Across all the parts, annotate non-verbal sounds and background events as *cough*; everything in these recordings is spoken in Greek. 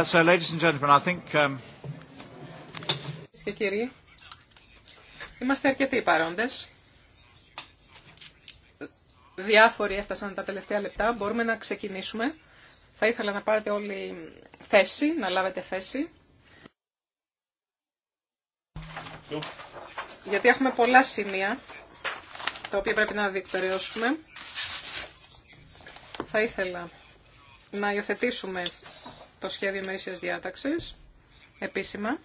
Uh, so, um, και κύριοι, είμαστε αρκετοί παρόντε. Διάφοροι έφτασαν τα τελευταία λεπτά. Μπορούμε να ξεκινήσουμε. Θα ήθελα να πάρετε όλοι θέση, να λάβετε θέση. Γιατί έχουμε πολλά σημεία τα οποία πρέπει να διεκπαιρεώσουμε. Θα ήθελα να υιοθετήσουμε το σχέδιο μερίσιας διάταξη. επίσημα.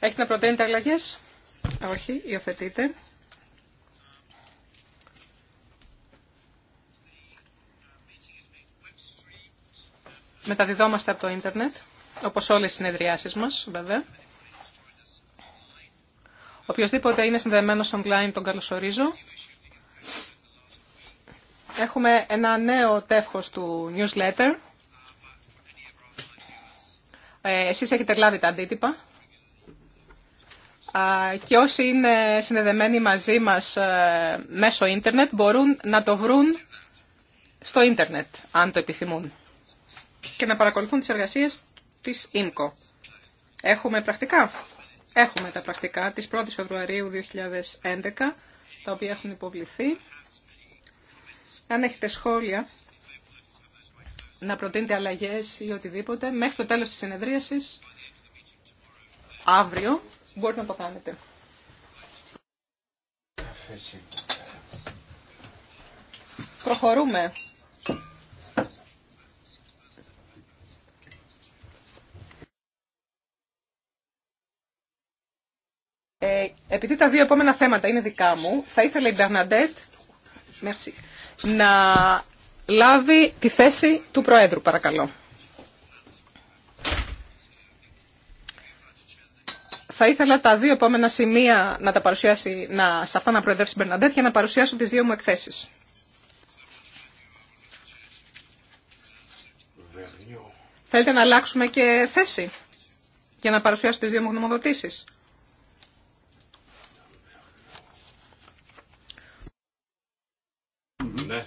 Έχετε να προτείνετε αλλαγέ. Όχι, υιοθετείτε. Μεταδιδόμαστε από το ίντερνετ, όπως όλες οι συνεδριάσεις μας, βέβαια. Οποιοςδήποτε είναι συνδεμένος online τον καλωσορίζω. Έχουμε ένα νέο τεύχος του newsletter, ε, εσείς έχετε λάβει τα αντίτυπα και όσοι είναι συνδεδεμένοι μαζί μας ε, μέσω ίντερνετ μπορούν να το βρουν στο ίντερνετ, αν το επιθυμούν, και να παρακολουθούν τις εργασίες της ΙΜΚΟ. Έχουμε πρακτικά. Έχουμε τα πρακτικά της 1ης Φεβρουαρίου 2011, τα οποία έχουν υποβληθεί. Αν έχετε σχόλια να προτείνετε αλλαγές ή οτιδήποτε μέχρι το τέλος της συνεδρίασης αύριο μπορείτε να το κάνετε. Προχωρούμε. Ε, επειδή τα δύο επόμενα θέματα είναι δικά μου, θα ήθελα η Μπερναντέτ να λάβει τη θέση του Προέδρου, παρακαλώ. Θα ήθελα τα δύο επόμενα σημεία να τα παρουσιάσει, να, σε αυτά να προεδρεύσει η Μπερναντέτ για να παρουσιάσω τις δύο μου εκθέσεις. Θέλετε να αλλάξουμε και θέση για να παρουσιάσω τις δύο μου γνωμοδοτήσεις. Ναι.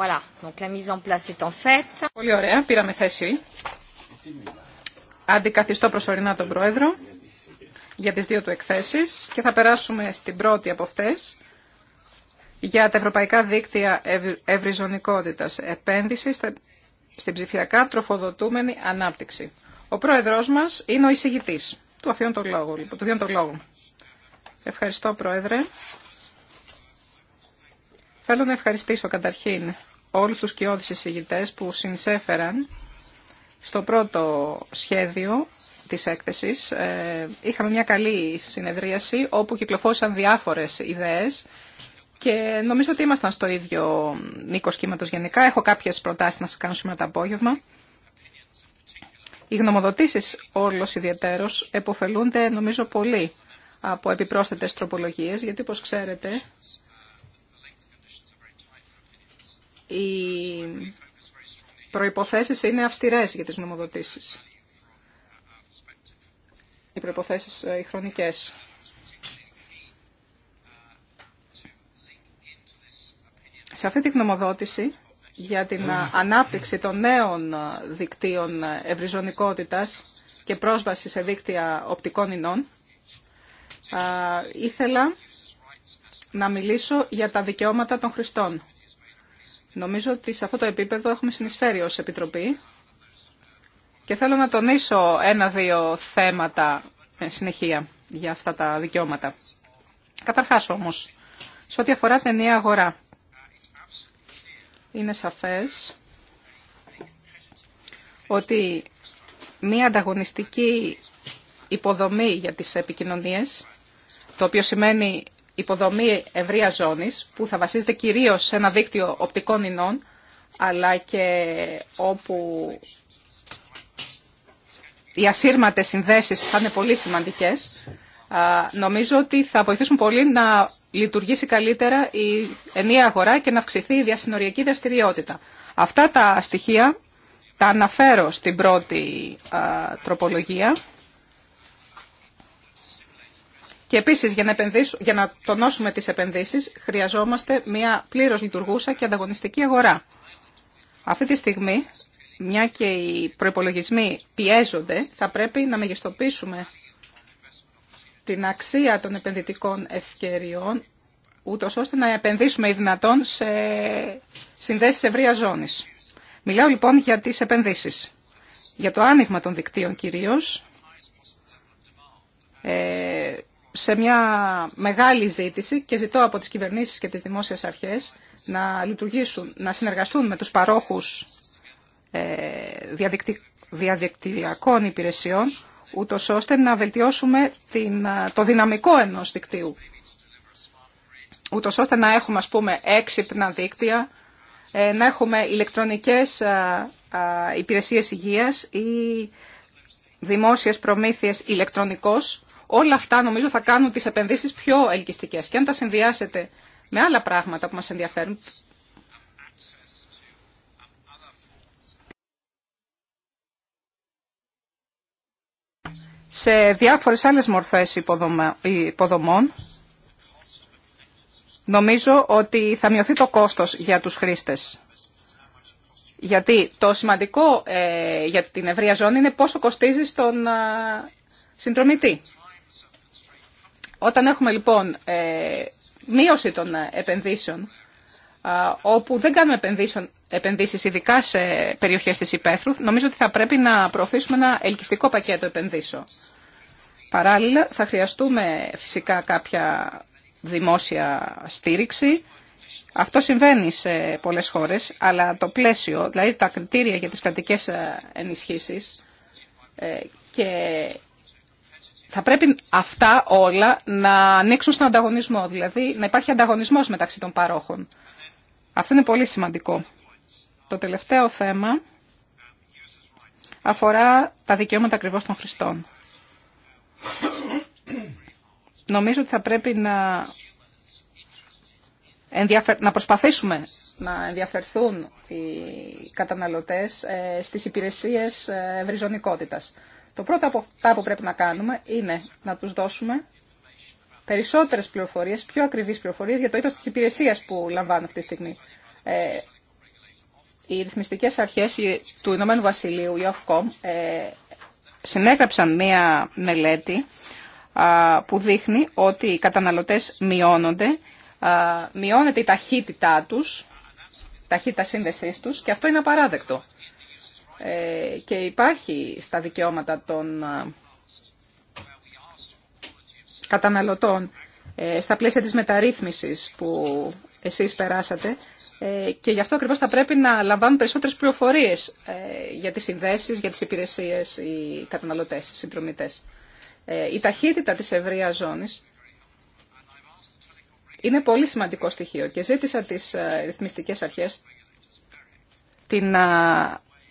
Voilà, donc la mise en place est en fait. Πολύ ωραία, πήραμε θέση. Αντικαθιστώ προσωρινά τον Πρόεδρο για τις δύο του εκθέσεις και θα περάσουμε στην πρώτη από αυτές για τα ευρωπαϊκά δίκτυα ευρυζωνικότητας επένδυσης στην ψηφιακά τροφοδοτούμενη ανάπτυξη. Ο Πρόεδρός μας είναι ο εισηγητής του αφιών των λόγων. Λοιπόν, του λόγων. Ευχαριστώ Πρόεδρε. Θέλω να ευχαριστήσω καταρχήν όλους τους κοιόδης εισηγητές που συνσέφεραν στο πρώτο σχέδιο της έκθεσης. Ε, είχαμε μια καλή συνεδρίαση όπου κυκλοφόρησαν διάφορες ιδέες και νομίζω ότι ήμασταν στο ίδιο μήκος κύματος γενικά. Έχω κάποιες προτάσεις να σας κάνω σήμερα το απόγευμα. Οι γνωμοδοτήσεις όλος ιδιαίτερος εποφελούνται νομίζω πολύ από επιπρόσθετες τροπολογίες, γιατί όπως ξέρετε οι προϋποθέσεις είναι αυστηρές για τις νομοδοτήσεις. Οι προϋποθέσεις ε, οι χρονικές. Σε αυτή τη γνωμοδότηση για την ε, ανάπτυξη των νέων ε, δικτύων ευρυζωνικότητας και πρόσβαση σε δίκτυα οπτικών ινών, ήθελα να μιλήσω για τα δικαιώματα των χρηστών. Νομίζω ότι σε αυτό το επίπεδο έχουμε συνεισφέρει ως Επιτροπή και θέλω να τονίσω ένα-δύο θέματα ε, συνεχεία για αυτά τα δικαιώματα. Καταρχάς όμως, σε ό,τι αφορά την ενιαία αγορά, είναι σαφές ότι μία ανταγωνιστική υποδομή για τις επικοινωνίες, το οποίο σημαίνει υποδομή ευρεία ζώνης που θα βασίζεται κυρίω σε ένα δίκτυο οπτικών ινών αλλά και όπου οι ασύρματες συνδέσεις θα είναι πολύ σημαντικές νομίζω ότι θα βοηθήσουν πολύ να λειτουργήσει καλύτερα η ενιαία αγορά και να αυξηθεί η διασυνοριακή δραστηριότητα. Αυτά τα στοιχεία τα αναφέρω στην πρώτη τροπολογία και επίση για να, για να τονώσουμε τις επενδύσεις χρειαζόμαστε μια πλήρω λειτουργούσα και ανταγωνιστική αγορά. Αυτή τη στιγμή, μια και οι προπολογισμοί πιέζονται, θα πρέπει να μεγιστοποιήσουμε την αξία των επενδυτικών ευκαιριών, ούτω ώστε να επενδύσουμε οι δυνατόν σε συνδέσεις ευρεία ζώνη. Μιλάω λοιπόν για τι επενδύσει. για το άνοιγμα των δικτύων κυρίω. Ε, σε μια μεγάλη ζήτηση και ζητώ από τις κυβερνήσεις και τις δημόσιες αρχές να λειτουργήσουν, να συνεργαστούν με τους παρόχους ε, διαδικτυακών υπηρεσιών, ούτω ώστε να βελτιώσουμε την, ε, το δυναμικό ενός δικτύου. Ούτως ώστε να έχουμε, ας πούμε, έξυπνα δίκτυα, ε, να έχουμε ηλεκτρονικές υπηρεσίες υγείας ή δημόσιες προμήθειες ηλεκτρονικώς Όλα αυτά νομίζω θα κάνουν τις επενδύσεις πιο ελκυστικές. Και αν τα συνδυάσετε με άλλα πράγματα που μας ενδιαφέρουν, σε διάφορες άλλες μορφές υποδομών, νομίζω ότι θα μειωθεί το κόστος για τους χρήστες. Γιατί το σημαντικό ε, για την ευρεία ζώνη είναι πόσο κοστίζει στον συντρομητή. Όταν έχουμε λοιπόν ε, μείωση των ε, επενδύσεων, όπου δεν κάνουμε επενδύσεις ειδικά σε περιοχές της υπαίθρου, νομίζω ότι θα πρέπει να προωθήσουμε ένα ελκυστικό πακέτο επενδύσεων. Παράλληλα, θα χρειαστούμε φυσικά κάποια δημόσια στήριξη. Αυτό συμβαίνει σε πολλές χώρες, αλλά το πλαίσιο, δηλαδή τα κριτήρια για τις κρατικές ε, ενισχύσεις και θα πρέπει αυτά όλα να ανοίξουν στον ανταγωνισμό, δηλαδή να υπάρχει ανταγωνισμός μεταξύ των παρόχων. Αυτό είναι πολύ σημαντικό. Το τελευταίο θέμα αφορά τα δικαιώματα ακριβώ των χρηστών. Νομίζω ότι θα πρέπει να, να προσπαθήσουμε να ενδιαφερθούν οι καταναλωτές ε, στις υπηρεσίες ε, ευρυζωνικότητας. Το πρώτο από τα που πρέπει να κάνουμε είναι να τους δώσουμε περισσότερες πληροφορίες, πιο ακριβείς πληροφορίες για το είδος της υπηρεσίας που λαμβάνουν αυτή τη στιγμή. Ε, οι ρυθμιστικές αρχές του Ηνωμένου Βασιλείου, η Ofcom, ε, συνέγραψαν μία μελέτη α, που δείχνει ότι οι καταναλωτές μειώνονται, α, μειώνεται η ταχύτητά τους, ταχύτητα σύνδεσής τους και αυτό είναι απαράδεκτο. Ε, και υπάρχει στα δικαιώματα των ε, καταναλωτών ε, στα πλαίσια της μεταρρύθμισης που εσείς περάσατε και γι' αυτό ακριβώς θα πρέπει να λαμβάνουν περισσότερες πληροφορίες για τις συνδέσεις, για τις υπηρεσίες οι καταναλωτές, οι συνδρομητές. Η ταχύτητα της ευρεία ζώνης είναι πολύ σημαντικό στοιχείο και ζήτησα τις ρυθμιστικές αρχές την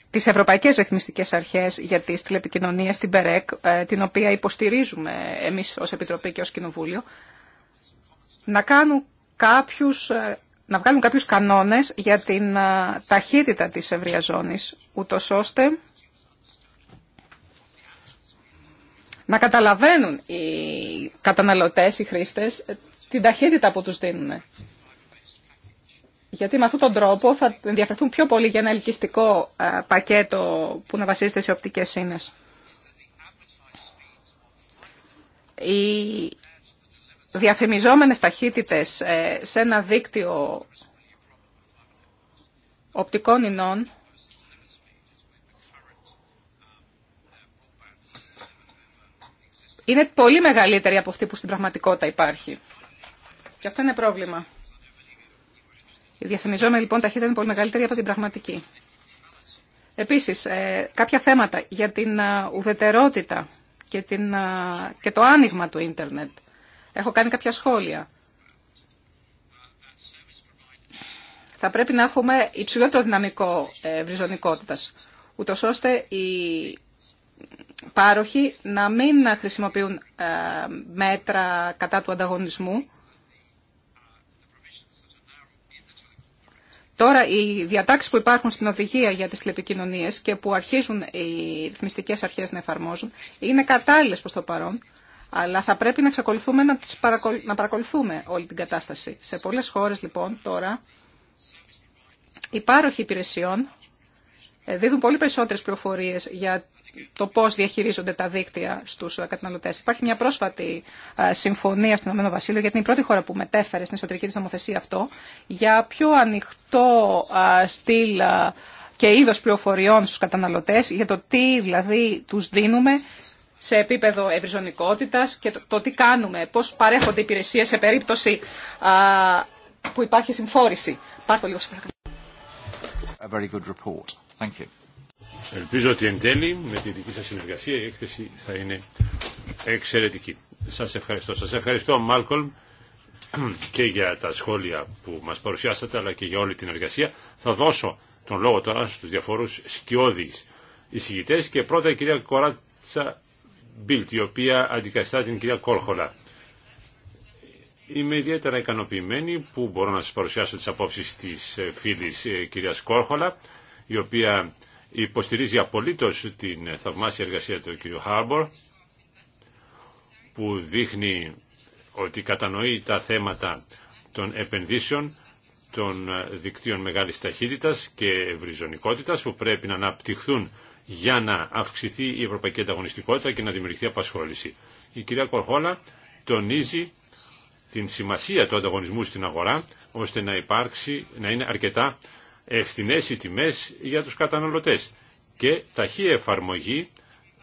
τις Ευρωπαϊκές Ρυθμιστικές Αρχές για τις τηλεπικοινωνίες στην ΠΕΡΕΚ, ε, την οποία υποστηρίζουμε εμείς ως Επιτροπή και ως Κοινοβούλιο, να, κάνουν κάποιους, ε, να βγάλουν κάποιους κανόνες για την ε, ταχύτητα της ευρείας ζώνης, ούτως ώστε να καταλαβαίνουν οι καταναλωτές, οι χρήστες, την ταχύτητα που τους δίνουν γιατί με αυτόν τον τρόπο θα ενδιαφερθούν πιο πολύ για ένα ελκυστικό ε, πακέτο που να βασίζεται σε οπτικές σύνες. Οι διαφημιζόμενες ταχύτητες ε, σε ένα δίκτυο οπτικών ινών είναι πολύ μεγαλύτερη από αυτή που στην πραγματικότητα υπάρχει. Και αυτό είναι πρόβλημα. Η διαφημιζόμενη λοιπόν ταχύτητα είναι πολύ μεγαλύτερη από την πραγματική. Επίσης, ε, κάποια θέματα για την ε, ουδετερότητα και, την, ε, και το άνοιγμα του ίντερνετ. Έχω κάνει κάποια σχόλια. Θα πρέπει να έχουμε υψηλότερο δυναμικό βριζονικότητα, ούτω ώστε οι πάροχοι να μην χρησιμοποιούν μέτρα κατά του ανταγωνισμού, Τώρα οι διατάξεις που υπάρχουν στην οδηγία για τις τηλεπικοινωνίες και που αρχίζουν οι ρυθμιστικές αρχές να εφαρμόζουν είναι κατάλληλες προς το παρόν, αλλά θα πρέπει να εξακολουθούμε να, να παρακολουθούμε όλη την κατάσταση. Σε πολλές χώρες λοιπόν τώρα οι πάροχοι υπηρεσιών ε, δίδουν πολύ περισσότερες πληροφορίες για το πώ διαχειρίζονται τα δίκτυα στου ε, καταναλωτέ. Υπάρχει μια πρόσφατη ε, συμφωνία στον Ηνωμένο γιατί είναι η πρώτη χώρα που μετέφερε στην εσωτερική τη νομοθεσία αυτό, για πιο ανοιχτό ε, στυλ και είδο πληροφοριών στου καταναλωτέ, για το τι δηλαδή του δίνουμε σε επίπεδο ευρυζωνικότητα και το, τι κάνουμε, πώ παρέχονται υπηρεσίε σε περίπτωση που υπάρχει συμφόρηση. Πάρτε λίγο, σε παρακαλώ. very good report. Thank you. Ελπίζω ότι εν τέλει με τη δική σας συνεργασία η έκθεση θα είναι εξαιρετική. Σας ευχαριστώ. Σας ευχαριστώ Μάλκολμ και για τα σχόλια που μας παρουσιάσατε αλλά και για όλη την εργασία. Θα δώσω τον λόγο τώρα στους διαφορούς σκιώδης εισηγητές και πρώτα η κυρία Κοράτσα Μπίλτ η οποία αντικαστά την κυρία Κόρχολα. Είμαι ιδιαίτερα ικανοποιημένη που μπορώ να σας παρουσιάσω τις απόψεις της φίλης ε, κυρίας Κόρχολα η οποία υποστηρίζει απολύτως την θαυμάσια εργασία του κ. Χάρμπορ που δείχνει ότι κατανοεί τα θέματα των επενδύσεων των δικτύων μεγάλης ταχύτητας και ευρυζωνικότητας που πρέπει να αναπτυχθούν για να αυξηθεί η ευρωπαϊκή ανταγωνιστικότητα και να δημιουργηθεί απασχόληση. Η κυρία Κορχόλα τονίζει την σημασία του ανταγωνισμού στην αγορά ώστε να υπάρξει, να είναι αρκετά ευθυνές οι τιμές για τους καταναλωτές και ταχύ εφαρμογή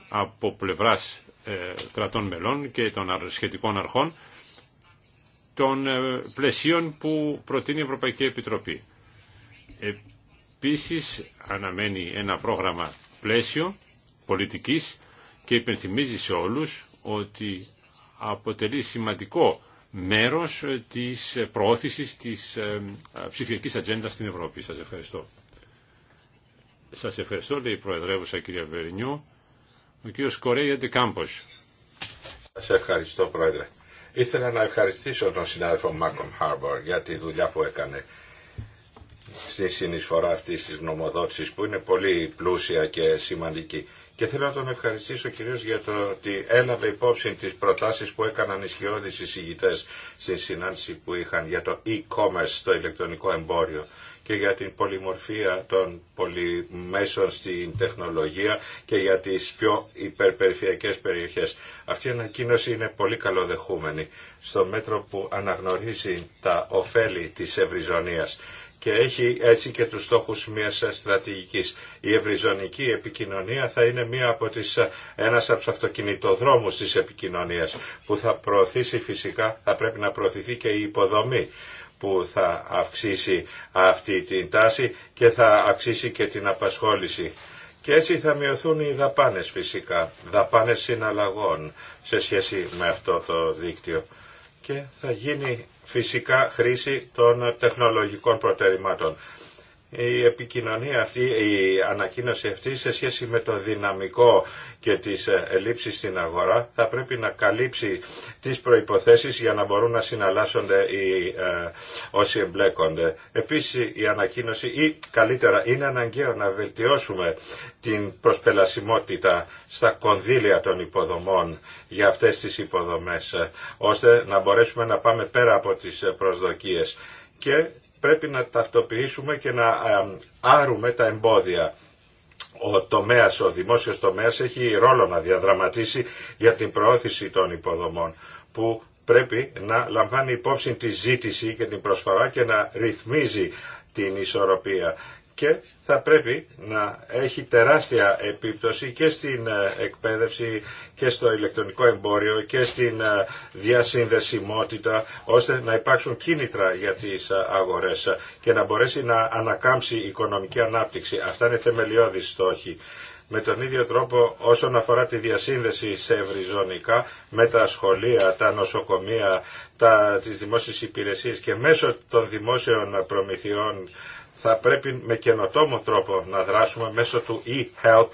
από πλευράς ε, κρατών μελών και των σχετικών αρχών των ε, πλαισίων που προτείνει η Ευρωπαϊκή Επιτροπή. Επίσης αναμένει ένα πρόγραμμα πλαίσιο πολιτικής και υπενθυμίζει σε όλους ότι αποτελεί σημαντικό μέρος της προώθησης της ε, ψηφιακής ατζέντα στην Ευρώπη. Σας ευχαριστώ. Σας ευχαριστώ, λέει η Προεδρεύουσα κυρία Βερνιού. Ο κύριος Κορέι Κάμπος. Σας ευχαριστώ, Πρόεδρε. Ήθελα να ευχαριστήσω τον συνάδελφο Μάκομ Χάρμπορ για τη δουλειά που έκανε στη συνεισφορά αυτής της γνωμοδότησης που είναι πολύ πλούσια και σημαντική και θέλω να τον ευχαριστήσω κυρίως για το ότι έλαβε υπόψη τις προτάσεις που έκαναν οι σκιώδεις εισηγητές στην συνάντηση που είχαν για το e-commerce, το ηλεκτρονικό εμπόριο και για την πολυμορφία των πολυμέσων στην τεχνολογία και για τις πιο υπερπεριφερειακές περιοχές. Αυτή η ανακοίνωση είναι πολύ καλοδεχούμενη στο μέτρο που αναγνωρίζει τα ωφέλη της ευρυζωνίας και έχει έτσι και τους στόχους μιας στρατηγικής. Η ευρυζωνική επικοινωνία θα είναι μία από τις, ένας από τους αυτοκινητοδρόμους της επικοινωνίας που θα προωθήσει φυσικά, θα πρέπει να προωθηθεί και η υποδομή που θα αυξήσει αυτή την τάση και θα αυξήσει και την απασχόληση. Και έτσι θα μειωθούν οι δαπάνες φυσικά, δαπάνες συναλλαγών σε σχέση με αυτό το δίκτυο. Και θα γίνει φυσικά χρήση των τεχνολογικών προτεραιμάτων. Η επικοινωνία αυτή, η ανακοίνωση αυτή σε σχέση με το δυναμικό και τις ε, ελλείψεις στην αγορά θα πρέπει να καλύψει τις προϋποθέσεις για να μπορούν να συναλλάσσονται οι, ε, όσοι εμπλέκονται. Επίσης η ανακοίνωση ή καλύτερα είναι αναγκαίο να βελτιώσουμε την προσπελασιμότητα στα κονδύλια των υποδομών για αυτές τις υποδομές ε, ώστε να μπορέσουμε να πάμε πέρα από τις ε, προσδοκίες και πρέπει να ταυτοποιήσουμε και να άρουμε τα εμπόδια ο τομέας, ο δημόσιος τομέας έχει ρόλο να διαδραματίσει για την προώθηση των υποδομών που πρέπει να λαμβάνει υπόψη τη ζήτηση και την προσφορά και να ρυθμίζει την ισορροπία. Και θα πρέπει να έχει τεράστια επίπτωση και στην ε, εκπαίδευση και στο ηλεκτρονικό εμπόριο και στην ε, διασυνδεσιμότητα ώστε να υπάρξουν κίνητρα για τις ε, αγορές και να μπορέσει να ανακάμψει η οικονομική ανάπτυξη. Αυτά είναι θεμελιώδεις στόχοι. Με τον ίδιο τρόπο όσον αφορά τη διασύνδεση σε ευρυζωνικά με τα σχολεία, τα νοσοκομεία, τα, τις δημόσιες υπηρεσίες και μέσω των δημόσιων προμηθειών θα πρέπει με καινοτόμο τρόπο να δράσουμε μέσω του e-help,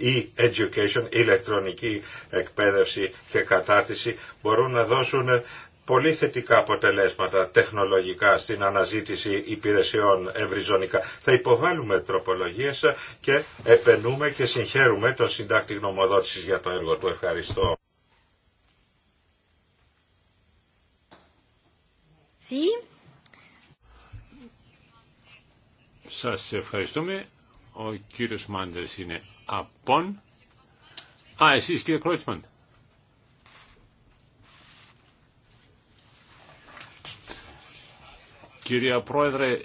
e-education, ηλεκτρονική εκπαίδευση και κατάρτιση μπορούν να δώσουν πολύ θετικά αποτελέσματα τεχνολογικά στην αναζήτηση υπηρεσιών ευρυζωνικά. Θα υποβάλουμε τροπολογίες και επενούμε και συγχαίρουμε τον συντάκτη γνωμοδότησης για το έργο του. Ευχαριστώ. Σας ευχαριστούμε. Ο κύριος Μάντερς είναι απόν. Α, εσείς κύριε Κρότσμαν. Κυρία Πρόεδρε,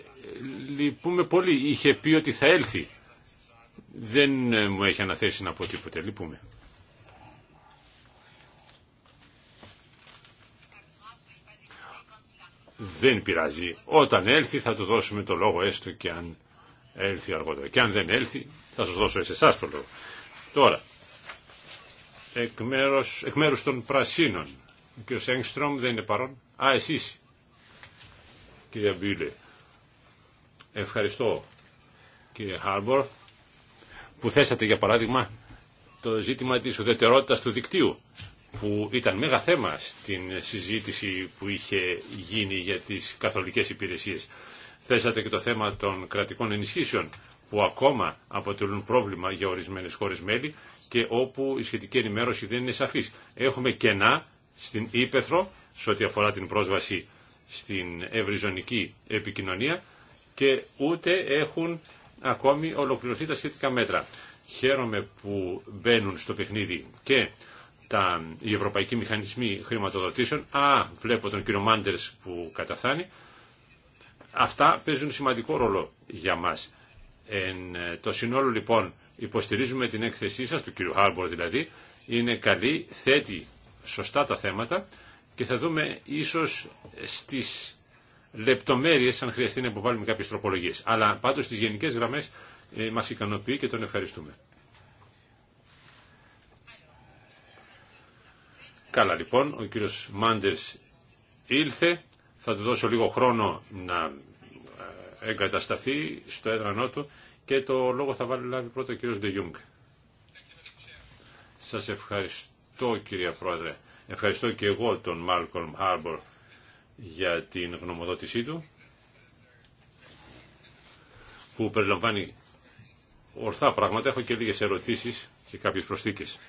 λυπούμε πολύ. Είχε πει ότι θα έλθει. Δεν μου έχει αναθέσει να πω τίποτε. Λυπούμε. Δεν πειράζει. Όταν έλθει θα του δώσουμε το λόγο έστω και αν έλθει αργότερα. Και αν δεν έλθει θα σας δώσω εσάς το λόγο. Τώρα, εκ μέρους, των Πρασίνων, ο κ. Έγκστρομ δεν είναι παρόν. Α, εσείς, κυρία Μπίλε Ευχαριστώ, κύριε Χάρμπορ, που θέσατε για παράδειγμα το ζήτημα της ουδετερότητας του δικτύου που ήταν μέγα θέμα στην συζήτηση που είχε γίνει για τις καθολικές υπηρεσίες. Θέσατε και το θέμα των κρατικών ενισχύσεων που ακόμα αποτελούν πρόβλημα για ορισμένες χώρες μέλη και όπου η σχετική ενημέρωση δεν είναι σαφής. Έχουμε κενά στην Ήπεθρο σε ό,τι αφορά την πρόσβαση στην ευρυζωνική επικοινωνία και ούτε έχουν ακόμη ολοκληρωθεί τα σχετικά μέτρα. Χαίρομαι που μπαίνουν στο παιχνίδι και τα, οι ευρωπαϊκοί μηχανισμοί χρηματοδοτήσεων. Α, βλέπω τον κύριο Μάντερ που καταφθάνει, Αυτά παίζουν σημαντικό ρόλο για μα. το συνόλο λοιπόν υποστηρίζουμε την έκθεσή σα, του κύριου Χάρμπορ δηλαδή, είναι καλή, θέτει σωστά τα θέματα και θα δούμε ίσως στις λεπτομέρειες αν χρειαστεί να υποβάλουμε κάποιε τροπολογίες. Αλλά πάντως στις γενικές γραμμές ε, μας ικανοποιεί και τον ευχαριστούμε. Καλά λοιπόν, ο κύριος Μάντερς ήλθε, θα του δώσω λίγο χρόνο να ε, εγκατασταθεί στο έδρανό του και το λόγο θα βάλει λάβει πρώτα ο κύριος Ντεγιούγκ. Σας ευχαριστώ κύριε Πρόεδρε. Ευχαριστώ και εγώ τον Μάλκολμ Χάρμπορ για την γνωμοδότησή του που περιλαμβάνει ορθά πράγματα. Έχω και λίγες ερωτήσεις και κάποιες προσθήκες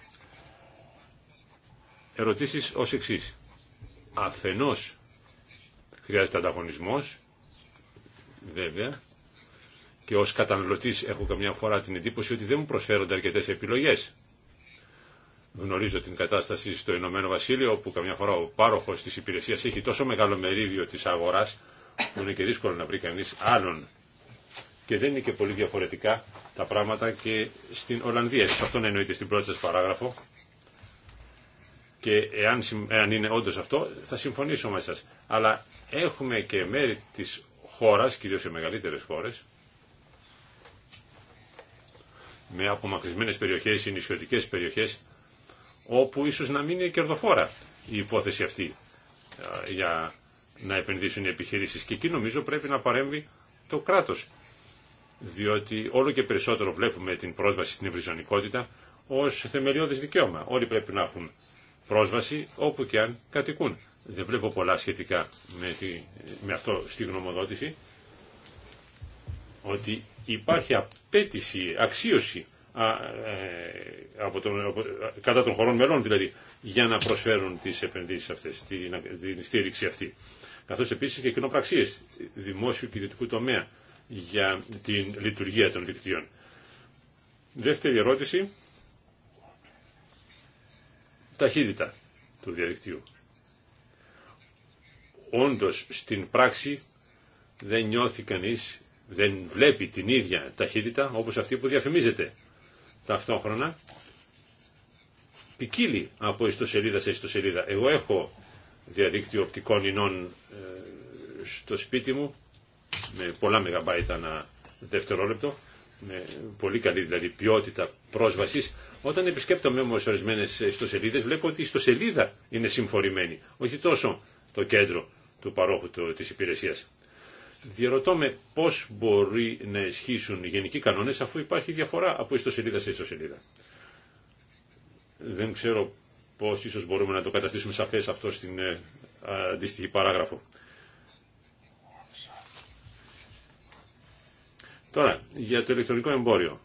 ερωτήσεις ως εξή. Αφενός χρειάζεται ανταγωνισμός, βέβαια, και ως καταναλωτής έχω καμιά φορά την εντύπωση ότι δεν μου προσφέρονται αρκετές επιλογές. Γνωρίζω την κατάσταση στο Ηνωμένο Βασίλειο, όπου καμιά φορά ο πάροχος της υπηρεσίας έχει τόσο μεγάλο μερίδιο της αγοράς, που είναι και δύσκολο να βρει κανείς άλλον. Και δεν είναι και πολύ διαφορετικά τα πράγματα και στην Ολλανδία. σε αυτό εννοείται στην πρώτη σας παράγραφο και εάν, εάν είναι όντω αυτό θα συμφωνήσω μαζί σας. Αλλά έχουμε και μέρη της χώρας, κυρίως σε μεγαλύτερες χώρες, με απομακρυσμένες περιοχές ή νησιωτικές περιοχές, όπου ίσως να μην είναι κερδοφόρα η υπόθεση αυτή ε, για να επενδύσουν οι επιχειρήσεις. Και εκεί νομίζω πρέπει να παρέμβει το κράτος. Διότι όλο και περισσότερο βλέπουμε την πρόσβαση στην ευρυζωνικότητα ως θεμελιώδης δικαίωμα. Όλοι πρέπει να έχουν πρόσβαση όπου και αν κατοικούν. Δεν βλέπω πολλά σχετικά με, τη, αυτό στη γνωμοδότηση ότι υπάρχει απέτηση, αξίωση α, ε, από τον, κατά των χωρών μελών δηλαδή για να προσφέρουν τις επενδύσεις αυτές, την, την στήριξη αυτή. Καθώς επίσης και κοινοπραξίες δημόσιου και ιδιωτικού τομέα για την λειτουργία των δικτύων. Δεύτερη ερώτηση ταχύτητα του διαδικτύου. Όντως στην πράξη δεν νιώθει κανείς, δεν βλέπει την ίδια ταχύτητα όπως αυτή που διαφημίζεται. Ταυτόχρονα ποικίλει από ιστοσελίδα σε ιστοσελίδα. Εγώ έχω διαδίκτυο οπτικών ινών ε, στο σπίτι μου με πολλά μεγαμπάιτα ένα δευτερόλεπτο με ναι, πολύ καλή δηλαδή ποιότητα πρόσβασης. Όταν επισκέπτομαι όμω ορισμένε ιστοσελίδε. βλέπω ότι η ιστοσελίδα είναι συμφορημένη, όχι τόσο το κέντρο του παρόχου της υπηρεσίας. Διερωτώ με πώς μπορεί να ισχύσουν οι γενικοί κανόνες αφού υπάρχει διαφορά από ιστοσελίδα σε ιστοσελίδα. Δεν ξέρω πώς ίσως μπορούμε να το καταστήσουμε σαφέ αυτό στην ε, αντίστοιχη παράγραφο. Τώρα, για το ηλεκτρονικό εμπόριο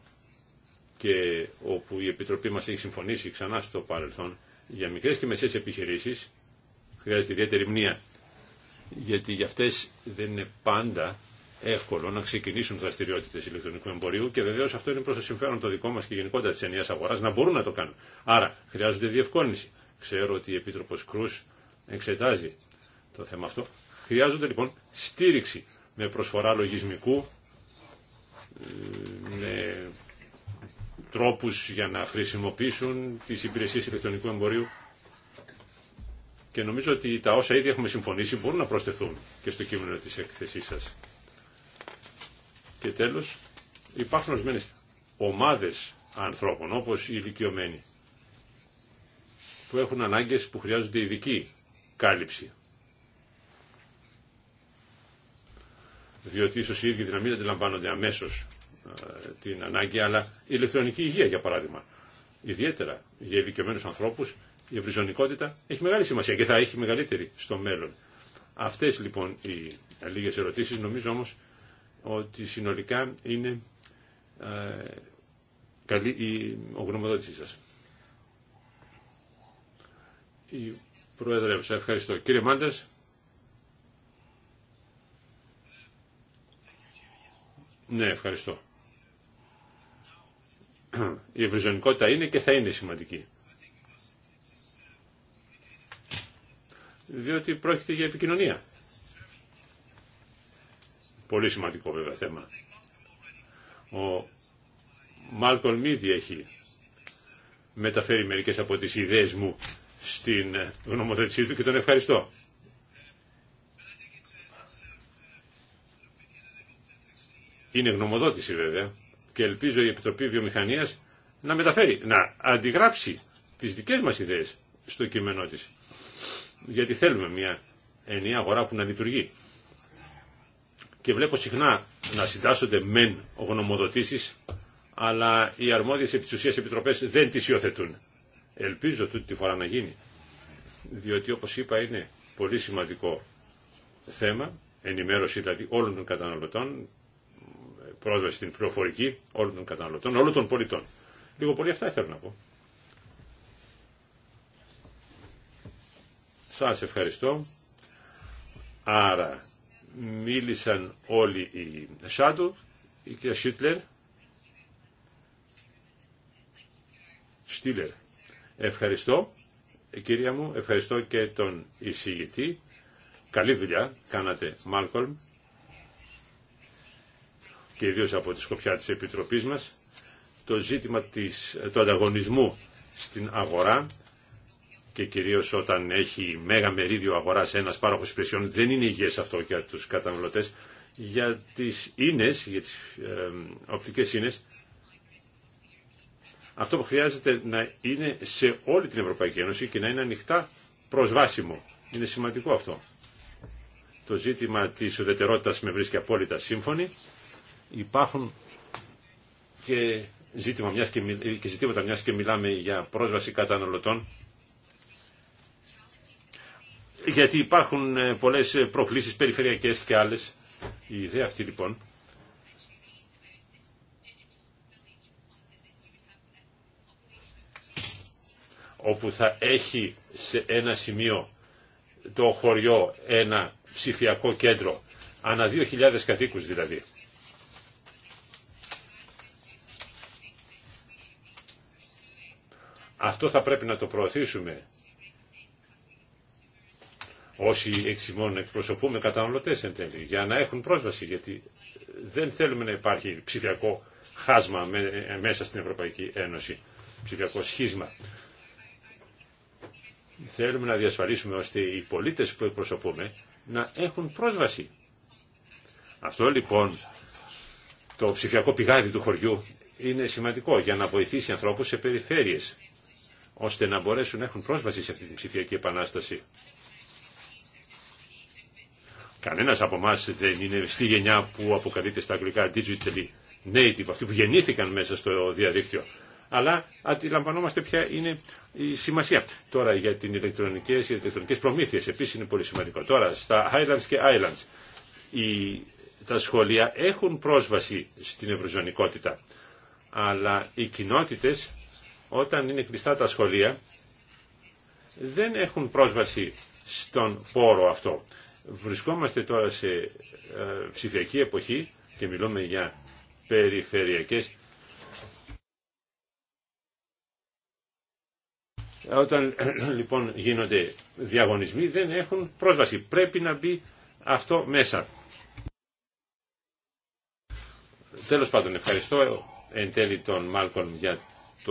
και όπου η Επιτροπή μας έχει συμφωνήσει ξανά στο παρελθόν για μικρές και μεσαίες επιχειρήσεις χρειάζεται ιδιαίτερη μνήμα γιατί για αυτές δεν είναι πάντα εύκολο να ξεκινήσουν δραστηριότητες ηλεκτρονικού εμπορίου και βεβαίως αυτό είναι προς το συμφέρον το δικό μας και γενικότερα της ενιαίας αγοράς να μπορούν να το κάνουν. Άρα χρειάζονται διευκόλυνση. Ξέρω ότι η Επίτροπος Κρούς εξετάζει το θέμα αυτό. Χρειάζονται λοιπόν στήριξη με προσφορά λογισμικού ε, με τρόπους για να χρησιμοποιήσουν τις υπηρεσίες ηλεκτρονικού εμπορίου και νομίζω ότι τα όσα ήδη έχουμε συμφωνήσει μπορούν να προσθεθούν και στο κείμενο της έκθεσής σας. Και τέλος, υπάρχουν ορισμένε ομάδες ανθρώπων, όπως οι ηλικιωμένοι, που έχουν ανάγκες που χρειάζονται ειδική κάλυψη. διότι ίσως οι ίδιοι δυναμοί δεν αντιλαμβάνονται αμέσως ε, την ανάγκη, αλλά η ηλεκτρονική υγεία για παράδειγμα. Ιδιαίτερα για ειδικευμένους ανθρώπους η ευρυζωνικότητα έχει μεγάλη σημασία και θα έχει μεγαλύτερη στο μέλλον. Αυτές λοιπόν οι λίγες ερωτήσεις νομίζω όμως ότι συνολικά είναι ε, καλή η γνωμοδότησή σας. Η Πρόεδρε, ευχαριστώ. Κύριε Μάντας. Ναι, ευχαριστώ. Η ευρυζωνικότητα είναι και θα είναι σημαντική. Διότι πρόκειται για επικοινωνία. Πολύ σημαντικό βέβαια θέμα. Ο μάλκον Μίδη έχει μεταφέρει μερικές από τις ιδέες μου στην γνωμοθέτησή του και τον ευχαριστώ. Είναι γνωμοδότηση βέβαια και ελπίζω η Επιτροπή Βιομηχανίας να μεταφέρει, να αντιγράψει τις δικές μας ιδέες στο κείμενό της. Γιατί θέλουμε μια ενιαία αγορά που να λειτουργεί. Και βλέπω συχνά να συντάσσονται μεν γνωμοδοτήσεις, αλλά οι αρμόδιες επί της επιτροπές δεν τις υιοθετούν. Ελπίζω τούτη τη φορά να γίνει. Διότι όπως είπα είναι πολύ σημαντικό θέμα, ενημέρωση δηλαδή όλων των καταναλωτών, πρόσβαση στην πληροφορική όλων των καταναλωτών, όλων των πολιτών. Λίγο πολύ αυτά ήθελα να πω. Σας ευχαριστώ. Άρα μίλησαν όλοι οι Σάντου, η κυρία Σίτλερ, Στίλερ. Ευχαριστώ, ε, κυρία μου, ευχαριστώ και τον εισηγητή. Καλή δουλειά κάνατε, Μάλκολμ και ιδίως από τη σκοπιά της Επιτροπής μας το ζήτημα της, του ανταγωνισμού στην αγορά και κυρίως όταν έχει μέγα μερίδιο αγοράς ένας πάροχος υπηρεσιών δεν είναι υγιές αυτό για τους καταναλωτές για τις ίνες, για τις οπτικές ίνες αυτό που χρειάζεται να είναι σε όλη την Ευρωπαϊκή Ένωση και να είναι ανοιχτά προσβάσιμο. Είναι σημαντικό αυτό. Το ζήτημα της ουδετερότητας με βρίσκει απόλυτα σύμφωνη Υπάρχουν και, ζήτημα μιας και, και ζητήματα μιας και μιλάμε για πρόσβαση καταναλωτών γιατί υπάρχουν ε, πολλές ε, προκλήσεις περιφερειακές και άλλες. Η ιδέα αυτή λοιπόν όπου θα έχει σε ένα σημείο το χωριό ένα ψηφιακό κέντρο ανά 2.000 κατοίκους δηλαδή Αυτό θα πρέπει να το προωθήσουμε όσοι εξημών εκπροσωπούμε καταναλωτές εν τέλει, για να έχουν πρόσβαση, γιατί δεν θέλουμε να υπάρχει ψηφιακό χάσμα μέσα στην Ευρωπαϊκή Ένωση, ψηφιακό σχίσμα. Θέλουμε να διασφαλίσουμε ώστε οι πολίτες που εκπροσωπούμε να έχουν πρόσβαση. Αυτό λοιπόν το ψηφιακό πηγάδι του χωριού είναι σημαντικό για να βοηθήσει ανθρώπους σε περιφέρειες ώστε να μπορέσουν να έχουν πρόσβαση σε αυτή την ψηφιακή επανάσταση. Κανένας από εμά δεν είναι στη γενιά που αποκαλείται στα αγγλικά digitally native, αυτοί που γεννήθηκαν μέσα στο διαδίκτυο. Αλλά αντιλαμβανόμαστε ποια είναι η σημασία. Τώρα για την ηλεκτρονικές, για τις ηλεκτρονικές προμήθειες επίσης είναι πολύ σημαντικό. Τώρα στα Highlands και Islands η, τα σχολεία έχουν πρόσβαση στην ευρωζωνικότητα. Αλλά οι κοινότητες όταν είναι κλειστά τα σχολεία δεν έχουν πρόσβαση στον πόρο αυτό. Βρισκόμαστε τώρα σε ε, ψηφιακή εποχή και μιλούμε για περιφερειακές. Όταν ε, λοιπόν γίνονται διαγωνισμοί δεν έχουν πρόσβαση. Πρέπει να μπει αυτό μέσα. Τέλος πάντων ευχαριστώ εν τέλει τον Μάλκον για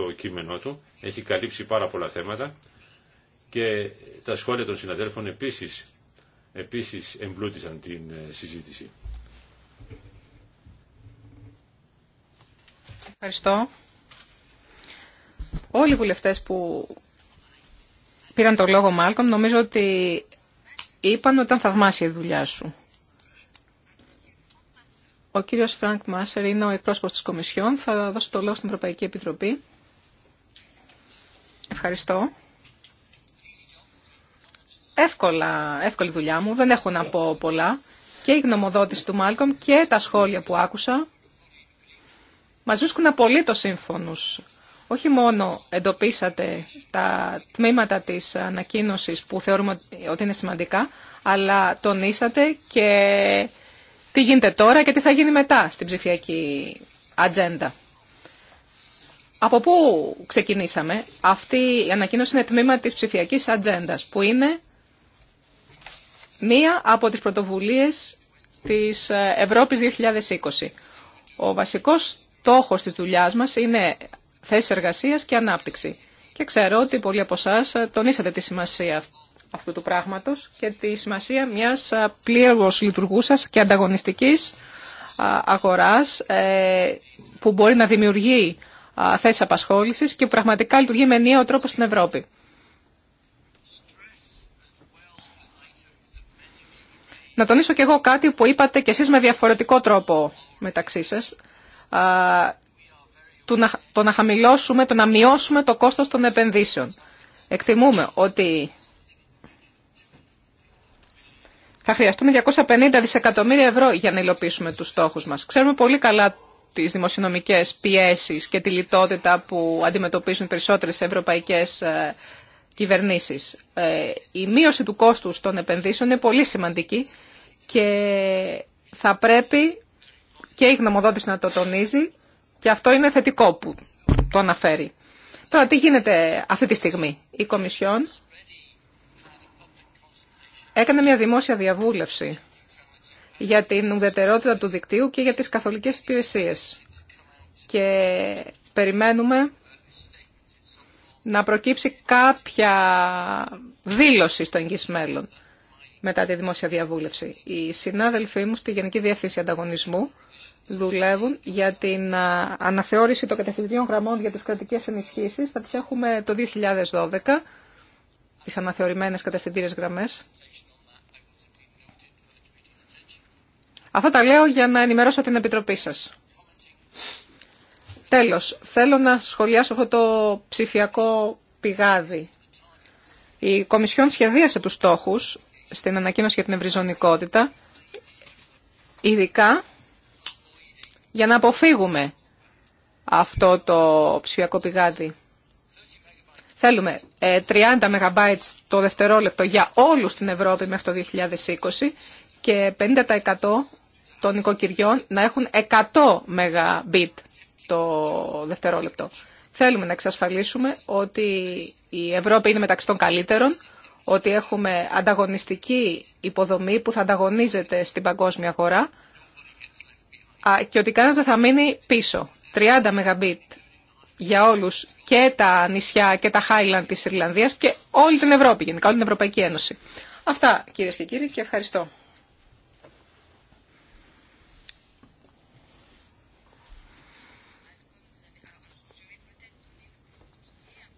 το κείμενό του, έχει καλύψει πάρα πολλά θέματα και τα σχόλια των συναδέλφων επίσης, επίσης εμπλούτησαν την ε, συζήτηση. Ευχαριστώ. Όλοι οι βουλευτές που πήραν το λόγο Μάλκομ νομίζω ότι είπαν ότι ήταν θαυμάσια η δουλειά σου. Ο κύριος Φρανκ Μάσερ είναι ο εκπρόσωπος της Κομισιόν. Θα δώσω το λόγο στην Ευρωπαϊκή Επιτροπή. Ευχαριστώ. Εύκολα, εύκολη δουλειά μου, δεν έχω να πω πολλά. Και η γνωμοδότηση του Μάλκομ και τα σχόλια που άκουσα μας βρίσκουν απολύτω σύμφωνους. Όχι μόνο εντοπίσατε τα τμήματα της ανακοίνωσης που θεωρούμε ότι είναι σημαντικά, αλλά τονίσατε και τι γίνεται τώρα και τι θα γίνει μετά στην ψηφιακή ατζέντα. Από πού ξεκινήσαμε. Αυτή η ανακοίνωση είναι τμήμα της ψηφιακής ατζέντα, που είναι μία από τις πρωτοβουλίες της ε, Ευρώπης 2020. Ο βασικός στόχος της δουλειάς μας είναι θέσεις εργασίας και ανάπτυξη. Και ξέρω ότι πολλοί από εσά ε, τονίσατε τη σημασία αυτού του πράγματος και τη σημασία μιας ε, πλήρως λειτουργούσας και ανταγωνιστικής αγοράς που μπορεί να δημιουργεί Θέσει απασχόληση και πραγματικά λειτουργεί με ενιαίο τρόπο στην Ευρώπη. Να τονίσω και εγώ κάτι που είπατε και εσείς με διαφορετικό τρόπο μεταξύ σας. Το να χαμηλώσουμε, το να μειώσουμε το κόστος των επενδύσεων. Εκτιμούμε ότι θα χρειαστούμε 250 δισεκατομμύρια ευρώ για να υλοποιήσουμε τους στόχους μας. Ξέρουμε πολύ καλά τις δημοσιονομικές πιέσεις και τη λιτότητα που αντιμετωπίζουν περισσότερες ευρωπαϊκές ε, κυβερνήσεις. Ε, η μείωση του κόστου των επενδύσεων είναι πολύ σημαντική και θα πρέπει και η γνωμοδότηση να το τονίζει και αυτό είναι θετικό που το αναφέρει. Τώρα τι γίνεται αυτή τη στιγμή. Η Κομισιόν έκανε μια δημόσια διαβούλευση για την ουδετερότητα του δικτύου και για τις καθολικές υπηρεσίες. Και περιμένουμε να προκύψει κάποια δήλωση στο εγγύς μέλλον μετά τη δημόσια διαβούλευση. Οι συνάδελφοί μου στη Γενική Διευθύνση Ανταγωνισμού δουλεύουν για την αναθεώρηση των κατευθυντήριων γραμμών για τις κρατικές ενισχύσεις. Θα τις έχουμε το 2012, τις αναθεωρημένες κατευθυντήριες γραμμές. Αυτά τα λέω για να ενημερώσω την Επιτροπή σας. Τέλος, θέλω να σχολιάσω αυτό το ψηφιακό πηγάδι. Η Κομισιόν σχεδίασε τους στόχους στην ανακοίνωση για την ευρυζωνικότητα, ειδικά για να αποφύγουμε αυτό το ψηφιακό πηγάδι. Θέλουμε 30 ε, MB το δευτερόλεπτο για όλους στην Ευρώπη μέχρι το 2020 και 50% των οικοκυριών να έχουν 100 MB το δευτερόλεπτο. Θέλουμε να εξασφαλίσουμε ότι η Ευρώπη είναι μεταξύ των καλύτερων, ότι έχουμε ανταγωνιστική υποδομή που θα ανταγωνίζεται στην παγκόσμια αγορά και ότι κανένα δεν θα μείνει πίσω. 30 Mbit για όλους και τα νησιά και τα Highland της Ιρλανδίας και όλη την Ευρώπη γενικά, όλη την Ευρωπαϊκή Ένωση. Αυτά κυρίε και κύριοι και ευχαριστώ.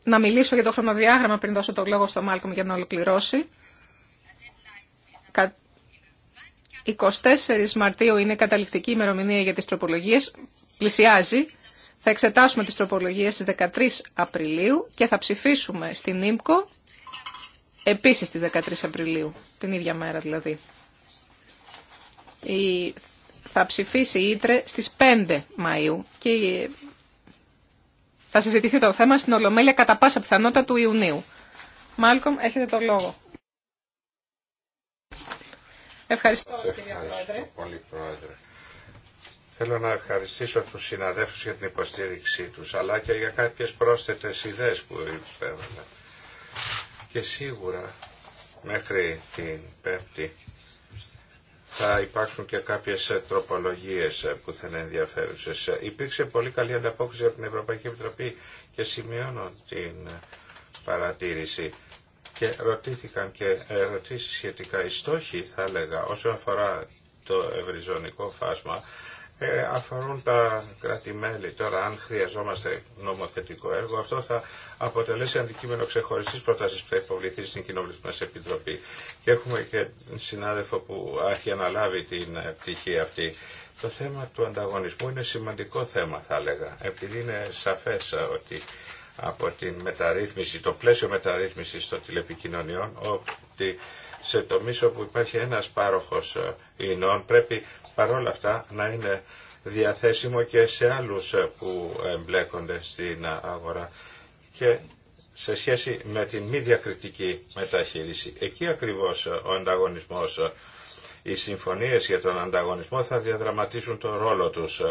Να μιλήσω για το χρονοδιάγραμμα πριν δώσω το λόγο στο Μάλκομ για να ολοκληρώσει. 24 Μαρτίου είναι καταληκτική ημερομηνία για τις τροπολογίες. Πλησιάζει. Θα εξετάσουμε τις τροπολογίες στις 13 Απριλίου και θα ψηφίσουμε στην ΙΜΚΟ επίσης στις 13 Απριλίου, την ίδια μέρα δηλαδή. Θα ψηφίσει η Ήτρε στις 5 Μαΐου και θα συζητηθεί το θέμα στην Ολομέλεια κατά πάσα πιθανότητα του Ιουνίου. Μάλκομ, έχετε το λόγο. Ευχαριστώ, κύριε Πρόεδρε. Πολύ, Πρόεδρε. Θέλω να ευχαριστήσω τους συναδέλφους για την υποστήριξή τους, αλλά και για κάποιες πρόσθετες ιδέες που υπέβαλα. Και σίγουρα μέχρι την Πέμπτη θα υπάρξουν και κάποιες τροπολογίες που θα είναι ενδιαφέρουσες. Υπήρξε πολύ καλή ανταπόκριση από την Ευρωπαϊκή Επιτροπή και σημειώνω την παρατήρηση και ρωτήθηκαν και ερωτήσεις σχετικά. Οι στόχοι θα έλεγα όσον αφορά το ευρυζωνικό φάσμα ε, αφορούν τα κράτη-μέλη. Τώρα, αν χρειαζόμαστε νομοθετικό έργο, αυτό θα αποτελέσει αντικείμενο ξεχωριστή πρόταση που θα υποβληθεί στην Κοινοβουλευτική μα Επιτροπή. Και έχουμε και συνάδελφο που έχει αναλάβει την πτυχή αυτή. Το θέμα του ανταγωνισμού είναι σημαντικό θέμα, θα έλεγα, επειδή είναι σαφέ ότι από την μεταρρύθμιση, το πλαίσιο μεταρρύθμισης των τηλεπικοινωνιών, ότι σε τομεί όπου υπάρχει ένα πάροχο ινών πρέπει παρόλα αυτά να είναι διαθέσιμο και σε άλλους ε, που εμπλέκονται στην ε, αγορά και σε σχέση με την μη διακριτική μεταχείριση. Εκεί ακριβώς ε, ο ανταγωνισμός, οι συμφωνίες για τον ανταγωνισμό θα διαδραματίσουν τον ρόλο τους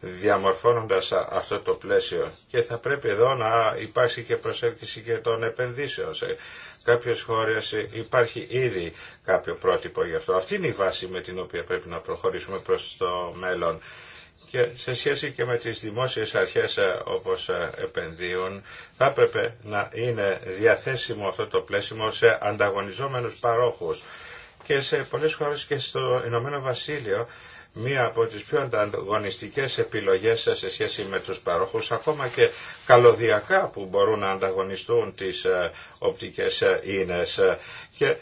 διαμορφώνοντας αυτό το πλαίσιο και θα πρέπει εδώ να υπάρξει και προσέλκυση και των επενδύσεων κάποιες χώρες ε, υπάρχει ήδη κάποιο πρότυπο γι' αυτό. Αυτή είναι η βάση με την οποία πρέπει να προχωρήσουμε προς το μέλλον. Και σε σχέση και με τις δημόσιες αρχές ε, όπως ε, επενδύουν, θα έπρεπε να είναι διαθέσιμο αυτό το πλαίσιο σε ανταγωνιζόμενους παρόχους. Και σε πολλές χώρες και στο Ηνωμένο Βασίλειο μία από τις πιο ανταγωνιστικές επιλογές σας σε σχέση με τους παρόχους, ακόμα και καλωδιακά που μπορούν να ανταγωνιστούν τις ε, οπτικές ε, ίνες. Ε, και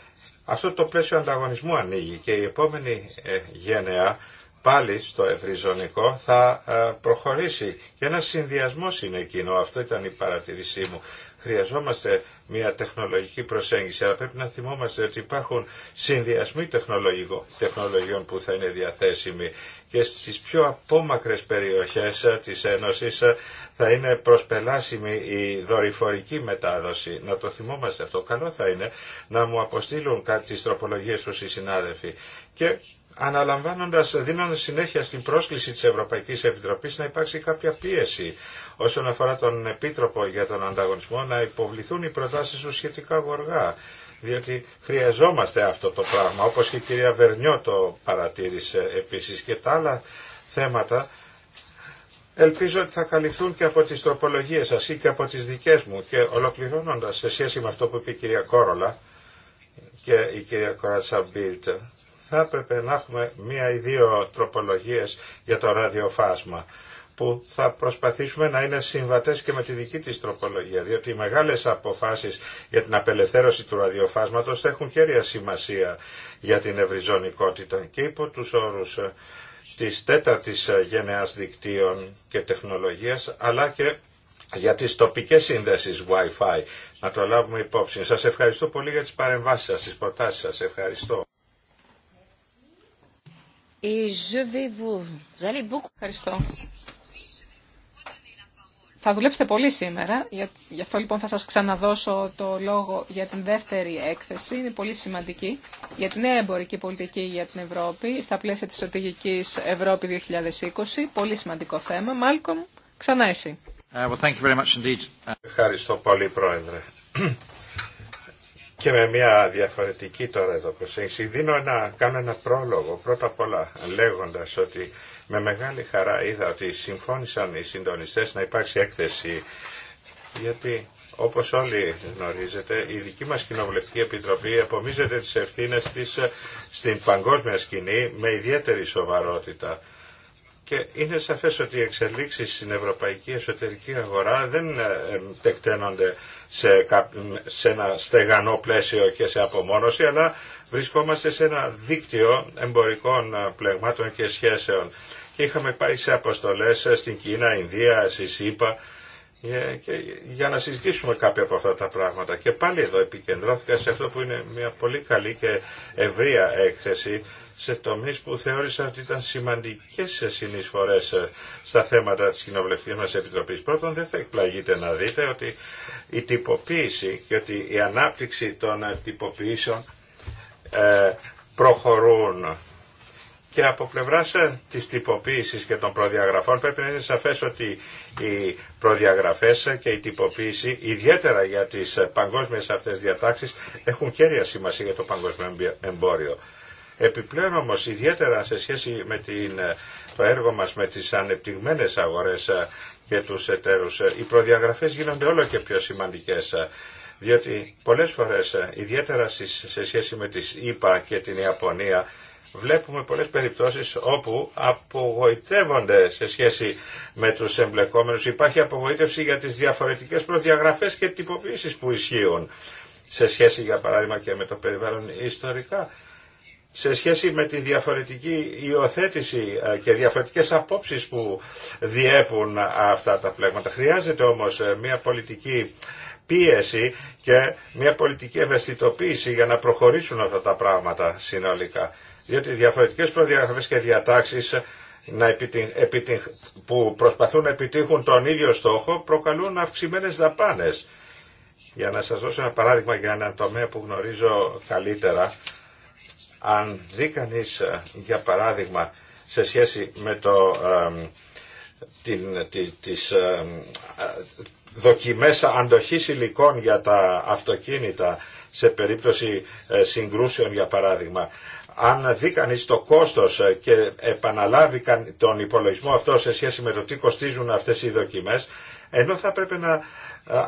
αυτό το πλαίσιο ανταγωνισμού ανοίγει και η επόμενη γενεά πάλι στο ευρυζωνικό θα προχωρήσει. Και ένας συνδυασμός είναι κοινό, αυτό ήταν η παρατηρήσή μου χρειαζόμαστε μια τεχνολογική προσέγγιση, αλλά πρέπει να θυμόμαστε ότι υπάρχουν συνδυασμοί τεχνολογιών που θα είναι διαθέσιμοι και στις πιο απόμακρες περιοχές της Ένωσης θα είναι προσπελάσιμη η δορυφορική μετάδοση. Να το θυμόμαστε αυτό. Καλό θα είναι να μου αποστείλουν κάτι τις τροπολογίες τους οι συνάδελφοι. Και αναλαμβάνοντας, δίνοντας συνέχεια στην πρόσκληση της Ευρωπαϊκής Επιτροπής να υπάρξει κάποια πίεση όσον αφορά τον Επίτροπο για τον Ανταγωνισμό να υποβληθούν οι προτάσεις του σχετικά γοργά. Διότι χρειαζόμαστε αυτό το πράγμα, όπως και η κυρία Βερνιό το παρατήρησε επίσης και τα άλλα θέματα. Ελπίζω ότι θα καλυφθούν και από τις τροπολογίες σας ή και από τις δικές μου και ολοκληρώνοντας σε σχέση με αυτό που είπε η κυρία Κόρολα και η κυρία Κοράτσα θα έπρεπε να έχουμε μία ή δύο τροπολογίες για το ραδιοφάσμα που θα προσπαθήσουμε να είναι συμβατές και με τη δική της τροπολογία, διότι οι μεγάλες αποφάσεις για την απελευθέρωση του ραδιοφάσματος θα έχουν κέρια σημασία για την ευρυζωνικότητα και υπό τους όρους ε, της τέταρτης ε, γενεάς δικτύων και τεχνολογίας, αλλά και για τις τοπικές σύνδεσεις Wi-Fi. Να το λάβουμε υπόψη. Σας ευχαριστώ πολύ για τις παρεμβάσεις σας, τις προτάσεις σας. Ευχαριστώ. Ευχαριστώ. Θα δουλέψετε πολύ σήμερα, γι' αυτό λοιπόν θα σας ξαναδώσω το λόγο για την δεύτερη έκθεση, είναι πολύ σημαντική, για την νέα εμπορική πολιτική για την Ευρώπη, στα πλαίσια της στρατηγικής Ευρώπη 2020, πολύ σημαντικό θέμα. Μάλκομ, ξανά εσύ. Ε, Ευχαριστώ πολύ, Πρόεδρε και με μια διαφορετική τώρα εδώ προσέγγιση. Δίνω κάνω ένα πρόλογο πρώτα απ' όλα λέγοντας ότι με μεγάλη χαρά είδα ότι συμφώνησαν οι συντονιστές να υπάρξει έκθεση γιατί όπως όλοι γνωρίζετε, η δική μας Κοινοβουλευτική Επιτροπή απομίζεται τις ευθύνες της στην παγκόσμια σκηνή με ιδιαίτερη σοβαρότητα και είναι σαφές ότι οι εξελίξεις στην ευρωπαϊκή εσωτερική αγορά δεν τεκταίνονται ε, σε ένα στεγανό πλαίσιο και σε απομόνωση, αλλά βρισκόμαστε σε ένα δίκτυο εμπορικών ε, πλεγμάτων και σχέσεων. Και είχαμε πάει σε αποστολές ε, στην Κίνα, Ινδία, στη ΣΥΠΑ, και για να συζητήσουμε κάποια από αυτά τα πράγματα. Και πάλι εδώ επικεντρώθηκα σε αυτό που είναι μια πολύ καλή και ευρία έκθεση σε τομείς που θεώρησα ότι ήταν σημαντικές σε συνεισφορές ε, στα θέματα της Κοινοβουλευτικής μας Επιτροπής. Πρώτον, δεν θα εκπλαγείτε να δείτε ότι η τυποποίηση και ότι η ανάπτυξη των ε, τυποποιήσεων ε, προχωρούν. Και από πλευρά τη τυποποίηση και των προδιαγραφών πρέπει να είναι σαφέ ότι οι προδιαγραφέ και η τυποποίηση, ιδιαίτερα για τι παγκόσμιε αυτέ διατάξει, έχουν κέρια σημασία για το παγκόσμιο εμπόριο. Επιπλέον όμως ιδιαίτερα σε σχέση με την, ε, το έργο μας με τις ανεπτυγμένες αγορές ε, και τους εταίρους, ε, οι προδιαγραφές γίνονται όλο και πιο σημαντικές. Διότι πολλές φορές, ιδιαίτερα σε σχέση με τις ΙΠΑ και την Ιαπωνία, βλέπουμε πολλές περιπτώσεις όπου απογοητεύονται σε σχέση με τους εμπλεκόμενους. Υπάρχει απογοήτευση για τις διαφορετικές προδιαγραφές και τυποποίησεις που ισχύουν σε σχέση για παράδειγμα και με το περιβάλλον ιστορικά σε σχέση με τη διαφορετική υιοθέτηση ε, και διαφορετικές απόψεις που διέπουν αυτά τα πλέγματα. Χρειάζεται όμως ε, μια πολιτική πίεση και μια πολιτική ευαισθητοποίηση για να προχωρήσουν αυτά τα πράγματα συνολικά. Διότι διαφορετικές προδιαγραφές και διατάξεις ε, να που προσπαθούν να επιτύχουν τον ίδιο στόχο προκαλούν αυξημένες δαπάνες. Για να σας δώσω ένα παράδειγμα για ένα τομέα που γνωρίζω καλύτερα, αν δει κανεί, ε, για παράδειγμα, σε σχέση με το, ε, την, τη, τις, ε, δοκιμές αντοχής υλικών για τα αυτοκίνητα σε περίπτωση συγκρούσεων για παράδειγμα. Αν δει κανεί το κόστος και επαναλάβει τον υπολογισμό αυτό σε σχέση με το τι κοστίζουν αυτές οι δοκιμές, ενώ θα πρέπει να ε,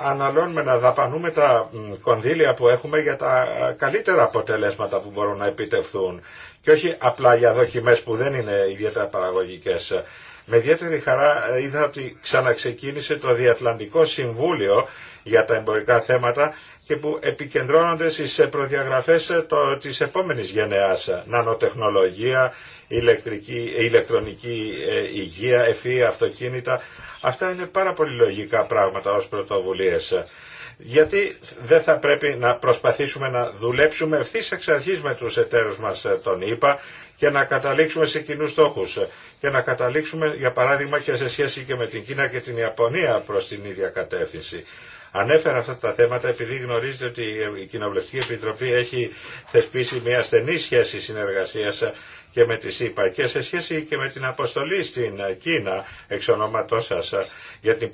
αναλώνουμε, να δαπανούμε τα κονδύλια που έχουμε για τα ε, καλύτερα αποτελέσματα που μπορούν να επιτευχθούν και όχι απλά για δοκιμές που δεν είναι ιδιαίτερα παραγωγικές. Με ιδιαίτερη χαρά ε, είδα ότι ξαναξεκίνησε το Διατλαντικό Συμβούλιο για τα εμπορικά θέματα και που επικεντρώνονται στις προδιαγραφές της επόμενης γενεάς, νανοτεχνολογία, ηλεκτρική, ηλεκτρονική ε, υγεία, ευφυή, αυτοκίνητα. Αυτά είναι πάρα πολύ λογικά πράγματα ως πρωτοβουλίες. Γιατί δεν θα πρέπει να προσπαθήσουμε να δουλέψουμε ευθύ εξ αρχή με του εταίρου μα, ε, τον είπα, και να καταλήξουμε σε κοινού στόχους Και να καταλήξουμε, για παράδειγμα, και σε σχέση και με την Κίνα και την Ιαπωνία προ την ίδια κατεύθυνση. Ανέφερα αυτά τα θέματα επειδή γνωρίζετε ότι η Κοινοβουλευτική Επιτροπή έχει θεσπίσει μια στενή σχέση συνεργασίας και με τη ΣΥΠΑ και σε σχέση και με την αποστολή στην Κίνα εξ ονόματός σας για την,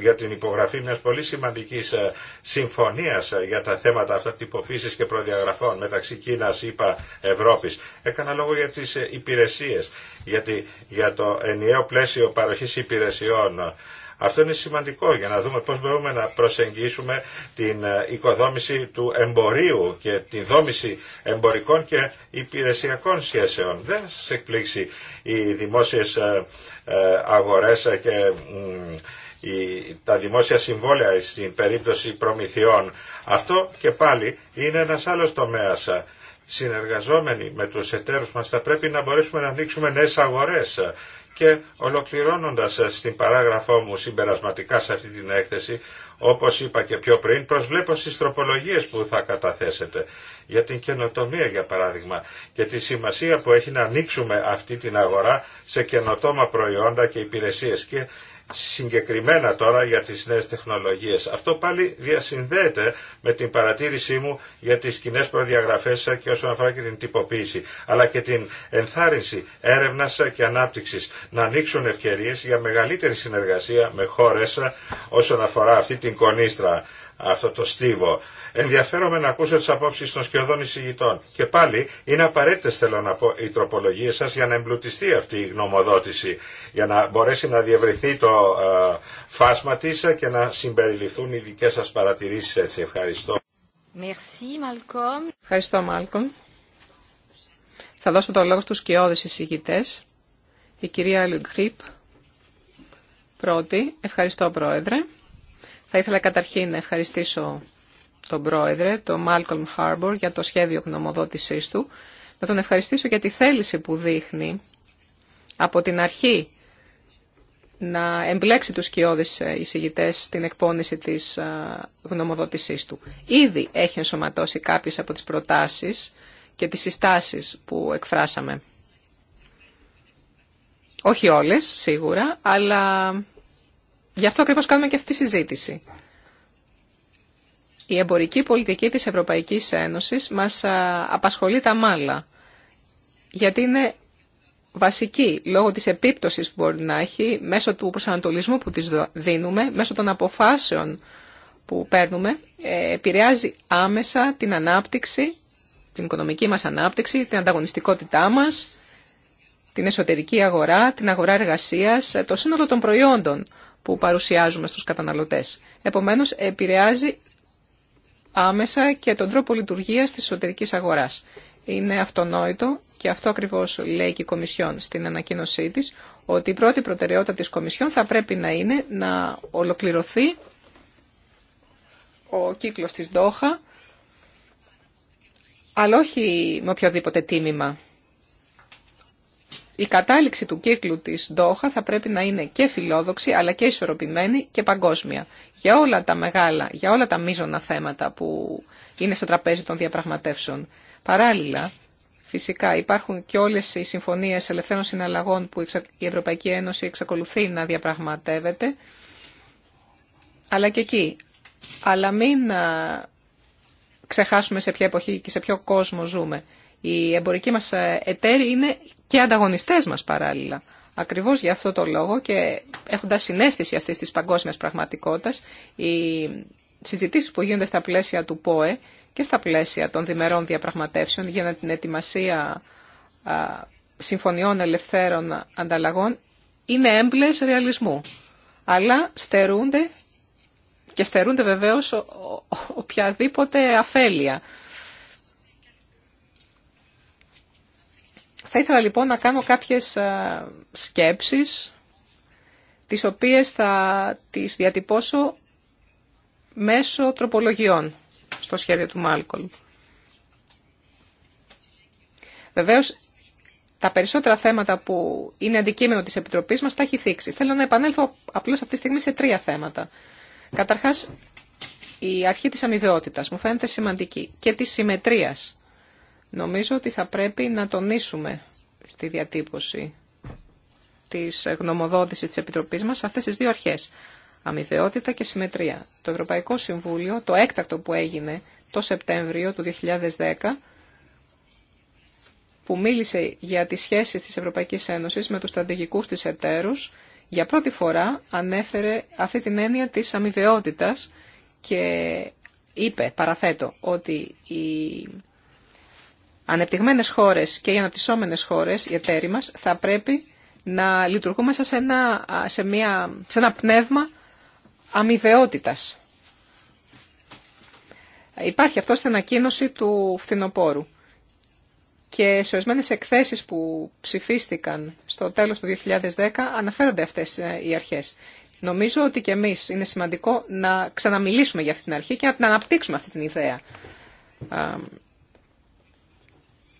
για την υπογραφή μιας πολύ σημαντικής ε, συμφωνίας για τα θέματα αυτά τυποποίησης και προδιαγραφών μεταξύ Κίνας, ΣΥΠΑ, Ευρώπης. Έκανα λόγο για τις ε, υπηρεσίες, γιατί για το ενιαίο πλαίσιο παροχής υπηρεσιών αυτό είναι σημαντικό για να δούμε πώς μπορούμε να προσεγγίσουμε την ε, οικοδόμηση του εμπορίου και την δόμηση εμπορικών και υπηρεσιακών σχέσεων. Δεν θα σας εκπλήξει οι δημόσιες ε, ε, αγορές και τα δημόσια συμβόλαια στην περίπτωση προμηθειών. Αυτό και πάλι είναι ένας άλλος τομέας. Συνεργαζόμενοι με τους εταίρους μας θα πρέπει να μπορέσουμε να ανοίξουμε νέες αγορές και ολοκληρώνοντας ε, στην παράγραφό μου συμπερασματικά σε αυτή την έκθεση, όπως είπα και πιο πριν, προσβλέπω στις τροπολογίες που θα καταθέσετε για την καινοτομία για παράδειγμα και τη σημασία που έχει να ανοίξουμε αυτή την αγορά σε καινοτόμα προϊόντα και υπηρεσίες και συγκεκριμένα τώρα για τις νέες τεχνολογίες. Αυτό πάλι διασυνδέεται με την παρατήρησή μου για τις κοινέ προδιαγραφές και όσον αφορά και την τυποποίηση, αλλά και την ενθάρρυνση έρευνας και ανάπτυξης να ανοίξουν ευκαιρίες για μεγαλύτερη συνεργασία με χώρες όσον αφορά αυτή την κονίστρα αυτό το στίβο. Ενδιαφέρομαι να ακούσω τις απόψεις των σκιωδών εισηγητών. Και πάλι είναι απαραίτητε θέλω να πω οι τροπολογίες σας για να εμπλουτιστεί αυτή η γνωμοδότηση, για να μπορέσει να διευρυθεί το ε, φάσμα της και να συμπεριληφθούν οι δικές σας παρατηρήσεις έτσι. Ευχαριστώ. Merci, Malcolm. Ευχαριστώ, Μάλκομ. Θα δώσω το λόγο στους σκιώδες εισηγητές. Η κυρία Λουγκρίπ, πρώτη. Ευχαριστώ, Πρόεδρε. Θα ήθελα καταρχήν να ευχαριστήσω τον πρόεδρε, τον Μάλκολμ Χάρμπορ, για το σχέδιο γνωμοδότησής του. Να τον ευχαριστήσω για τη θέληση που δείχνει από την αρχή να εμπλέξει τους σκιώδεις ε, εισηγητές στην εκπόνηση της ε, γνωμοδότησής του. Ήδη έχει ενσωματώσει κάποιες από τις προτάσεις και τις συστάσεις που εκφράσαμε. Όχι όλες, σίγουρα, αλλά Γι' αυτό ακριβώς κάνουμε και αυτή τη συζήτηση. Η εμπορική πολιτική της Ευρωπαϊκής Ένωσης μας απασχολεί τα μάλα, γιατί είναι βασική λόγω της επίπτωσης που μπορεί να έχει, μέσω του προσανατολισμού που της δίνουμε, μέσω των αποφάσεων που παίρνουμε, ε, επηρεάζει άμεσα την ανάπτυξη, την οικονομική μας ανάπτυξη, την ανταγωνιστικότητά μας, την εσωτερική αγορά, την αγορά εργασίας, ε, το σύνολο των προϊόντων που παρουσιάζουμε στους καταναλωτές. Επομένως, επηρεάζει άμεσα και τον τρόπο λειτουργίας της εσωτερικής αγοράς. Είναι αυτονόητο και αυτό ακριβώς λέει και η Κομισιόν στην ανακοίνωσή της, ότι η πρώτη προτεραιότητα της Κομισιόν θα πρέπει να είναι να ολοκληρωθεί ο κύκλος της ΔΟΧΑ, αλλά όχι με οποιοδήποτε τίμημα η κατάληξη του κύκλου της Ντόχα θα πρέπει να είναι και φιλόδοξη αλλά και ισορροπημένη και παγκόσμια. Για όλα τα μεγάλα, για όλα τα μείζωνα θέματα που είναι στο τραπέζι των διαπραγματεύσεων. Παράλληλα, φυσικά υπάρχουν και όλες οι συμφωνίες ελευθέρων συναλλαγών που η Ευρωπαϊκή Ένωση εξακολουθεί να διαπραγματεύεται. Αλλά και εκεί. Αλλά μην ξεχάσουμε σε ποια εποχή και σε ποιο κόσμο ζούμε οι εμπορικοί μας εταίροι είναι και ανταγωνιστές μας παράλληλα. Ακριβώς για αυτό το λόγο και έχοντας συνέστηση αυτής της παγκόσμιας πραγματικότητας, οι συζητήσεις που γίνονται στα πλαίσια του ΠΟΕ και στα πλαίσια των διμερών διαπραγματεύσεων για την ετοιμασία συμφωνιών ελευθέρων ανταλλαγών είναι έμπλες ρεαλισμού. Αλλά στερούνται και στερούνται βεβαίως οποιαδήποτε αφέλεια Θα ήθελα λοιπόν να κάνω κάποιες ε, σκέψεις, τις οποίες θα τις διατυπώσω μέσω τροπολογιών στο σχέδιο του Μάλκολ. Βεβαίως, τα περισσότερα θέματα που είναι αντικείμενο της Επιτροπής μας τα έχει θίξει. Θέλω να επανέλθω απλώς αυτή τη στιγμή σε τρία θέματα. Καταρχάς, η αρχή της αμοιβαιότητας μου φαίνεται σημαντική και της συμμετρίας Νομίζω ότι θα πρέπει να τονίσουμε στη διατύπωση της γνωμοδότησης της Επιτροπής μας αυτές τις δύο αρχές. Αμοιβαιότητα και συμμετρία. Το Ευρωπαϊκό Συμβούλιο, το έκτακτο που έγινε το Σεπτέμβριο του 2010, που μίλησε για τις σχέσεις της Ευρωπαϊκής Ένωσης με τους στρατηγικούς της εταίρους, για πρώτη φορά ανέφερε αυτή την έννοια της αμοιβαιότητας και είπε, παραθέτω, ότι η ανεπτυγμένες χώρες και οι αναπτυσσόμενες χώρες, οι εταίροι μας, θα πρέπει να λειτουργούν σε ένα, σε μια, σε ένα πνεύμα αμοιβαιότητας. Υπάρχει αυτό στην ανακοίνωση του φθινοπόρου. Και σε ορισμένε εκθέσεις που ψηφίστηκαν στο τέλος του 2010 αναφέρονται αυτές ε, οι αρχές. Νομίζω ότι και εμείς είναι σημαντικό να ξαναμιλήσουμε για αυτή την αρχή και να την αναπτύξουμε αυτή την ιδέα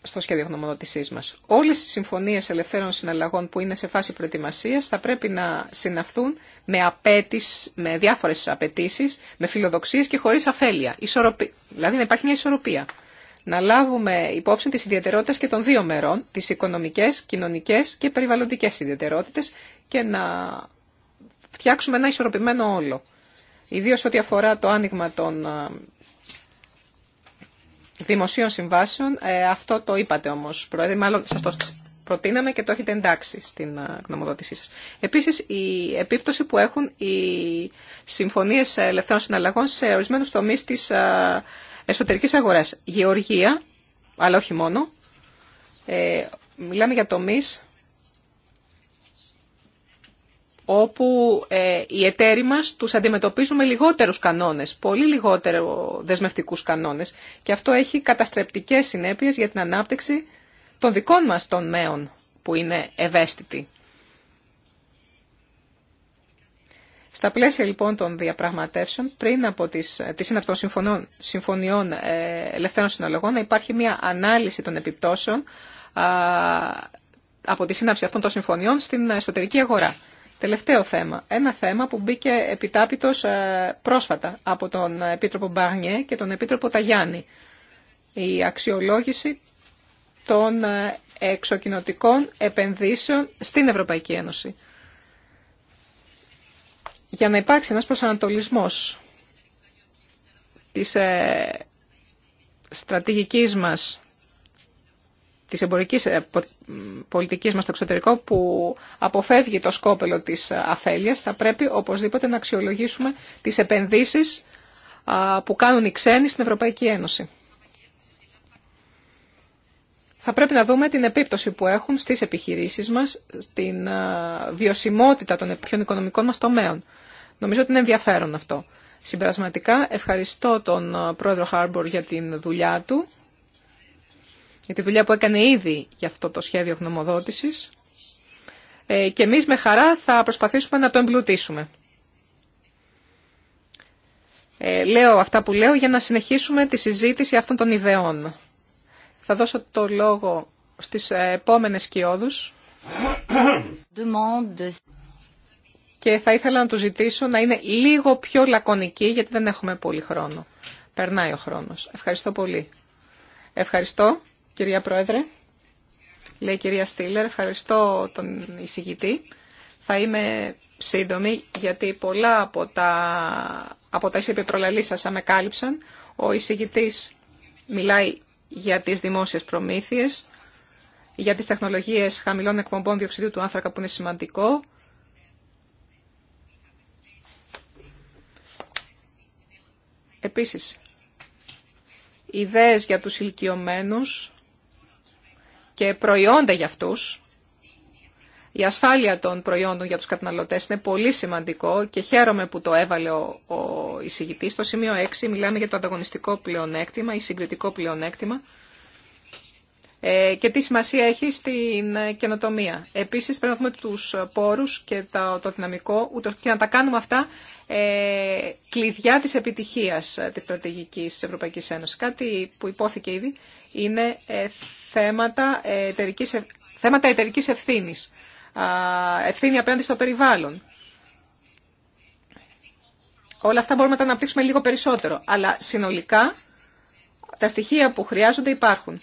στο σχέδιο γνωμοδότησή μα. Όλε οι συμφωνίε ελευθέρων συναλλαγών που είναι σε φάση προετοιμασία θα πρέπει να συναυθούν με, με διάφορε απαιτήσει, με φιλοδοξίε και χωρί αφέλεια. Δηλαδή να υπάρχει μια ισορροπία. Να λάβουμε υπόψη τι ιδιαιτερότητε και των δύο μερών, τι οικονομικέ, κοινωνικέ και περιβαλλοντικέ ιδιαιτερότητε και να φτιάξουμε ένα ισορροπημένο όλο. Ιδίω ό,τι αφορά το άνοιγμα των δημοσίων συμβάσεων. Ε, αυτό το είπατε όμως, Πρόεδρε, μάλλον σα το προτείναμε και το έχετε εντάξει στην ε, γνωμοδότησή σας. Επίσης, η επίπτωση που έχουν οι συμφωνίες ελευθερών συναλλαγών σε ορισμένου τομεί της ε, εσωτερικής αγοράς. Γεωργία, αλλά όχι μόνο. μιλάμε για τομεί όπου ε, οι εταίροι μας τους αντιμετωπίζουμε με λιγότερους κανόνες, πολύ λιγότερο δεσμευτικούς κανόνες και αυτό έχει καταστρεπτικές συνέπειες για την ανάπτυξη των δικών μας των μέων που είναι ευαίσθητοι. Στα πλαίσια λοιπόν των διαπραγματεύσεων, πριν από τις, ε, τη σύναψη των συμφωνιών, ε, ελευθέρων συναλλαγών, υπάρχει μια ανάλυση των επιπτώσεων από τη σύναψη αυτών των συμφωνιών στην εσωτερική αγορά. Τελευταίο θέμα. Ένα θέμα που μπήκε επιτάπητος ε, πρόσφατα από τον Επίτροπο Μπάρνιε και τον Επίτροπο Ταγιάννη. Η αξιολόγηση των ε, εξοκοινοτικών επενδύσεων στην Ευρωπαϊκή Ένωση. Για να υπάρξει ένας προσανατολισμός της ε, στρατηγικής μας της εμπορικής ε, πολιτικής μας στο εξωτερικό που αποφεύγει το σκόπελο της ε, αφέλειας, θα πρέπει οπωσδήποτε να αξιολογήσουμε τις επενδύσεις που κάνουν οι ξένοι στην Ευρωπαϊκή Ένωση. Θα πρέπει να δούμε την επίπτωση που έχουν στις επιχειρήσεις μας, στην ε, βιωσιμότητα των πιο οικονομικών μας τομέων. Νομίζω ότι είναι ενδιαφέρον αυτό. Συμπερασματικά, ευχαριστώ τον πρόεδρο Χάρμπορ για την δουλειά του για τη δουλειά που έκανε ήδη για αυτό το σχέδιο γνωμοδότησης ε, και εμείς με χαρά θα προσπαθήσουμε να το εμπλουτίσουμε. Ε, λέω αυτά που λέω για να συνεχίσουμε τη συζήτηση αυτών των ιδεών. Θα δώσω το λόγο στις επόμενες σκιώδους και θα ήθελα να του ζητήσω να είναι λίγο πιο λακωνικοί γιατί δεν έχουμε πολύ χρόνο. Περνάει ο χρόνος. Ευχαριστώ πολύ. Ευχαριστώ. Κυρία Πρόεδρε, λέει η κυρία Στήλερ, ευχαριστώ τον εισηγητή. Θα είμαι σύντομη γιατί πολλά από τα, από τα σας αμεκάλυψαν. Ο εισηγητής μιλάει για τις δημόσιες προμήθειες, για τις τεχνολογίες χαμηλών εκπομπών διοξιδίου του άνθρακα που είναι σημαντικό. Επίσης, ιδέες για τους ηλικιωμένους, και προϊόντα για αυτούς. Η ασφάλεια των προϊόντων για τους καταναλωτές είναι πολύ σημαντικό και χαίρομαι που το έβαλε ο, ο εισηγητής. Στο σημείο 6 μιλάμε για το ανταγωνιστικό πλεονέκτημα ή συγκριτικό πλεονέκτημα ε, και τι σημασία έχει στην καινοτομία. Επίσης πρέπει να δούμε τους πόρους και το, δυναμικό ούτως, και να τα κάνουμε αυτά ε, κλειδιά της επιτυχίας ε, της στρατηγικής της Ευρωπαϊκής Ένωσης. Κάτι που υπόθηκε ήδη είναι ε, θέματα, εταιρικής, θέματα εταιρικής ευθύνης. ευθύνη απέναντι στο περιβάλλον. Όλα αυτά μπορούμε να τα αναπτύξουμε λίγο περισσότερο. Αλλά συνολικά τα στοιχεία που χρειάζονται υπάρχουν.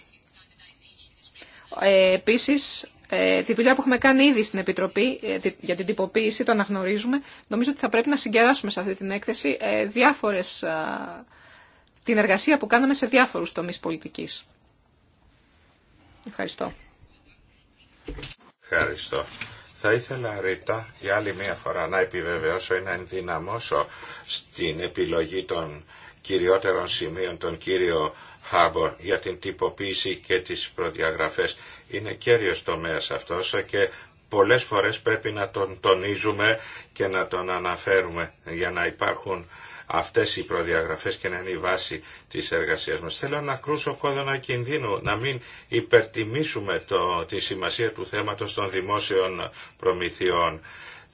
Ε, επίσης, ε, τη δουλειά που έχουμε κάνει ήδη στην Επιτροπή ε, για την τυποποίηση, το αναγνωρίζουμε. Νομίζω ότι θα πρέπει να συγκεράσουμε σε αυτή την έκθεση διάφορες, την εργασία που κάναμε σε διάφορους τομείς πολιτικής. Ευχαριστώ. Ευχαριστώ. Θα ήθελα Ρίτα, για άλλη μία φορά να επιβεβαιώσω ή να ενδυναμώσω στην επιλογή των κυριότερων σημείων τον κύριο για την τυποποίηση και τις προδιαγραφές. Είναι κέριος τομέας αυτός και πολλές φορές πρέπει να τον τονίζουμε και να τον αναφέρουμε για να υπάρχουν αυτές οι προδιαγραφές και να είναι η βάση της εργασίας μας. Θέλω να κρούσω κόδωνα κινδύνου, να μην υπερτιμήσουμε το, τη σημασία του θέματος των δημόσιων προμηθειών.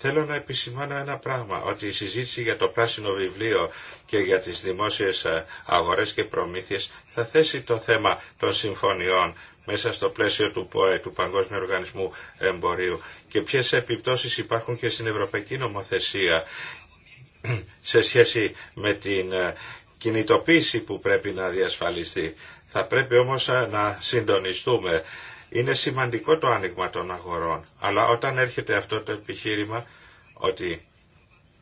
Θέλω να επισημάνω ένα πράγμα, ότι η συζήτηση για το πράσινο βιβλίο και για τις δημόσιες ε, αγορές και προμήθειες θα θέσει το θέμα των συμφωνιών μέσα στο πλαίσιο του ΠΟΕ, του Παγκόσμιου Οργανισμού Εμπορίου και ποιες επιπτώσεις υπάρχουν και στην Ευρωπαϊκή Νομοθεσία σε σχέση με την ε, κινητοποίηση που πρέπει να διασφαλιστεί. Θα πρέπει όμως ε, να συντονιστούμε είναι σημαντικό το άνοιγμα των αγορών, αλλά όταν έρχεται αυτό το επιχείρημα ότι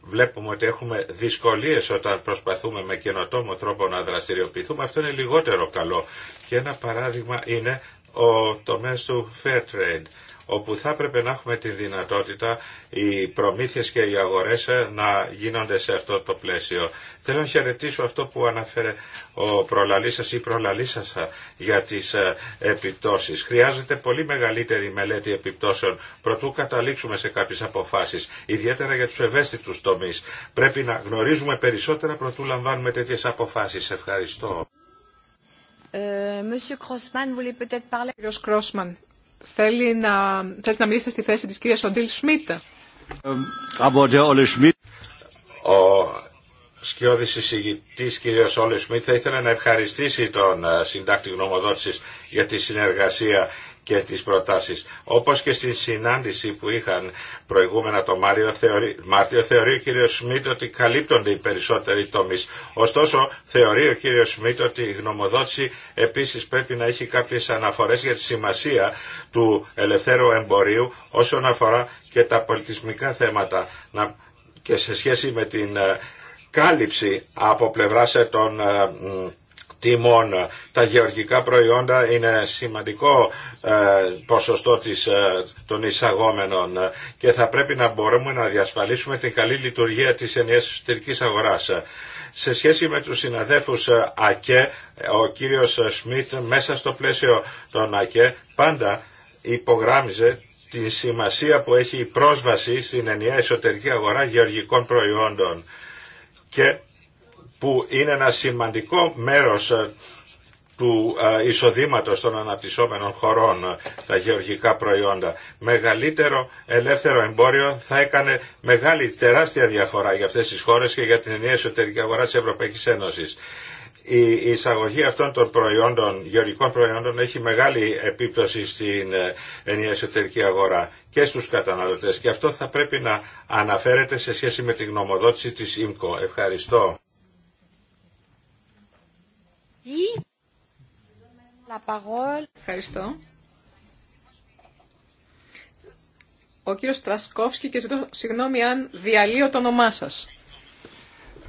βλέπουμε ότι έχουμε δυσκολίες όταν προσπαθούμε με καινοτόμο τρόπο να δραστηριοποιηθούμε, αυτό είναι λιγότερο καλό. Και ένα παράδειγμα είναι ο τομέας του Fairtrade όπου θα έπρεπε να έχουμε τη δυνατότητα οι προμήθειες και οι αγορές ε, να γίνονται σε αυτό το πλαίσιο. Θέλω να χαιρετήσω αυτό που αναφέρε ο προλαλής σας ή προλαλή σας ε, για τις ε, επιπτώσεις. Χρειάζεται πολύ μεγαλύτερη μελέτη επιπτώσεων προτού καταλήξουμε σε κάποιες αποφάσεις, ιδιαίτερα για τους ευαίσθητους τομείς. Πρέπει να γνωρίζουμε περισσότερα προτού λαμβάνουμε τέτοιες αποφάσεις. Ευχαριστώ. Monsieur Crossman, Θέλει να, θέλει να μιλήσετε στη θέση της κυρίας Οντήλ Σμιτ. Ο σκιώδης εισηγητής κυρίας Όλε Σμιτ θα ήθελε να ευχαριστήσει τον ε, συντάκτη γνωμοδότησης για τη συνεργασία και τις προτάσεις. Όπως και στη συνάντηση που είχαν προηγούμενα το Μάρτιο, θεωρεί ο κύριος Σμίτ ότι καλύπτονται οι περισσότεροι τομείς. Ωστόσο, θεωρεί ο κύριος Σμίτ ότι η γνωμοδότηση επίσης πρέπει να έχει κάποιες αναφορές για τη σημασία του ελευθέρου εμπορίου όσον αφορά και τα πολιτισμικά θέματα και σε σχέση με την ε, κάλυψη από τον ε, των ε, τιμών. Τα γεωργικά προϊόντα είναι σημαντικό ε, ποσοστό της, ε, των εισαγόμενων και θα πρέπει να μπορούμε να διασφαλίσουμε την καλή λειτουργία της ενιαίας εσωτερικής αγοράς. Σε σχέση με τους συναδέφους ε, ΑΚΕ, ο κύριος Σμιτ μέσα στο πλαίσιο των ΑΚΕ πάντα υπογράμμιζε τη σημασία που έχει η πρόσβαση στην ενιαία εσωτερική αγορά γεωργικών προϊόντων που είναι ένα σημαντικό μέρος ε, του ε, εισοδήματος των αναπτυσσόμενων χωρών ε, τα γεωργικά προϊόντα. Μεγαλύτερο ελεύθερο εμπόριο θα έκανε μεγάλη τεράστια διαφορά για αυτές τις χώρες και για την ενιαία εσωτερική αγορά της Ευρωπαϊκής Ένωσης. Η εισαγωγή αυτών των προϊόντων, γεωργικών προϊόντων έχει μεγάλη επίπτωση στην ενιαία εσωτερική αγορά και στους καταναλωτές και αυτό θα πρέπει να αναφέρεται σε σχέση με την γνωμοδότηση της ΙΜΚΟ. Ευχαριστώ. Λαπαγόλ Ευχαριστώ. Ο κύριος Τρασκόφσκι και ζητώ συγγνώμη αν διαλύω το όνομά σας.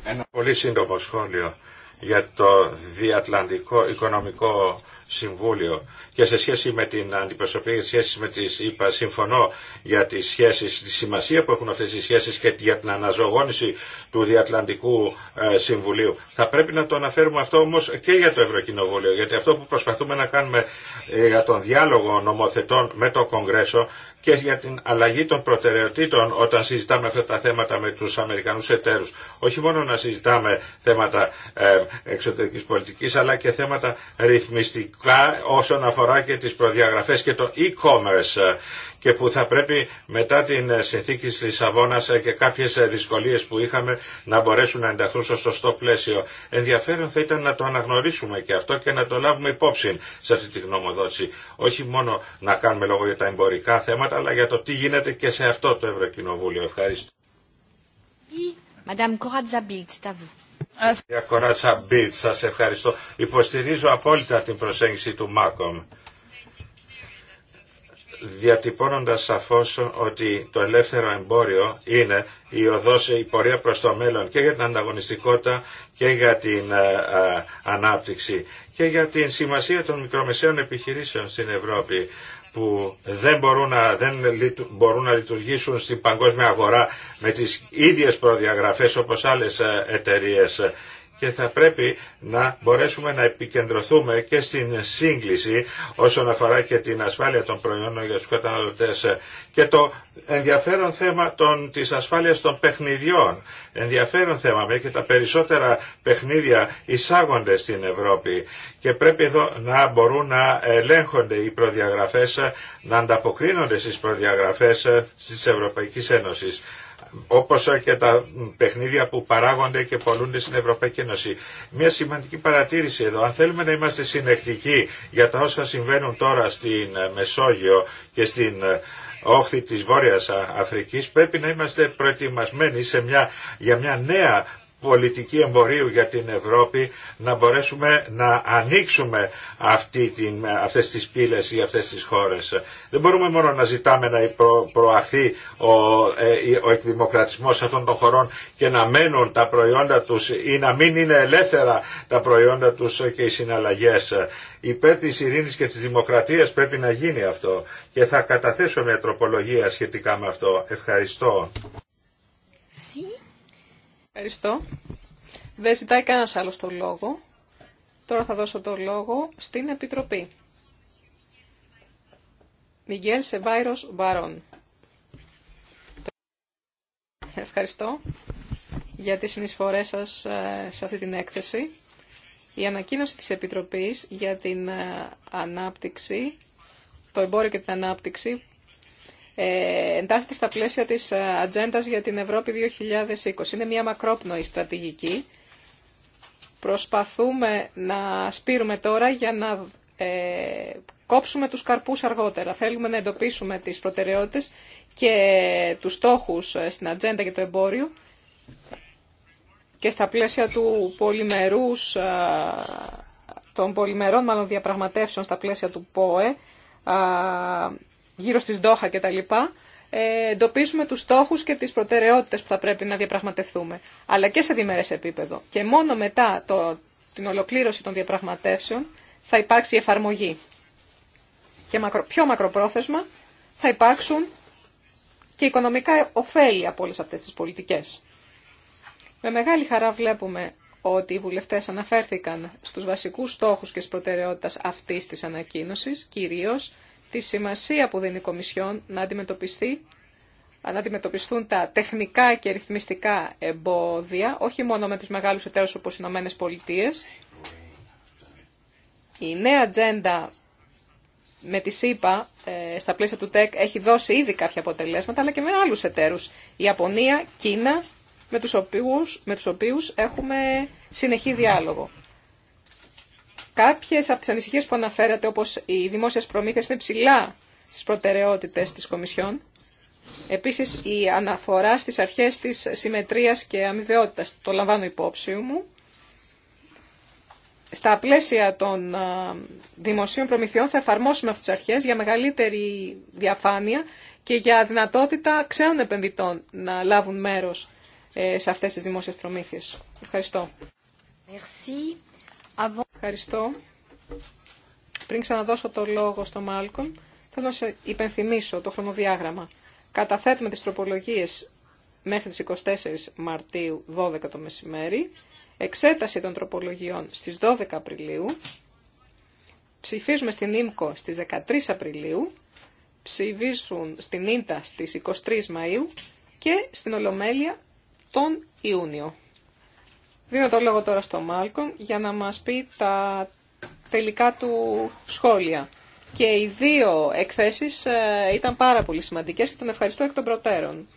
Ένα πολύ σύντομο σχόλιο για το διατλαντικό οικονομικό Συμβούλιο και σε σχέση με την αντιπροσωπή, σχέση με τις είπα, συμφωνώ για τις σχέσεις, τη σημασία που έχουν αυτές οι σχέσεις και για την αναζωογόνηση του Διατλαντικού ε, Συμβουλίου. Θα πρέπει να το αναφέρουμε αυτό όμως και για το Ευρωκοινοβούλιο, γιατί αυτό που προσπαθούμε να κάνουμε ε, για τον διάλογο νομοθετών με το Κογκρέσο και για την αλλαγή των προτεραιοτήτων όταν συζητάμε αυτά τα θέματα με τους Αμερικανούς εταίρους. Όχι μόνο να συζητάμε θέματα ε, εξωτερικής πολιτικής αλλά και θέματα ρυθμιστικά όσον αφορά και τις προδιαγραφές και το e-commerce και που θα πρέπει μετά την συνθήκη της Λισαβόνας και κάποιες δυσκολίες που είχαμε να μπορέσουν να ενταχθούν στο σωστό πλαίσιο. Ενδιαφέρον θα ήταν να το αναγνωρίσουμε και αυτό και να το λάβουμε υπόψη σε αυτή τη γνωμοδότηση. Όχι μόνο να κάνουμε λόγο για τα εμπορικά θέματα, αλλά για το τι γίνεται και σε αυτό το Ευρωκοινοβούλιο. Ευχαριστώ. σας ευχαριστώ. Υποστηρίζω απόλυτα την προσέγγιση του Μάκομ διατυπώνοντας σαφώς ότι το ελεύθερο εμπόριο είναι η η πορεία προς το μέλλον και για την ανταγωνιστικότητα και για την ε, ε, ανάπτυξη και για την σημασία των μικρομεσαίων επιχειρήσεων στην Ευρώπη που δεν μπορούν να, δεν μπορούν να λειτουργήσουν στην παγκόσμια αγορά με τις ίδιες προδιαγραφές όπως άλλες ε, εταιρείες και θα πρέπει να μπορέσουμε να επικεντρωθούμε και στην σύγκληση όσον αφορά και την ασφάλεια των προϊόντων για τους καταναλωτές και το ενδιαφέρον θέμα των, της ασφάλειας των παιχνιδιών. Ενδιαφέρον θέμα με και τα περισσότερα παιχνίδια εισάγονται στην Ευρώπη και πρέπει εδώ να μπορούν να ελέγχονται οι προδιαγραφές, να ανταποκρίνονται στις προδιαγραφές της Ευρωπαϊκής Ένωσης όπως και τα παιχνίδια που παράγονται και πολλούνται στην Ευρωπαϊκή Ένωση. Μια σημαντική παρατήρηση εδώ. Αν θέλουμε να είμαστε συνεκτικοί για τα όσα συμβαίνουν τώρα στην Μεσόγειο και στην όχθη της Βόρειας Αφρικής πρέπει να είμαστε προετοιμασμένοι σε μια, για μια νέα πολιτική εμπορίου για την Ευρώπη να μπορέσουμε να ανοίξουμε αυτή την, αυτές τις πύλες ή αυτές τις χώρες. Δεν μπορούμε μόνο να ζητάμε να προαθεί ο, ε, ο εκδημοκρατισμός αυτών των χωρών και να μένουν τα προϊόντα τους ή να μην είναι ελεύθερα τα προϊόντα τους και οι συναλλαγές. Υπέρ της ειρήνης και της δημοκρατίας πρέπει να γίνει αυτό και θα καταθέσω μια τροπολογία σχετικά με αυτό. Ευχαριστώ. Ευχαριστώ. Δεν ζητάει κανένα άλλο το λόγο. Τώρα θα δώσω το λόγο στην Επιτροπή. Μιγγέλ Σεβάιρος Μπαρόν. Ευχαριστώ για τις συνεισφορές σας ε, σε αυτή την έκθεση. Η ανακοίνωση της Επιτροπής για την ε, ανάπτυξη, το εμπόριο και την ανάπτυξη ε, εντάσσεται στα πλαίσια της ε, ατζέντα για την Ευρώπη 2020. Είναι μια μακρόπνοη στρατηγική. Προσπαθούμε να σπείρουμε τώρα για να ε, κόψουμε τους καρπούς αργότερα. Θέλουμε να εντοπίσουμε τις προτεραιότητες και τους στόχους ε, στην ατζέντα και το εμπόριο και στα πλαίσια του πολυμερούς, των πολυμερών μάλλον διαπραγματεύσεων στα πλαίσια του ΠΟΕ γύρω στις Ντόχα κτλ. Ε, εντοπίζουμε τους στόχους και τις προτεραιότητες που θα πρέπει να διαπραγματευτούμε, αλλά και σε διμερές επίπεδο. Και μόνο μετά το, την ολοκλήρωση των διαπραγματεύσεων θα υπάρξει η εφαρμογή. Και μακρο, πιο μακροπρόθεσμα θα υπάρξουν και οικονομικά ωφέλη από όλες αυτές τις πολιτικές. Με μεγάλη χαρά βλέπουμε ότι οι βουλευτές αναφέρθηκαν στους βασικούς στόχους και στις προτεραιότητες αυτής της ανακοίνωσης, κυρίως τη σημασία που δίνει η Κομισιόν να, αντιμετωπιστεί, να αντιμετωπιστούν τα τεχνικά και ρυθμιστικά εμπόδια, όχι μόνο με τους μεγάλους εταίρους όπως οι Ηνωμένες Πολιτείες. Η νέα ατζέντα με τη ΣΥΠΑ ε, στα πλαίσια του ΤΕΚ έχει δώσει ήδη κάποια αποτελέσματα, αλλά και με άλλους εταίρους. Η Ιαπωνία, Κίνα, με τους οποίους, με τους οποίους έχουμε συνεχή διάλογο. Κάποιες από τις ανησυχίες που αναφέρατε, όπως οι δημόσιες προμήθειες, είναι ψηλά στις προτεραιότητες της Κομισιόν. Επίσης, η αναφορά στις αρχές της συμμετρίας και αμοιβαιότητας, το λαμβάνω υπόψη μου. Στα πλαίσια των δημοσίων προμηθειών θα εφαρμόσουμε αυτές τις αρχές για μεγαλύτερη διαφάνεια και για δυνατότητα ξένων επενδυτών να λάβουν μέρος ε, σε αυτές τις δημόσιες προμήθειες. Ευχαριστώ. Merci. Ευχαριστώ. Πριν ξαναδώσω το λόγο στο Μάλκομ, θέλω να σε υπενθυμίσω το χρονοδιάγραμμα. Καταθέτουμε τις τροπολογίες μέχρι τις 24 Μαρτίου 12 το μεσημέρι, εξέταση των τροπολογιών στις 12 Απριλίου, ψηφίζουμε στην ΙΜΚΟ στις 13 Απριλίου, ψηφίζουν στην ΙΝΤΑ στις 23 Μαΐου και στην Ολομέλεια τον Ιούνιο. Δίνω το λόγο τώρα στο Μάλκον για να μας πει τα τελικά του σχόλια. Και οι δύο εκθέσεις ε, ήταν πάρα πολύ σημαντικές και τον ευχαριστώ εκ των προτέρων.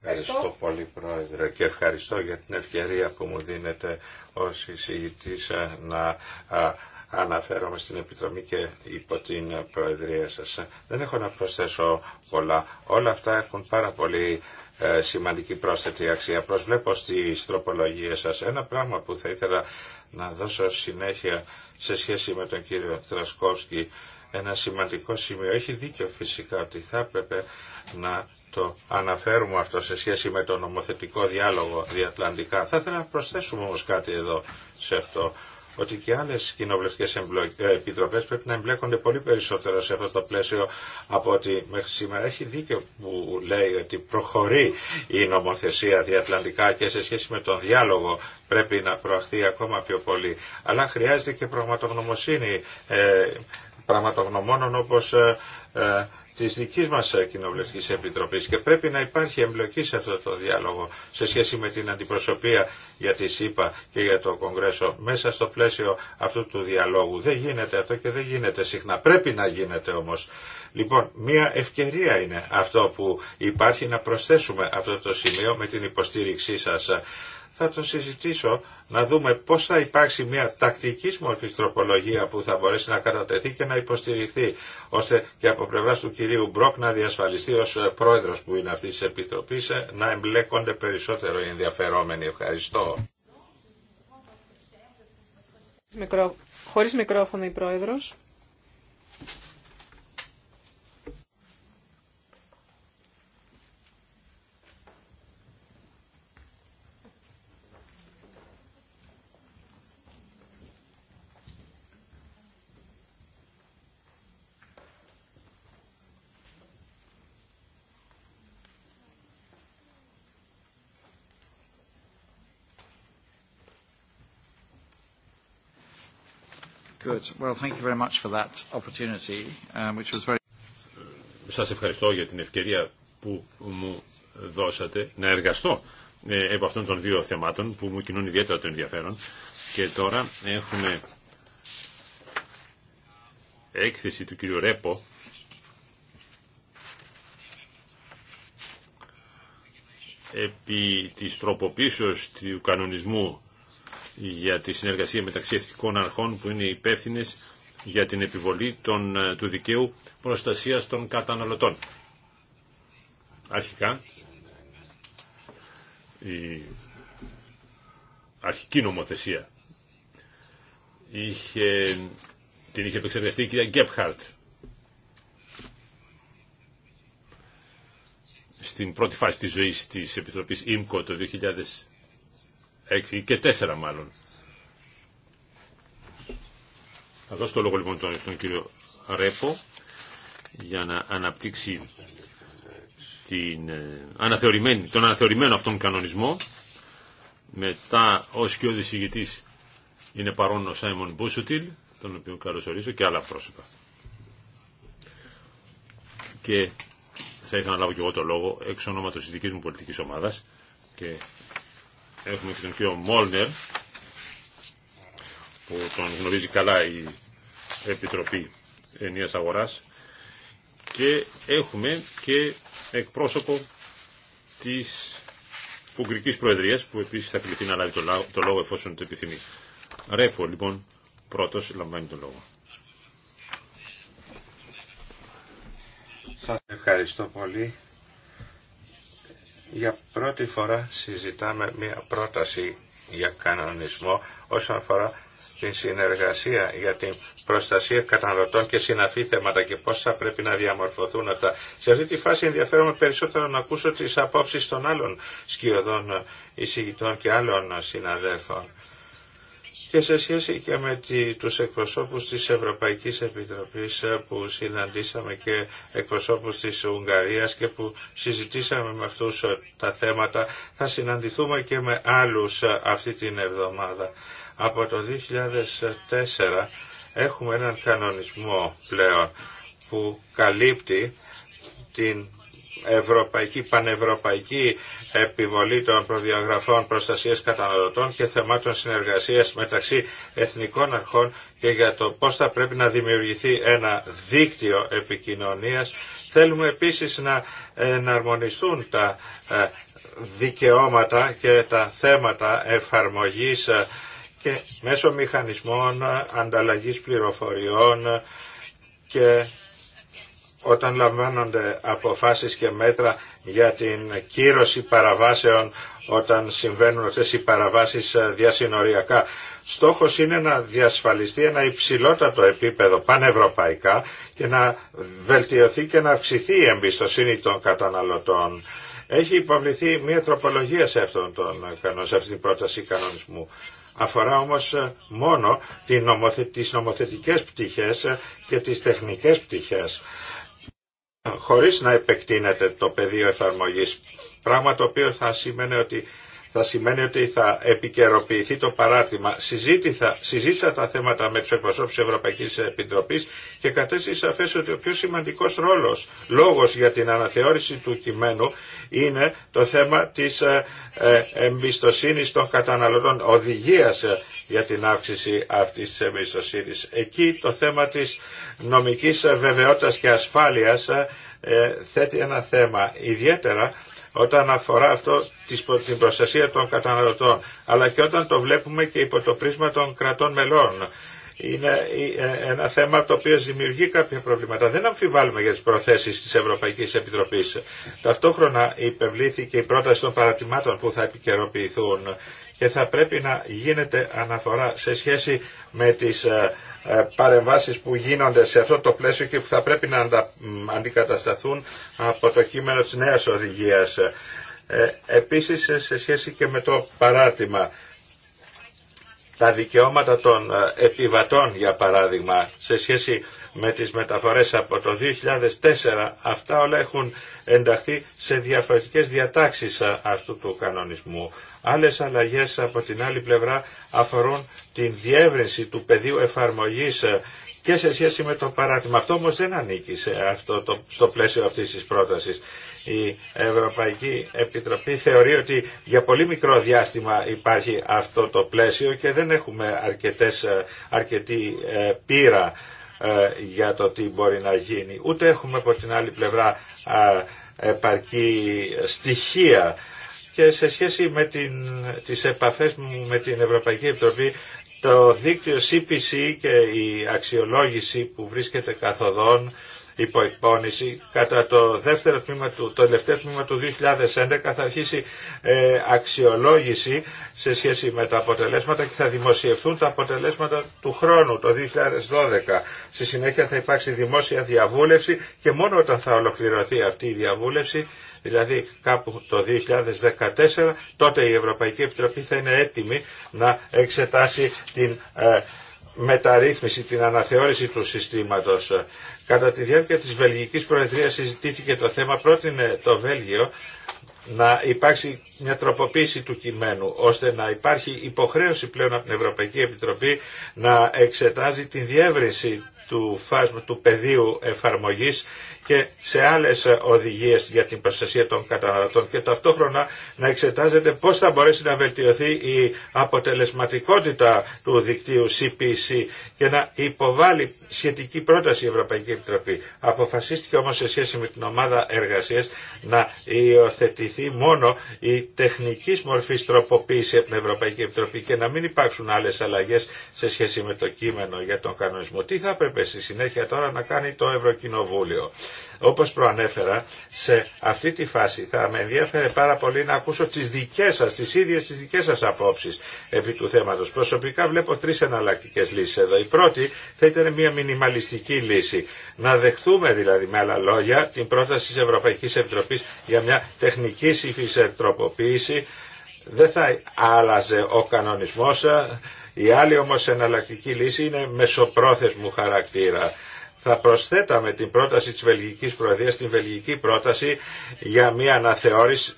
Ευχαριστώ πολύ Πρόεδρε και ευχαριστώ για την ευκαιρία που μου δίνετε ως εισηγητής ε, να ε, αναφέρομαι στην Επιτροπή και υπό την Προεδρία σας. Δεν έχω να προσθέσω πολλά. Όλα αυτά έχουν πάρα πολύ ε, σημαντική πρόσθετη αξία. Προσβλέπω στις τροπολογίες σας ένα πράγμα που θα ήθελα να δώσω συνέχεια σε σχέση με τον κύριο Τρασκόφσκι. Ένα σημαντικό σημείο. Έχει δίκιο φυσικά ότι θα έπρεπε να το αναφέρουμε αυτό σε σχέση με τον νομοθετικό διάλογο διατλαντικά. Θα ήθελα να προσθέσουμε όμως κάτι εδώ σε αυτό ότι και άλλες κοινοβουλευτικές ε, επιτροπές πρέπει να εμπλέκονται πολύ περισσότερο σε αυτό το πλαίσιο από ότι μέχρι σήμερα έχει δίκιο που λέει ότι προχωρεί η νομοθεσία διατλαντικά και σε σχέση με τον διάλογο πρέπει να προαχθεί ακόμα πιο πολύ. Αλλά χρειάζεται και πραγματογνωμοσύνη ε, πραγματογνωμόνων όπως ε, της δικής μας ε, Κοινοβουλευτικής Επιτροπής και πρέπει να υπάρχει εμπλοκή σε αυτό το διάλογο σε σχέση με την αντιπροσωπεία για τη ΣΥΠΑ και για το Κογκρέσο μέσα στο πλαίσιο αυτού του διαλόγου. Δεν γίνεται αυτό και δεν γίνεται συχνά. Πρέπει να γίνεται όμως. Λοιπόν, μια ευκαιρία είναι αυτό που υπάρχει να προσθέσουμε αυτό το σημείο με την υποστήριξή σας θα το συζητήσω να δούμε πώς θα υπάρξει μια τακτική μορφή τροπολογία που θα μπορέσει να κατατεθεί και να υποστηριχθεί ώστε και από πλευρά του κυρίου Μπρόκ να διασφαλιστεί ως πρόεδρος που είναι αυτής της Επιτροπής ε, να εμπλέκονται περισσότερο οι ενδιαφερόμενοι. Ευχαριστώ. Χωρίς μικρόφωνο η πρόεδρος. Σας ευχαριστώ για την ευκαιρία που μου δώσατε να εργαστώ ε, από αυτών των δύο θεμάτων που μου κινούν ιδιαίτερα το ενδιαφέρον. Και τώρα έχουμε έκθεση του κύριου Ρέπο επί της τροποποίησεως του κανονισμού για τη συνεργασία μεταξύ εθνικών αρχών που είναι υπεύθυνε για την επιβολή των, ε, του δικαίου προστασίας των καταναλωτών. Αρχικά, η αρχική νομοθεσία είχε, την είχε επεξεργαστεί η κυρία Γκέπχαρτ στην πρώτη φάση της ζωής της Επιτροπής ΙΜΚΟ το Έξι και τέσσερα μάλλον. Θα δώσω το λόγο λοιπόν τον, στον κύριο Ρέπο για να αναπτύξει την, ε, αναθεωρημένη, τον αναθεωρημένο αυτόν κανονισμό. Μετά ο σκιώδης ηγητής είναι παρόν ο Σάιμον Μπούσουτιλ, τον οποίο καλωσορίζω και άλλα πρόσωπα. Και θα ήθελα να λάβω και εγώ το λόγο εξ ονόματος της δικής μου πολιτικής ομάδας και έχουμε και τον κύριο Μόλνερ που τον γνωρίζει καλά η Επιτροπή Ενίας Αγοράς και έχουμε και εκπρόσωπο της Ουγγρικής Προεδρίας που επίσης θα κληθεί να λάβει το λόγο εφόσον το επιθυμεί. Ρέπο λοιπόν πρώτος λαμβάνει το λόγο. Σας ευχαριστώ πολύ για πρώτη φορά συζητάμε μια πρόταση για κανονισμό όσον αφορά την συνεργασία για την προστασία καταναλωτών και συναφή θέματα και πώς θα πρέπει να διαμορφωθούν αυτά. Σε αυτή τη φάση ενδιαφέρομαι περισσότερο να ακούσω τις απόψεις των άλλων σκιωδών εισηγητών και άλλων συναδέλφων και σε σχέση και με τους εκπροσώπους της Ευρωπαϊκής Επιτροπής ε, που συναντήσαμε και εκπροσώπους της Ουγγαρίας και που συζητήσαμε με αυτούς ε, τα θέματα, θα συναντηθούμε και με άλλους ε, αυτή την εβδομάδα. Από το 2004 έχουμε έναν κανονισμό πλέον που καλύπτει την ευρωπαϊκή, πανευρωπαϊκή επιβολή των προδιαγραφών προστασίας καταναλωτών και θεμάτων συνεργασίας μεταξύ εθνικών αρχών και για το πώς θα πρέπει να δημιουργηθεί ένα δίκτυο επικοινωνίας. Θέλουμε επίσης να εναρμονιστούν τα ε, δικαιώματα και τα θέματα εφαρμογής ε, και μέσω μηχανισμών ε, ανταλλαγής πληροφοριών και όταν λαμβάνονται αποφάσεις και μέτρα για την κύρωση παραβάσεων όταν συμβαίνουν αυτές οι παραβάσεις ε, διασυνοριακά. Στόχος είναι να διασφαλιστεί ένα υψηλότατο επίπεδο πανευρωπαϊκά και να βελτιωθεί και να αυξηθεί η εμπιστοσύνη των καταναλωτών. Έχει υποβληθεί μια τροπολογία σε, αυτόν τον, σε αυτήν την πρόταση κανονισμού. Αφορά όμως ε, μόνο τις νομοθετικές πτυχές ε, και τις τεχνικές πτυχές χωρίς να επεκτείνεται το πεδίο εφαρμογής. Πράγμα το οποίο θα σημαίνει ότι θα σημαίνει ότι θα επικαιροποιηθεί το παράρτημα. συζήτησα τα θέματα με του εκπροσώπου τη Ευρωπαϊκή Επιτροπή και κατέστησα σαφέ ότι ο πιο σημαντικό ρόλο, λόγο για την αναθεώρηση του κειμένου είναι το θέμα τη ε, ε, εμπιστοσύνη των καταναλωτών, οδηγία ε, για την αύξηση αυτής της εμπιστοσύνης. Εκεί το θέμα της νομικής βεβαιότητας και ασφάλειας θέτει ένα θέμα ιδιαίτερα όταν αφορά αυτό την προστασία των καταναλωτών, αλλά και όταν το βλέπουμε και υπό το πρίσμα των κρατών μελών. Είναι ε, ε, ένα θέμα το οποίο δημιουργεί κάποια προβλήματα. Δεν αμφιβάλλουμε για τις προθέσεις της Ευρωπαϊκής Επιτροπής. Ταυτόχρονα υπευλήθηκε η πρόταση των παρατημάτων που θα επικαιροποιηθούν και θα πρέπει να γίνεται αναφορά σε σχέση με τις ε, ε, παρεμβάσεις που γίνονται σε αυτό το πλαίσιο και που θα πρέπει να αντικατασταθούν από το κείμενο της νέας οδηγίας. Ε, επίσης σε σχέση και με το παράρτημα τα δικαιώματα των ε, επιβατών για παράδειγμα σε σχέση με τις μεταφορές από το 2004 αυτά όλα έχουν ενταχθεί σε διαφορετικές διατάξεις αυτού του κανονισμού. Άλλες αλλαγές από την άλλη πλευρά αφορούν την διεύρυνση του πεδίου εφαρμογής ε, και σε σχέση με το παράδειγμα. Αυτό όμως δεν ανήκει σε αυτό το, στο πλαίσιο αυτής της πρότασης. Η Ευρωπαϊκή Επιτροπή θεωρεί ότι για πολύ μικρό διάστημα υπάρχει αυτό το πλαίσιο και δεν έχουμε αρκετές, ε, αρκετή ε, πείρα για το τι μπορεί να γίνει. Ούτε έχουμε από την άλλη πλευρά επαρκή στοιχεία και σε σχέση με την, τις επαφές μου με την Ευρωπαϊκή Επιτροπή το δίκτυο CPC και η αξιολόγηση που βρίσκεται καθοδόν υπό εκπώνηση κατά το δεύτερο τμήμα του, το τελευταίο τμήμα του 2011 θα αρχίσει ε, αξιολόγηση σε σχέση με τα αποτελέσματα και θα δημοσιευθούν τα αποτελέσματα του χρόνου το 2012. Στη συνέχεια θα υπάρξει δημόσια διαβούλευση και μόνο όταν θα ολοκληρωθεί αυτή η διαβούλευση δηλαδή κάπου το 2014, τότε η Ευρωπαϊκή Επιτροπή θα είναι έτοιμη να εξετάσει την ε, μεταρρύθμιση, την αναθεώρηση του συστήματος. Κατά τη διάρκεια της Βελγικής Προεδρίας συζητήθηκε το θέμα, πρότεινε το Βέλγιο να υπάρξει μια τροποποίηση του κειμένου, ώστε να υπάρχει υποχρέωση πλέον από την Ευρωπαϊκή Επιτροπή να εξετάζει την διεύρυνση του, φάσμα, του πεδίου εφαρμογής και σε άλλες οδηγίες για την προστασία των καταναλωτών και ταυτόχρονα να εξετάζεται πώς θα μπορέσει να βελτιωθεί η αποτελεσματικότητα του δικτύου CPC και να υποβάλει σχετική πρόταση η Ευρωπαϊκή Επιτροπή. Αποφασίστηκε όμως σε σχέση με την ομάδα εργασίας να υιοθετηθεί μόνο η τεχνική μορφή τροποποίηση από την Ευρωπαϊκή Επιτροπή και να μην υπάρξουν άλλες αλλαγές σε σχέση με το κείμενο για τον κανονισμό. Τι θα έπρεπε στη συνέχεια τώρα να κάνει το Ευρωκοινοβούλιο. Όπως προανέφερα, σε αυτή τη φάση θα με ενδιαφέρε πάρα πολύ να ακούσω τις δικές σας, τις ίδιες τις δικές σας απόψεις επί του θέματος. Προσωπικά βλέπω τρεις εναλλακτικέ λύσεις εδώ. Η πρώτη θα ήταν μια μινιμαλιστική λύση. Να δεχθούμε δηλαδή με άλλα λόγια την πρόταση της Ευρωπαϊκής Επιτροπής για μια τεχνική τροποποίηση δεν θα άλλαζε ο κανονισμός, η άλλη όμως εναλλακτική λύση είναι μεσοπρόθεσμου χαρακτήρα θα προσθέταμε την πρόταση της Βελγικής Προεδρίας την Βελγική πρόταση για μια αναθεώρηση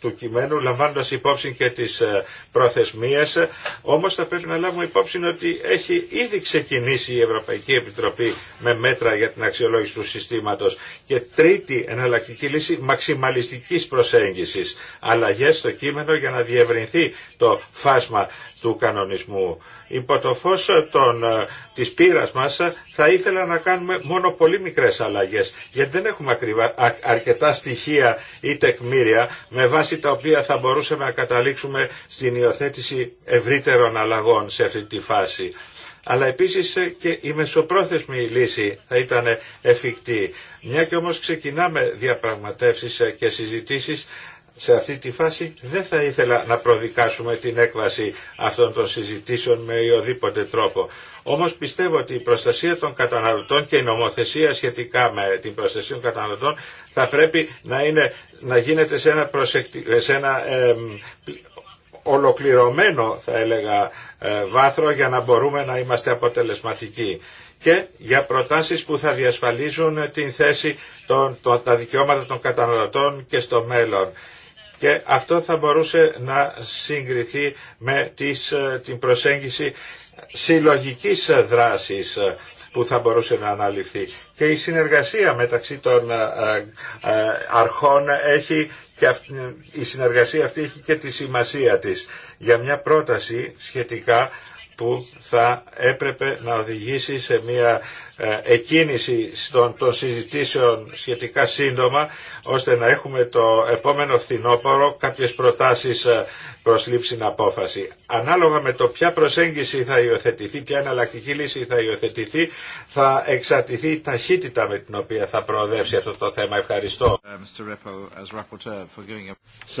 του κειμένου λαμβάνοντας υπόψη και τις ε, προθεσμίες όμως θα πρέπει να λάβουμε υπόψη ότι έχει ήδη ξεκινήσει η Ευρωπαϊκή Επιτροπή με μέτρα για την αξιολόγηση του συστήματος και τρίτη εναλλακτική λύση μαξιμαλιστικής προσέγγισης αλλαγές στο κείμενο για να διευρυνθεί το φάσμα του κανονισμού. Υπό το φως των, ε, της πείρας μας ε, θα ήθελα να κάνουμε μόνο πολύ μικρές αλλαγές γιατί δεν έχουμε αρκετά στοιχεία ή τεκμήρια με βάση τα οποία θα μπορούσαμε να καταλήξουμε στην υιοθέτηση ευρύτερων αλλαγών σε αυτή τη φάση. Αλλά επίσης ε, και η μεσοπρόθεσμη λύση θα ήταν εφικτή. Μια και όμως ξεκινάμε διαπραγματεύσεις και συζητήσεις σε αυτή τη φάση δεν θα ήθελα να προδικάσουμε την έκβαση αυτών των συζητήσεων με οδήποτε τρόπο. Όμως πιστεύω ότι η προστασία των καταναλωτών και η νομοθεσία σχετικά με την προστασία των καταναλωτών θα πρέπει να, να γίνεται σε ένα, ολοκληρωμένο θα έλεγα ε, βάθρο για να μπορούμε να είμαστε αποτελεσματικοί και για προτάσεις που θα διασφαλίζουν την θέση των, των, τα δικαιώματα των καταναλωτών και στο μέλλον και αυτό θα μπορούσε να συγκριθεί με τις, ε, την προσέγγιση συλλογικής δράσης ε, που θα μπορούσε να αναλυθεί. Και η συνεργασία μεταξύ των ε, αρχών έχει και η συνεργασία αυτή έχει και τη σημασία της για μια πρόταση σχετικά που θα έπρεπε να οδηγήσει σε μια ε, εκκίνηση των συζητήσεων σχετικά σύντομα ώστε να έχουμε το επόμενο φθινόπωρο κάποιες προτάσεις ε, προς λήψη απόφαση. Ανάλογα με το ποια προσέγγιση θα υιοθετηθεί, ποια εναλλακτική λύση θα υιοθετηθεί, θα εξαρτηθεί η ταχύτητα με την οποία θα προοδεύσει αυτό το θέμα. Ευχαριστώ. Ε,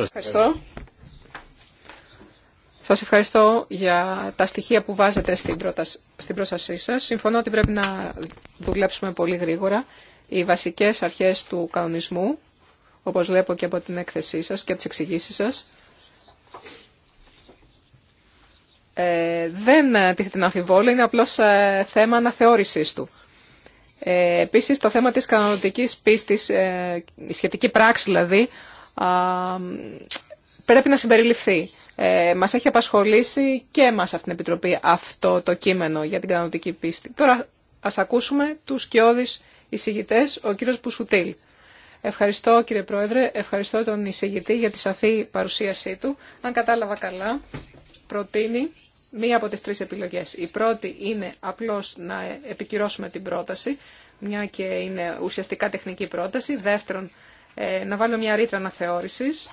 ευχαριστώ. Σας ευχαριστώ για τα στοιχεία που βάζετε στην, πρόταση, σας. Συμφωνώ ότι πρέπει να δουλέψουμε πολύ γρήγορα. Οι βασικές αρχές του κανονισμού, όπως βλέπω και από την έκθεσή σας και τις εξηγήσεις σας, ε, δεν τίθεται να αμφιβόλω, είναι απλώς ε, θέμα αναθεώρησης του. Ε, επίσης, το θέμα της κανονικής πίστης, ε, η σχετική πράξη δηλαδή, πρέπει να συμπεριληφθεί. Ε, μας έχει απασχολήσει και μας αυτήν την Επιτροπή αυτό το κείμενο για την κανονική πίστη. Τώρα ας ακούσουμε τους σκιώδεις εισηγητές, ο κύριος Πουσουτήλ. Ευχαριστώ κύριε Πρόεδρε, ευχαριστώ τον εισηγητή για τη σαφή παρουσίασή του. Αν κατάλαβα καλά, προτείνει μία από τις τρεις επιλογές. Η πρώτη είναι απλώς να επικυρώσουμε την πρόταση, μια και είναι ουσιαστικά τεχνική πρόταση. Δεύτερον, ε, να βάλουμε μια ρήτρα αναθεώρησης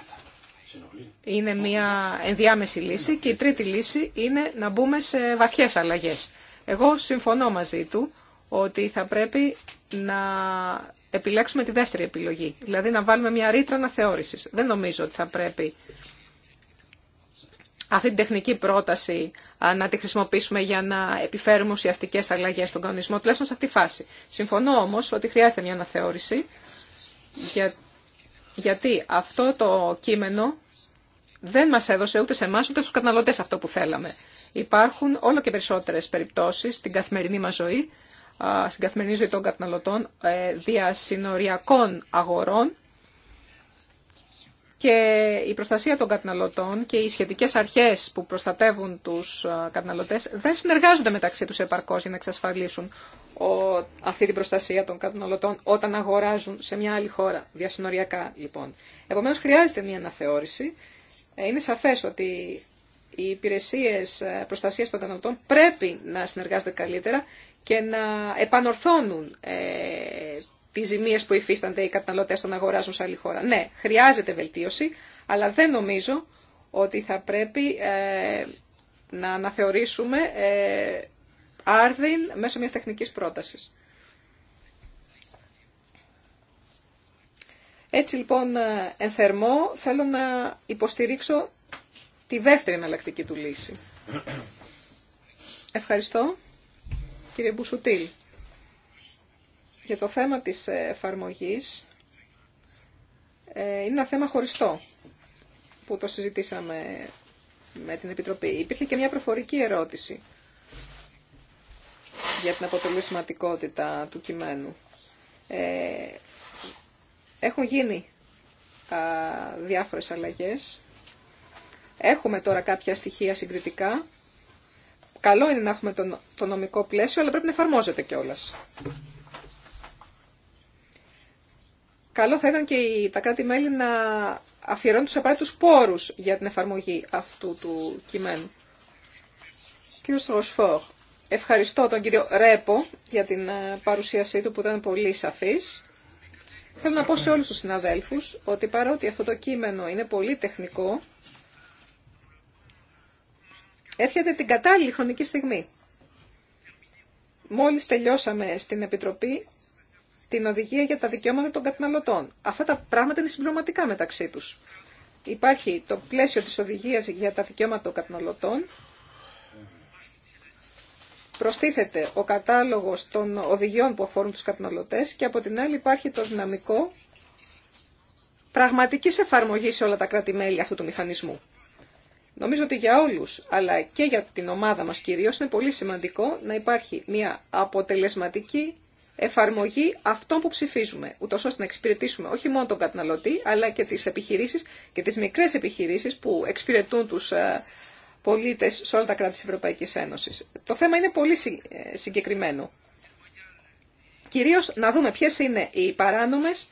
είναι μια ενδιάμεση λύση και η τρίτη λύση είναι να μπούμε σε βαθιές αλλαγές. Εγώ συμφωνώ μαζί του ότι θα πρέπει να επιλέξουμε τη δεύτερη επιλογή, δηλαδή να βάλουμε μια ρήτρα αναθεώρησης. Δεν νομίζω ότι θα πρέπει αυτή την τεχνική πρόταση να τη χρησιμοποιήσουμε για να επιφέρουμε ουσιαστικέ αλλαγέ στον κανονισμό, τουλάχιστον σε αυτή τη φάση. Συμφωνώ όμω ότι χρειάζεται μια αναθεώρηση για γιατί αυτό το κείμενο δεν μας έδωσε ούτε σε εμά ούτε στους καταναλωτές αυτό που θέλαμε. Υπάρχουν όλο και περισσότερες περιπτώσεις στην καθημερινή μας ζωή, στην καθημερινή ζωή των καταναλωτών, ε, διασυνοριακών αγορών, και η προστασία των καταναλωτών και οι σχετικές αρχές που προστατεύουν τους καταναλωτές δεν συνεργάζονται μεταξύ τους επαρκώς για να εξασφαλίσουν αυτή την προστασία των καταναλωτών όταν αγοράζουν σε μια άλλη χώρα, διασυνοριακά λοιπόν. Επομένως χρειάζεται μια αναθεώρηση. Ε, είναι σαφές ότι οι υπηρεσίες ε, προστασίας των καταναλωτών πρέπει να συνεργάζονται καλύτερα και να επανορθώνουν ε, τι ζημίε που υφίστανται οι καταναλωτέ όταν αγοράζουν σε άλλη χώρα. Ναι, χρειάζεται βελτίωση, αλλά δεν νομίζω ότι θα πρέπει ε, να αναθεωρήσουμε ε, άρδιν μέσω μιας τεχνικής πρότασης. Έτσι λοιπόν ε, θερμό, θέλω να υποστηρίξω τη δεύτερη εναλλακτική του λύση. *coughs* Ευχαριστώ κύριε Μπουσουτήλ. Για το θέμα της εφαρμογής ε, είναι ένα θέμα χωριστό που το συζητήσαμε με την Επιτροπή. Υπήρχε και μια προφορική ερώτηση για την αποτελεσματικότητα του κειμένου. Ε, έχουν γίνει διάφορες αλλαγές. Έχουμε τώρα κάποια στοιχεία συγκριτικά. Καλό είναι να έχουμε το νομικό πλαίσιο, αλλά πρέπει να εφαρμόζεται κιόλας καλό θα ήταν και τα κράτη-μέλη να αφιερώνουν τους απαραίτητους πόρους για την εφαρμογή αυτού του κειμένου. Κύριο Στροσφόρ, ευχαριστώ τον κύριο Ρέπο για την ε, παρουσίασή του που ήταν πολύ σαφής. Θέλω να πω σε όλους τους συναδέλφους ότι παρότι αυτό το κείμενο είναι πολύ τεχνικό, έρχεται την κατάλληλη χρονική στιγμή. Μόλις τελειώσαμε στην Επιτροπή την οδηγία για τα δικαιώματα των καταναλωτών. Αυτά τα πράγματα είναι συμπληρωματικά μεταξύ του. Υπάρχει το πλαίσιο τη οδηγία για τα δικαιώματα των καταναλωτών. Προστίθεται ο κατάλογο των οδηγιών που αφορούν του καταναλωτέ και από την άλλη υπάρχει το δυναμικό πραγματική εφαρμογή σε όλα τα κράτη-μέλη αυτού του μηχανισμού. Νομίζω ότι για όλους, αλλά και για την ομάδα μας κυρίως, είναι πολύ σημαντικό να υπάρχει μια αποτελεσματική εφαρμογή αυτών που ψηφίζουμε, ούτως ώστε να εξυπηρετήσουμε όχι μόνο τον καταναλωτή, αλλά και τις επιχειρήσεις και τις μικρές επιχειρήσεις που εξυπηρετούν τους ε, πολίτες σε όλα τα κράτη της Ευρωπαϊκής Ένωσης. Το θέμα είναι πολύ ε, συγκεκριμένο. Κυρίως να δούμε ποιες είναι οι παράνομες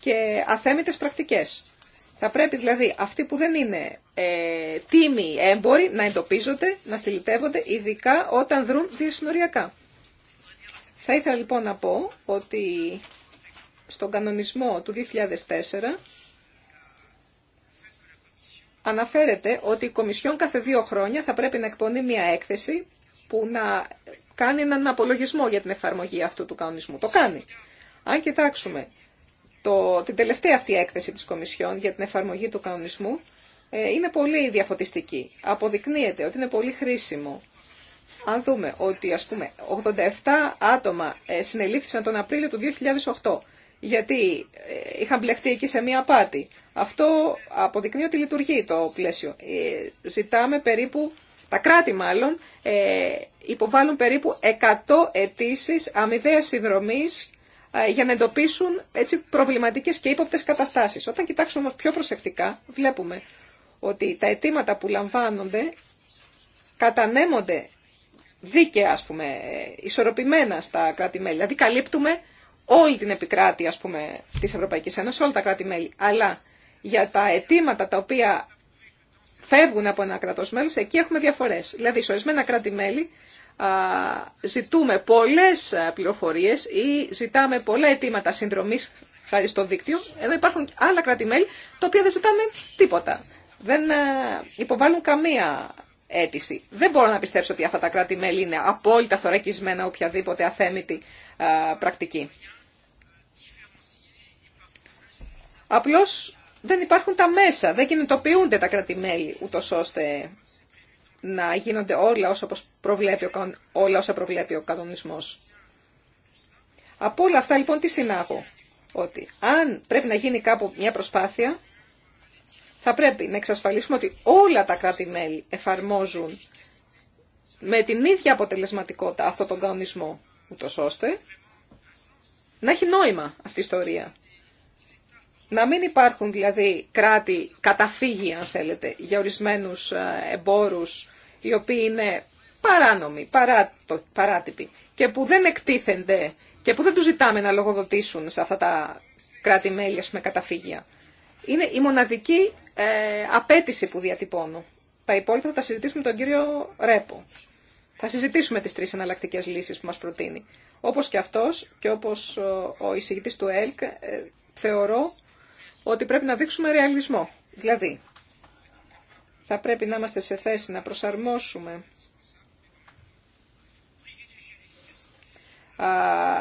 και αθέμητες πρακτικές. Θα πρέπει δηλαδή αυτοί που δεν είναι ε, τίμοι έμποροι να εντοπίζονται, να στυλιτεύονται, ειδικά όταν δρουν διασυνοριακά. Θα ήθελα λοιπόν να πω ότι στον κανονισμό του 2004 αναφέρεται ότι η Κομισιόν κάθε δύο χρόνια θα πρέπει να εκπονεί μια έκθεση που να κάνει έναν απολογισμό για την εφαρμογή αυτού του κανονισμού. Το κάνει. Αν κοιτάξουμε το, την τελευταία αυτή έκθεση της Κομισιόν για την εφαρμογή του κανονισμού, ε, είναι πολύ διαφωτιστική. Αποδεικνύεται ότι είναι πολύ χρήσιμο αν δούμε ότι, ας πούμε, 87 άτομα ε, συνελήφθησαν τον Απρίλιο του 2008 γιατί ε, είχαν μπλεχτεί εκεί σε μία απάτη. Αυτό αποδεικνύει ότι λειτουργεί το πλαίσιο. Ε, ζητάμε περίπου, τα κράτη μάλλον, υποβάλλουν περίπου 100 αιτήσει αμοιβαίας συνδρομή για να εντοπίσουν έτσι, προβληματικές και ύποπτες καταστάσεις. Όταν κοιτάξουμε πιο προσεκτικά, βλέπουμε ότι τα αιτήματα που λαμβάνονται κατανέμονται δίκαια, ας πούμε, ισορροπημένα στα κράτη-μέλη. Δηλαδή καλύπτουμε όλη την επικράτεια, ας πούμε, της Ευρωπαϊκής Ένωσης, όλα τα κράτη-μέλη. Αλλά για τα αιτήματα τα οποία φεύγουν από ένα κρατός μέλος, εκεί έχουμε διαφορές. Δηλαδή, σε ορισμένα κράτη-μέλη ζητούμε πολλές πληροφορίες ή ζητάμε πολλά αιτήματα συνδρομής χάρη στο δικτυο εδω ενώ υπάρχουν άλλα κράτη-μέλη τα οποία δεν ζητάνε τίποτα. Δεν ε, υποβάλλουν καμία αίτηση. Δεν μπορώ να πιστέψω ότι αυτά τα κράτη-μέλη είναι απόλυτα θωρακισμένα οποιαδήποτε αθέμητη πρακτική. Απλώς δεν υπάρχουν τα μέσα, δεν κινητοποιούνται τα κράτη-μέλη ούτως ώστε να γίνονται όλα όσα προβλέπει ο, όλα προβλέπει ο κανονισμός. Από όλα αυτά λοιπόν τι συνάγω. Ότι αν πρέπει να γίνει κάπου μια προσπάθεια, θα πρέπει να εξασφαλίσουμε ότι όλα τα κράτη-μέλη εφαρμόζουν με την ίδια αποτελεσματικότητα αυτόν τον κανονισμό, ούτω ώστε να έχει νόημα αυτή η ιστορία. Να μην υπάρχουν δηλαδή κράτη κράτη-καταφύγια, αν θέλετε, για ορισμένους ε, εμπόρους οι οποίοι είναι παράνομοι, παρά, παράτυποι και που δεν εκτίθενται και που δεν τους ζητάμε να λογοδοτήσουν σε αυτά τα κράτη-μέλη, καταφύγια. Είναι η μοναδική ε, απέτηση που διατυπώνω. Τα υπόλοιπα θα τα συζητήσουμε τον κύριο Ρέπο. Θα συζητήσουμε τις τρεις εναλλακτικέ λύσεις που μας προτείνει. Όπως και αυτός και όπως ο εισηγητής του ΕΛΚ ε, θεωρώ ότι πρέπει να δείξουμε ρεαλισμό. Δηλαδή, θα πρέπει να είμαστε σε θέση να προσαρμόσουμε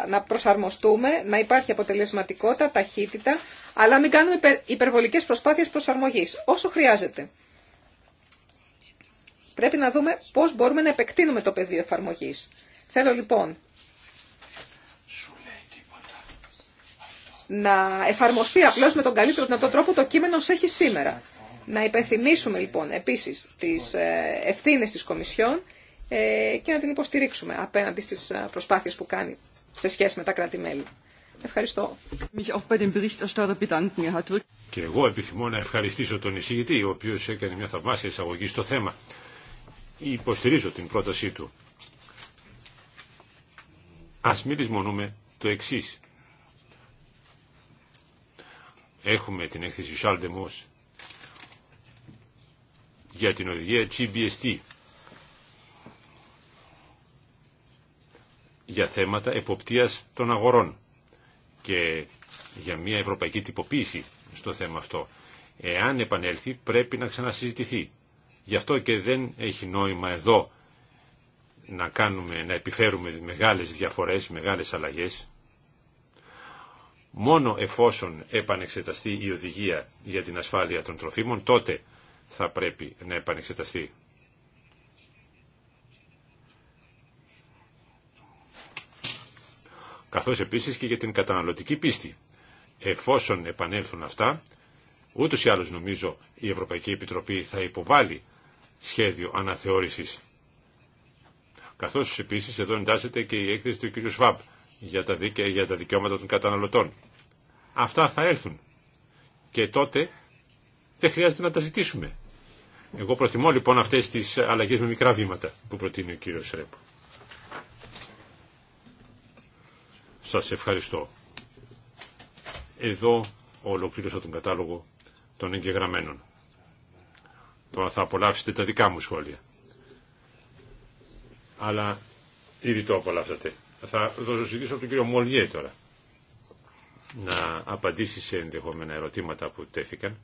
να προσαρμοστούμε, να υπάρχει αποτελεσματικότητα, ταχύτητα, αλλά μην κάνουμε υπερβολικές προσπάθειες προσαρμογής, όσο χρειάζεται. Πρέπει να δούμε πώς μπορούμε να επεκτείνουμε το πεδίο εφαρμογής. Θέλω λοιπόν να εφαρμοστεί απλώς με τον καλύτερο δυνατό τρόπο το κείμενο όσο έχει σήμερα. Να υπενθυμίσουμε λοιπόν επίσης τις ε, ευθύνες της Κομισιόν ε, και να την υποστηρίξουμε απέναντι στις ε, προσπάθειες που κάνει σε σχέση με τα κράτη-μέλη. Ευχαριστώ. Και εγώ επιθυμώ να ευχαριστήσω τον εισηγητή, ο οποίος έκανε μια θαυμάσια εισαγωγή στο θέμα. Υποστηρίζω την πρότασή του. Ας μην το εξής. Έχουμε την έκθεση Charles για την οδηγία GBST για θέματα εποπτείας των αγορών και για μια ευρωπαϊκή τυποποίηση στο θέμα αυτό. Εάν επανέλθει πρέπει να ξανασυζητηθεί. Γι' αυτό και δεν έχει νόημα εδώ να, κάνουμε, να επιφέρουμε μεγάλες διαφορές, μεγάλες αλλαγές. Μόνο εφόσον επανεξεταστεί η οδηγία για την ασφάλεια των τροφίμων, τότε θα πρέπει να επανεξεταστεί. καθώς επίσης και για την καταναλωτική πίστη. Εφόσον επανέλθουν αυτά, ούτως ή άλλως νομίζω η Ευρωπαϊκή Επιτροπή θα υποβάλει σχέδιο αναθεώρησης. Καθώς επίσης εδώ εντάσσεται και η έκθεση του κ. Σβάμπ για τα, δικαιώματα των καταναλωτών. Αυτά θα έρθουν και τότε δεν χρειάζεται να τα ζητήσουμε. Εγώ προτιμώ λοιπόν αυτές τις αλλαγές με μικρά βήματα που προτείνει ο κύριος Ρέπο. Σας ευχαριστώ. Εδώ ολοκλήρωσα τον κατάλογο των εγγεγραμμένων. Τώρα θα απολαύσετε τα δικά μου σχόλια. Αλλά ήδη το απολαύσατε. Θα δοσοσυγήσω ζητήσω από τον κύριο Μολιέ τώρα να απαντήσει σε ενδεχόμενα ερωτήματα που τέθηκαν.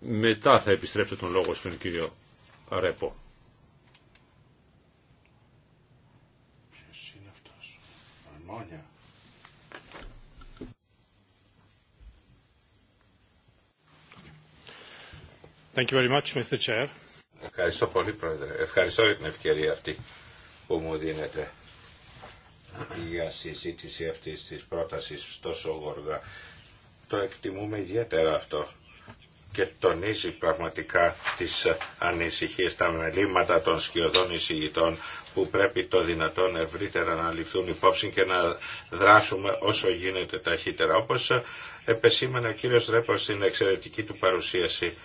Μετά θα επιστρέψω τον λόγο στον κύριο Ρέπο. Ευχαριστώ πολύ, Πρόεδρε. Ευχαριστώ για την ευκαιρία αυτή που μου δίνετε για συζήτηση αυτή τη πρόταση τόσο γοργά. Το εκτιμούμε ιδιαίτερα αυτό και τονίζει πραγματικά τις ανησυχίες, τα μελήματα των σκιωδών εισηγητών που πρέπει το δυνατόν ευρύτερα να ληφθούν υπόψη και να δράσουμε όσο γίνεται ταχύτερα. Όπως επεσήμανε ο κύριος Ρέπος στην εξαιρετική του παρουσίαση,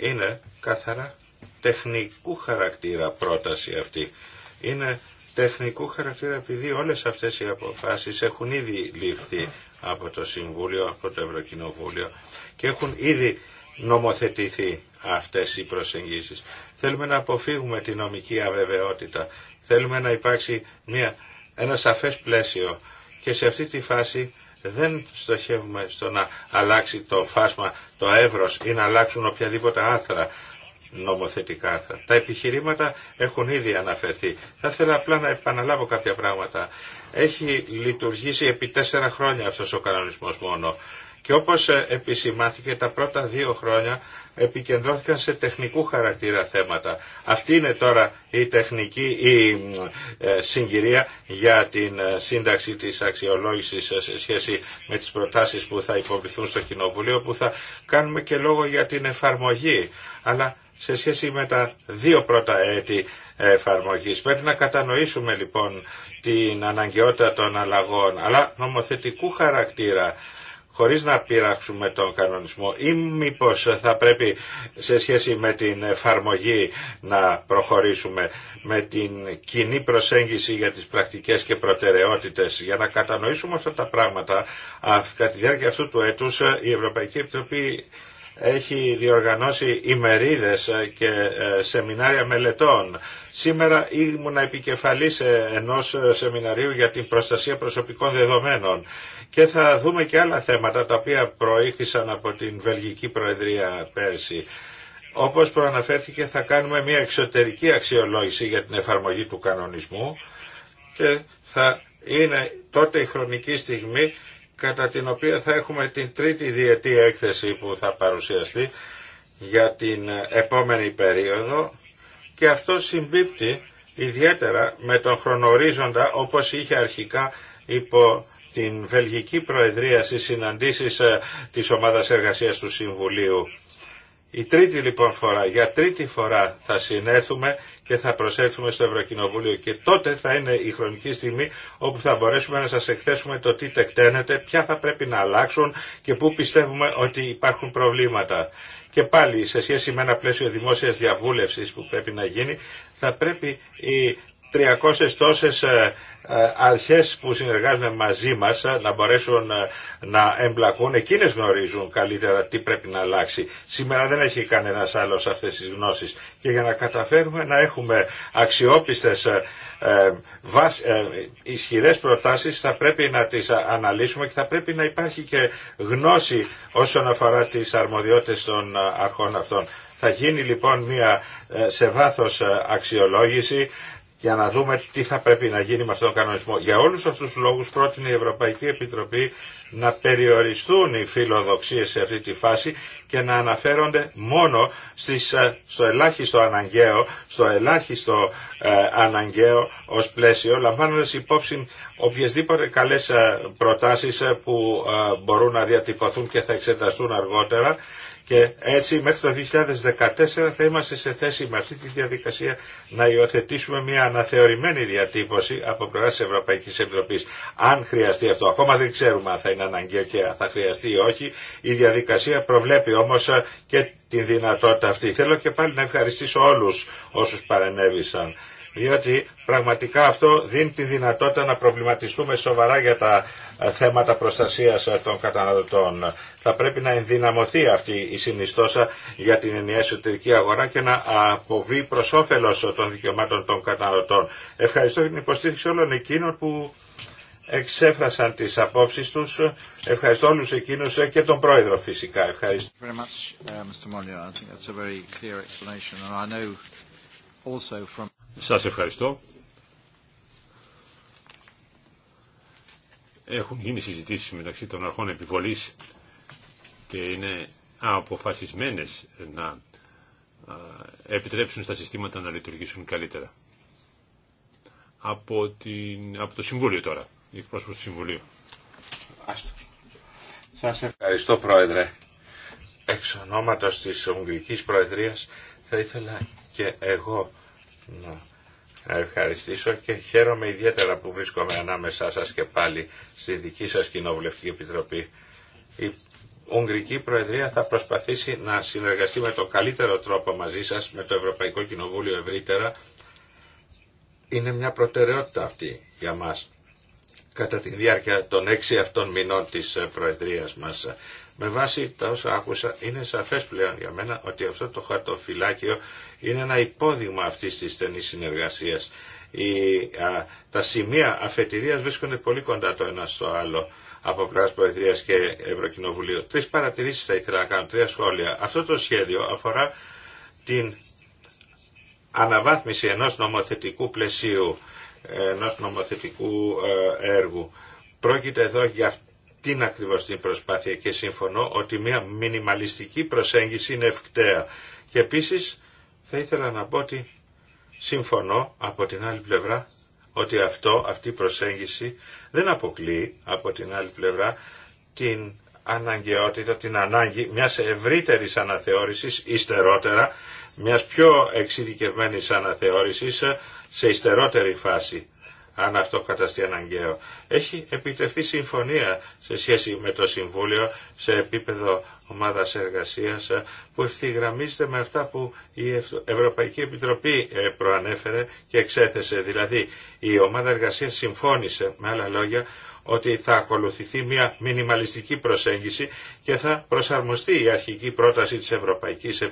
είναι καθαρά τεχνικού χαρακτήρα πρόταση αυτή. Είναι τεχνικού χαρακτήρα επειδή όλες αυτές οι αποφάσεις έχουν ήδη ληφθεί από το Συμβούλιο, από το Ευρωκοινοβούλιο και έχουν ήδη νομοθετηθεί αυτές οι προσεγγίσεις. Θέλουμε να αποφύγουμε τη νομική αβεβαιότητα. Θέλουμε να υπάρξει μια, ένα σαφές πλαίσιο και σε αυτή τη φάση δεν στοχεύουμε στο να αλλάξει το φάσμα το εύρος ή να αλλάξουν οποιαδήποτε άρθρα νομοθετικά άρθρα. Τα επιχειρήματα έχουν ήδη αναφερθεί. Θα ήθελα απλά να επαναλάβω κάποια πράγματα. Έχει λειτουργήσει επί τέσσερα χρόνια αυτός ο κανονισμός μόνο και όπως ε, επισημάθηκε τα πρώτα δύο χρόνια επικεντρώθηκαν σε τεχνικού χαρακτήρα θέματα. Αυτή είναι τώρα η τεχνική η ε, συγκυρία για την ε, σύνταξη της αξιολόγησης σε σχέση με τις προτάσεις που θα υποβληθούν στο Κοινοβουλίο που θα κάνουμε και λόγο για την εφαρμογή. Αλλά σε σχέση με τα δύο πρώτα έτη εφαρμογής. Πρέπει να κατανοήσουμε λοιπόν την αναγκαιότητα των αλλαγών, αλλά νομοθετικού χαρακτήρα χωρίς να πειράξουμε τον κανονισμό ή μήπω θα πρέπει σε σχέση με την εφαρμογή να προχωρήσουμε με την κοινή προσέγγιση για τις πρακτικές και προτεραιότητες για να κατανοήσουμε αυτά τα πράγματα κατά τη διάρκεια αυτού του έτους η Ευρωπαϊκή Επιτροπή έχει διοργανώσει ημερίδες και ε, σεμινάρια μελετών. Σήμερα ήμουν επικεφαλής ε, ενός ε, σεμιναρίου για την προστασία προσωπικών δεδομένων και θα δούμε και άλλα θέματα τα οποία προήχθησαν από την Βελγική Προεδρία πέρσι. Όπως προαναφέρθηκε θα κάνουμε μια εξωτερική αξιολόγηση για την εφαρμογή του κανονισμού και θα είναι τότε η χρονική στιγμή κατά την οποία θα έχουμε την τρίτη διετή έκθεση που θα παρουσιαστεί για την επόμενη περίοδο και αυτό συμπίπτει ιδιαίτερα με τον χρονορίζοντα όπως είχε αρχικά υπό την Βελγική Προεδρία στις συναντήσεις ε, της Ομάδας Εργασίας του Συμβουλίου. Η τρίτη λοιπόν φορά, για τρίτη φορά θα συνέρθουμε και θα προσέλθουμε στο Ευρωκοινοβούλιο και τότε θα είναι η χρονική στιγμή όπου θα μπορέσουμε να σας εκθέσουμε το τι τεκταίνεται, ποια θα πρέπει να αλλάξουν και πού πιστεύουμε ότι υπάρχουν προβλήματα. Και πάλι σε σχέση με ένα πλαίσιο δημόσιας διαβούλευσης που πρέπει να γίνει, θα πρέπει οι 300 τόσες ε, ε, αρχές που συνεργάζονται μαζί μας ε, να μπορέσουν ε, να εμπλακούν. Εκείνες γνωρίζουν καλύτερα τι πρέπει να αλλάξει. Σήμερα δεν έχει κανένας άλλος αυτές τις γνώσεις. Και για να καταφέρουμε να έχουμε αξιόπιστες ισχυρές προτάσεις θα πρέπει να τις αναλύσουμε και θα πρέπει να υπάρχει και γνώση όσον αφορά τις αρμοδιότητες των αρχών αυτών. Θα γίνει λοιπόν μια σε βάθος αξιολόγηση για να δούμε τι θα πρέπει να γίνει με αυτόν τον κανονισμό. Για όλους αυτούς τους λόγους πρότεινε η Ευρωπαϊκή Επιτροπή να περιοριστούν οι φιλοδοξίες σε αυτή τη φάση και να αναφέρονται μόνο στις, ε, στο ελάχιστο αναγκαίο, στο ελάχιστο ε, αναγκαίο ως πλαίσιο, λαμβάνοντας υπόψη οποιασδήποτε καλές ε, προτάσεις ε, που μπορούν να διατυπωθούν και θα εξεταστούν αργότερα και έτσι μέχρι το 2014 θα είμαστε σε θέση με αυτή τη διαδικασία να υιοθετήσουμε μια αναθεωρημένη διατύπωση από πλευρά τη Ευρωπαϊκή Επιτροπή. Αν χρειαστεί αυτό, ακόμα δεν ξέρουμε αν θα είναι αναγκαίο και αν θα χρειαστεί ή όχι. Η διαδικασία προβλέπει όμω ε, και την δυνατότητα αυτή. Θέλω και πάλι να ευχαριστήσω όλου όσου παρενέβησαν διότι πραγματικά αυτό δίνει τη δυνατότητα να προβληματιστούμε σοβαρά για τα θέματα προστασίας ε, των καταναλωτών. Θα πρέπει να ενδυναμωθεί αυτή η συνιστόσα για την ενιαία εσωτερική αγορά και να αποβεί προς όφελος των δικαιωμάτων των καταναλωτών. Ευχαριστώ για την υποστήριξη όλων εκείνων που εξέφρασαν τις απόψεις τους. Ευχαριστώ όλους εκείνους ε, και τον Πρόεδρο φυσικά. Ευχαριστώ. Uh, Σας ευχαριστώ. Έχουν γίνει συζητήσεις μεταξύ των αρχών επιβολής και είναι αποφασισμένες να επιτρέψουν στα συστήματα να λειτουργήσουν καλύτερα. Από, την, από το Συμβούλιο τώρα, η εκπρόσωπος του Συμβουλίου. Σας ευχαριστώ Πρόεδρε. Εξ ονόματος της Ουγγλικής Προεδρίας θα ήθελα και εγώ να ευχαριστήσω και χαίρομαι ιδιαίτερα που βρίσκομαι ανάμεσά σας και πάλι στη δική σας Κοινοβουλευτική Επιτροπή. Η Ουγγρική Προεδρία θα προσπαθήσει να συνεργαστεί με τον καλύτερο τρόπο μαζί σας, με το Ευρωπαϊκό Κοινοβούλιο ευρύτερα. Είναι μια προτεραιότητα αυτή για μας κατά τη διάρκεια των έξι αυτών μηνών της Προεδρίας μας. Με βάση τα όσα άκουσα είναι σαφές πλέον για μένα ότι αυτό το χαρτοφυλάκιο είναι ένα υπόδειγμα αυτής της στενής συνεργασίας. Η, τα σημεία αφετηρίας βρίσκονται πολύ κοντά το ένα στο άλλο από πλευρά Προεδρία και Ευρωκοινοβουλίου. Τρεις παρατηρήσεις θα ήθελα να κάνω, τρία σχόλια. Αυτό το σχέδιο αφορά την αναβάθμιση ενός νομοθετικού πλαισίου, ε, ενός νομοθετικού ε, έργου. Πρόκειται εδώ για την ακριβώς την προσπάθεια και συμφωνώ ότι μια μινιμαλιστική προσέγγιση είναι ευκταία. Και επίσης θα ήθελα να πω ότι συμφωνώ από την άλλη πλευρά ότι αυτό, αυτή η προσέγγιση δεν αποκλείει από την άλλη πλευρά την αναγκαιότητα, την ανάγκη μιας ευρύτερης αναθεώρησης ύστερότερα, μιας πιο εξειδικευμένης αναθεώρησης σε υστερότερη φάση αν αυτό καταστεί αναγκαίο. Έχει επιτευχθεί συμφωνία σε σχέση με το Συμβούλιο σε επίπεδο ομάδας εργασίας ε, που ευθυγραμμίζεται με αυτά που η Ευρωπαϊκή Επιτροπή ε, προανέφερε και εξέθεσε. Δηλαδή η ομάδα εργασίας συμφώνησε με άλλα λόγια ότι θα ακολουθηθεί μια μινιμαλιστική προσέγγιση και θα προσαρμοστεί η αρχική πρόταση της Ευρωπαϊκής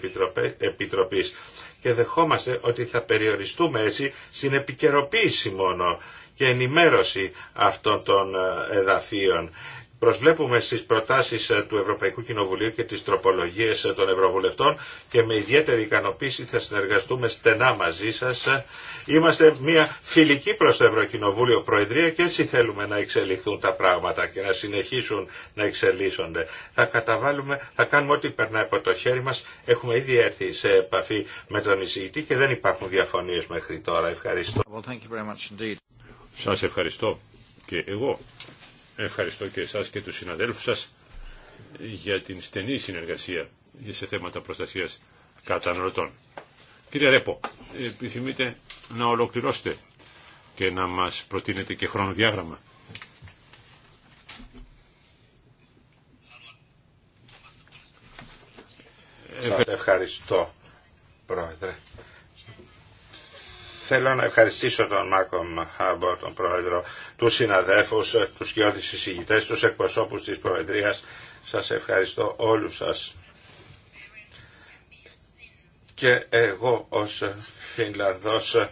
Επιτροπής και δεχόμαστε ότι θα περιοριστούμε έτσι στην επικαιροποίηση μόνο και ενημέρωση αυτών των ε, εδαφείων Προσβλέπουμε στις προτάσεις ε, του Ευρωπαϊκού Κοινοβουλίου και τις τροπολογίες ε, των Ευρωβουλευτών και με ιδιαίτερη ικανοποίηση θα συνεργαστούμε στενά μαζί σας. Ε, είμαστε μια φιλική προς το Ευρωκοινοβούλιο Προεδρία και έτσι θέλουμε να εξελιχθούν τα πράγματα και να συνεχίσουν να εξελίσσονται. Θα καταβάλουμε, θα κάνουμε ό,τι περνάει από το χέρι μας. Έχουμε ήδη έρθει σε επαφή με τον εισηγητή και δεν υπάρχουν διαφωνίες μέχρι τώρα. Ευχαριστώ. ευχαριστώ και εγώ. Ευχαριστώ και εσάς και τους συναδέλφους σας για την στενή συνεργασία σε θέματα προστασίας καταναλωτών. Κύριε Ρέπο, επιθυμείτε να ολοκληρώσετε και να μας προτείνετε και χρονοδιάγραμμα. διάγραμμα. ευχαριστώ, Πρόεδρε. Θέλω να ευχαριστήσω τον Μάκομ Χάμπορ, τον πρόεδρο, του συναδέλφους, τους κοιότητες συζητητές, τους εκπροσώπους της Προεδρίας. Σας ευχαριστώ όλους σας. Και εγώ ως Φινλανδός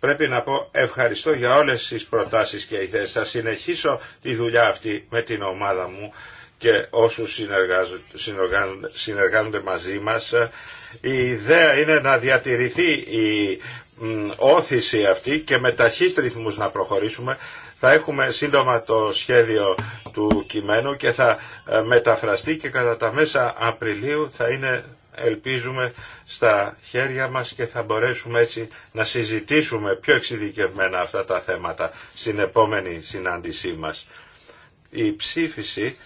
πρέπει να πω ευχαριστώ για όλες τις προτάσεις και ιδέες. Θα συνεχίσω τη δουλειά αυτή με την ομάδα μου και όσους συνεργάζονται, μαζί μας. Η ιδέα είναι να διατηρηθεί η όθηση αυτή και με ταχύς ρυθμούς να προχωρήσουμε. Θα έχουμε σύντομα το σχέδιο του κειμένου και θα ε, μεταφραστεί και κατά τα μέσα Απριλίου θα είναι ελπίζουμε στα χέρια μας και θα μπορέσουμε έτσι να συζητήσουμε πιο εξειδικευμένα αυτά τα θέματα στην επόμενη συνάντησή μας. Η ψήφιση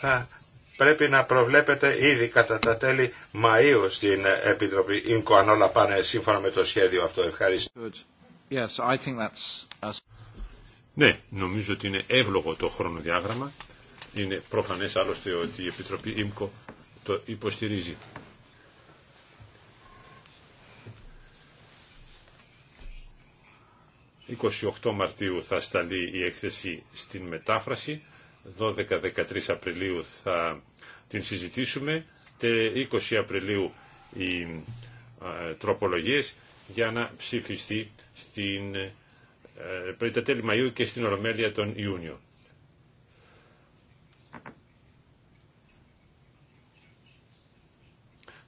θα πρέπει να προβλέπεται ήδη κατά τα τέλη Μαΐου στην Επιτροπή ΙΝΚΟ αν όλα πάνε σύμφωνα με το σχέδιο αυτό. Ευχαριστώ. Yes, I think that's... Ναι, νομίζω ότι είναι εύλογο το χρονοδιάγραμμα. Είναι προφανές άλλωστε ότι η Επιτροπή ΙΜΚΟ το υποστηρίζει. «28 Μαρτίου θα σταλεί η έκθεση στην μετάφραση 12-13 Απριλίου θα την συζητήσουμε και 20 Απριλίου οι ε, τροπολογίες για να ψηφιστεί στην, ε, πριν τα τέλη Μαΐου και στην Ολομέλεια τον Ιούνιο.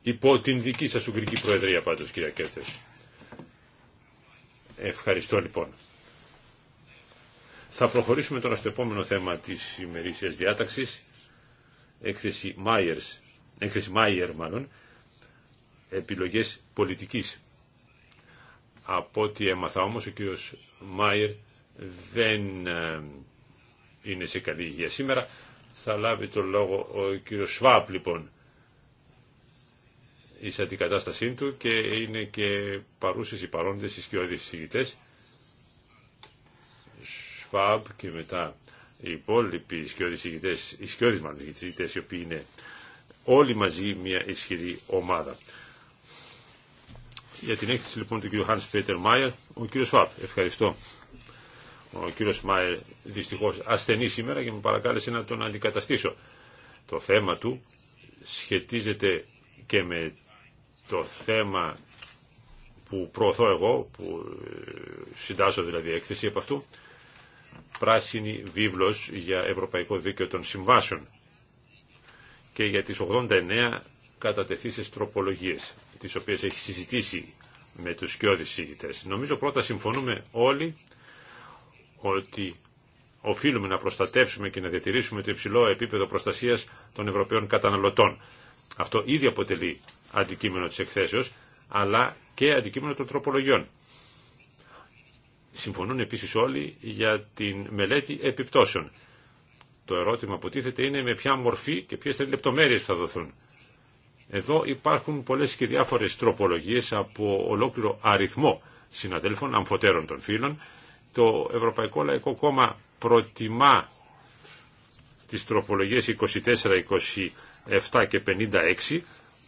Υπό την δική σας Ουγγρική Προεδρία πάντως, κυρία Κέρτες. Ευχαριστώ λοιπόν. Θα προχωρήσουμε τώρα στο επόμενο θέμα της ημερήσιας διάταξης, έκθεση Myers, έκθεση Mayer μάλλον, επιλογές πολιτικής. Από ό,τι έμαθα όμως ο κύριος Μάιερ δεν ε, είναι σε καλή υγεία σήμερα. Θα λάβει το λόγο ο κύριος Σβάπ λοιπόν εις αντικατάστασή του και είναι και παρούσες οι παρόντες οι σκιώδεις Σφάμπ και μετά οι υπόλοιποι ισχυώδεις ηγητές, μάλλον οι οποίοι είναι όλοι μαζί μια ισχυρή ομάδα. Για την έκθεση λοιπόν του κ. Hans Πέτερ Μάιερ, ο κ. Σφάμπ, ευχαριστώ. Ο κ. Μάιερ δυστυχώς ασθενεί σήμερα και μου παρακάλεσε να τον αντικαταστήσω. Το θέμα του σχετίζεται και με το θέμα που προωθώ εγώ, που ε, συντάσσω δηλαδή έκθεση από αυτού, πράσινη βίβλος για Ευρωπαϊκό Δίκαιο των Συμβάσεων και για τις 89 κατατεθήσεις τροπολογίες, τις οποίες έχει συζητήσει με τους σκιώδεις συζητητές. Νομίζω πρώτα συμφωνούμε όλοι ότι οφείλουμε να προστατεύσουμε και να διατηρήσουμε το υψηλό επίπεδο προστασίας των Ευρωπαίων καταναλωτών. Αυτό ήδη αποτελεί αντικείμενο της εκθέσεως, αλλά και αντικείμενο των τροπολογιών. Συμφωνούν επίσης όλοι για την μελέτη επιπτώσεων. Το ερώτημα που τίθεται είναι με ποια μορφή και ποιες θα είναι λεπτομέρειες θα δοθούν. Εδώ υπάρχουν πολλές και διάφορες τροπολογίες από ολόκληρο αριθμό συναδέλφων, αμφωτέρων των φίλων. Το Ευρωπαϊκό Λαϊκό Κόμμα προτιμά τις τροπολογίες 24, 27 και 56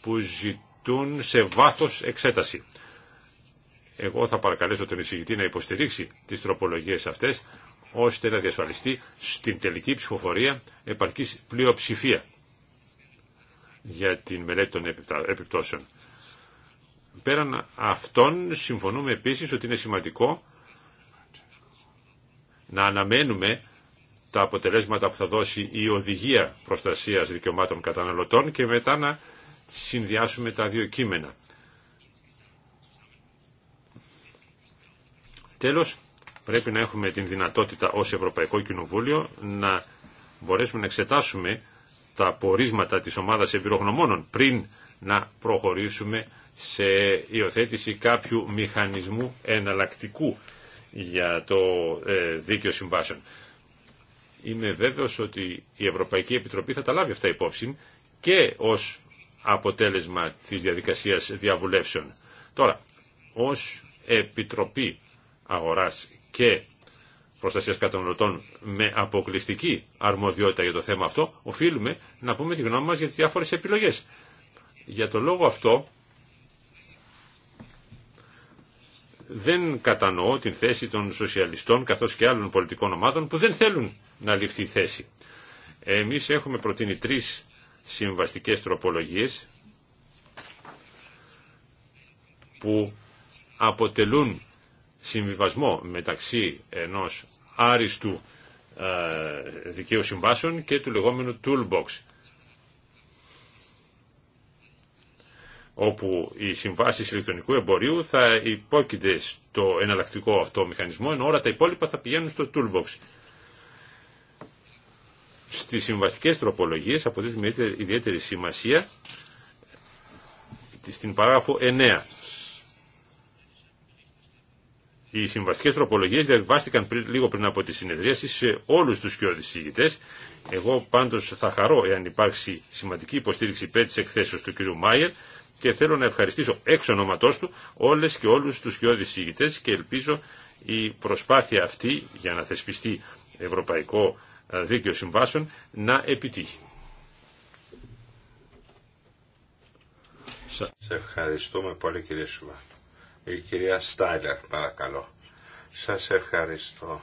που ζητούν σε βάθος εξέταση. Εγώ θα παρακαλέσω τον εισηγητή να υποστηρίξει τις τροπολογίες αυτές, ώστε να διασφαλιστεί στην τελική ψηφοφορία επαρκής πλειοψηφία για την μελέτη των επιπτώσεων. Πέραν αυτών, συμφωνούμε επίσης ότι είναι σημαντικό να αναμένουμε τα αποτελέσματα που θα δώσει η Οδηγία Προστασίας Δικαιωμάτων Καταναλωτών και μετά να συνδυάσουμε τα δύο κείμενα. Τέλος, πρέπει να έχουμε την δυνατότητα ως Ευρωπαϊκό Κοινοβούλιο να μπορέσουμε να εξετάσουμε τα πορίσματα της ομάδας εμπειρογνωμόνων πριν να προχωρήσουμε σε υιοθέτηση κάποιου μηχανισμού εναλλακτικού για το ε, δίκαιο συμβάσεων. Είμαι βέβαιος ότι η Ευρωπαϊκή Επιτροπή θα τα λάβει αυτά υπόψη και ως αποτέλεσμα της διαδικασίας διαβουλεύσεων. Τώρα, ως Επιτροπή αγοράς και προστασίας καταναλωτών με αποκλειστική αρμοδιότητα για το θέμα αυτό, οφείλουμε να πούμε τη γνώμη μας για τις διάφορες επιλογές. Για το λόγο αυτό δεν κατανοώ την θέση των σοσιαλιστών καθώς και άλλων πολιτικών ομάδων που δεν θέλουν να ληφθεί θέση. Εμείς έχουμε προτείνει τρεις συμβαστικές τροπολογίες που αποτελούν συμβιβασμό μεταξύ ενός άριστου ε, δικαίου συμβάσεων και του λεγόμενου toolbox όπου οι συμβάσει ηλεκτρονικού εμπορίου θα υπόκειται στο εναλλακτικό αυτό μηχανισμό, ενώ όλα τα υπόλοιπα θα πηγαίνουν στο toolbox. Στις συμβαστικές τροπολογίες αποδίδουμε ιδιαίτερη σημασία στην παράγραφο 9 οι συμβαστικές τροπολογίες διαβάστηκαν λίγο πριν από τη συνεδρίαση σε όλους τους κοιόδης ηγητές. Εγώ πάντως θα χαρώ εάν υπάρξει σημαντική υποστήριξη υπέρ της εκθέσεως του κ. Μάιερ και θέλω να ευχαριστήσω έξω ονοματός του όλες και όλους τους κοιόδης ηγητές και ελπίζω η προσπάθεια αυτή για να θεσπιστεί ευρωπαϊκό ε, δίκαιο συμβάσεων να επιτύχει. Σε ευχαριστούμε πολύ κύριε Σουβά. Η κυρία Στάιλερ, παρακαλώ. Σας ευχαριστώ.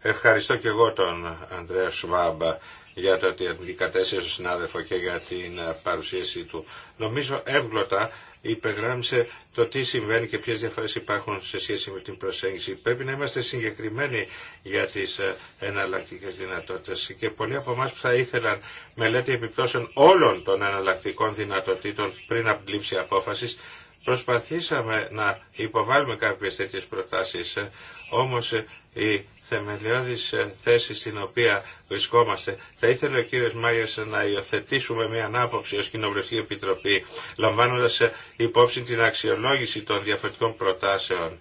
Ευχαριστώ και εγώ τον Ανδρέα Σουβάμπα για το ότι αντικατέστησε στον συνάδελφο και για την παρουσίασή του. Νομίζω εύγλωτα υπεγράμισε το τι συμβαίνει και ποιες διαφορές υπάρχουν σε σχέση με την προσέγγιση. Πρέπει να είμαστε συγκεκριμένοι για τις εναλλακτικέ δυνατότητες και πολλοί από εμά που θα ήθελαν μελέτη επιπτώσεων όλων των εναλλακτικών δυνατοτήτων πριν από την λήψη απόφασης Προσπαθήσαμε να υποβάλουμε κάποιες τέτοιες προτάσεις, ε, όμως ε, η θεμελιώδης ε, θέση στην οποία βρισκόμαστε. Θα ήθελε ο κύριος Μάγιας να υιοθετήσουμε μια ανάποψη ως Κοινοβουλευτική Επιτροπή, λαμβάνοντας υπόψη την αξιολόγηση των διαφορετικών προτάσεων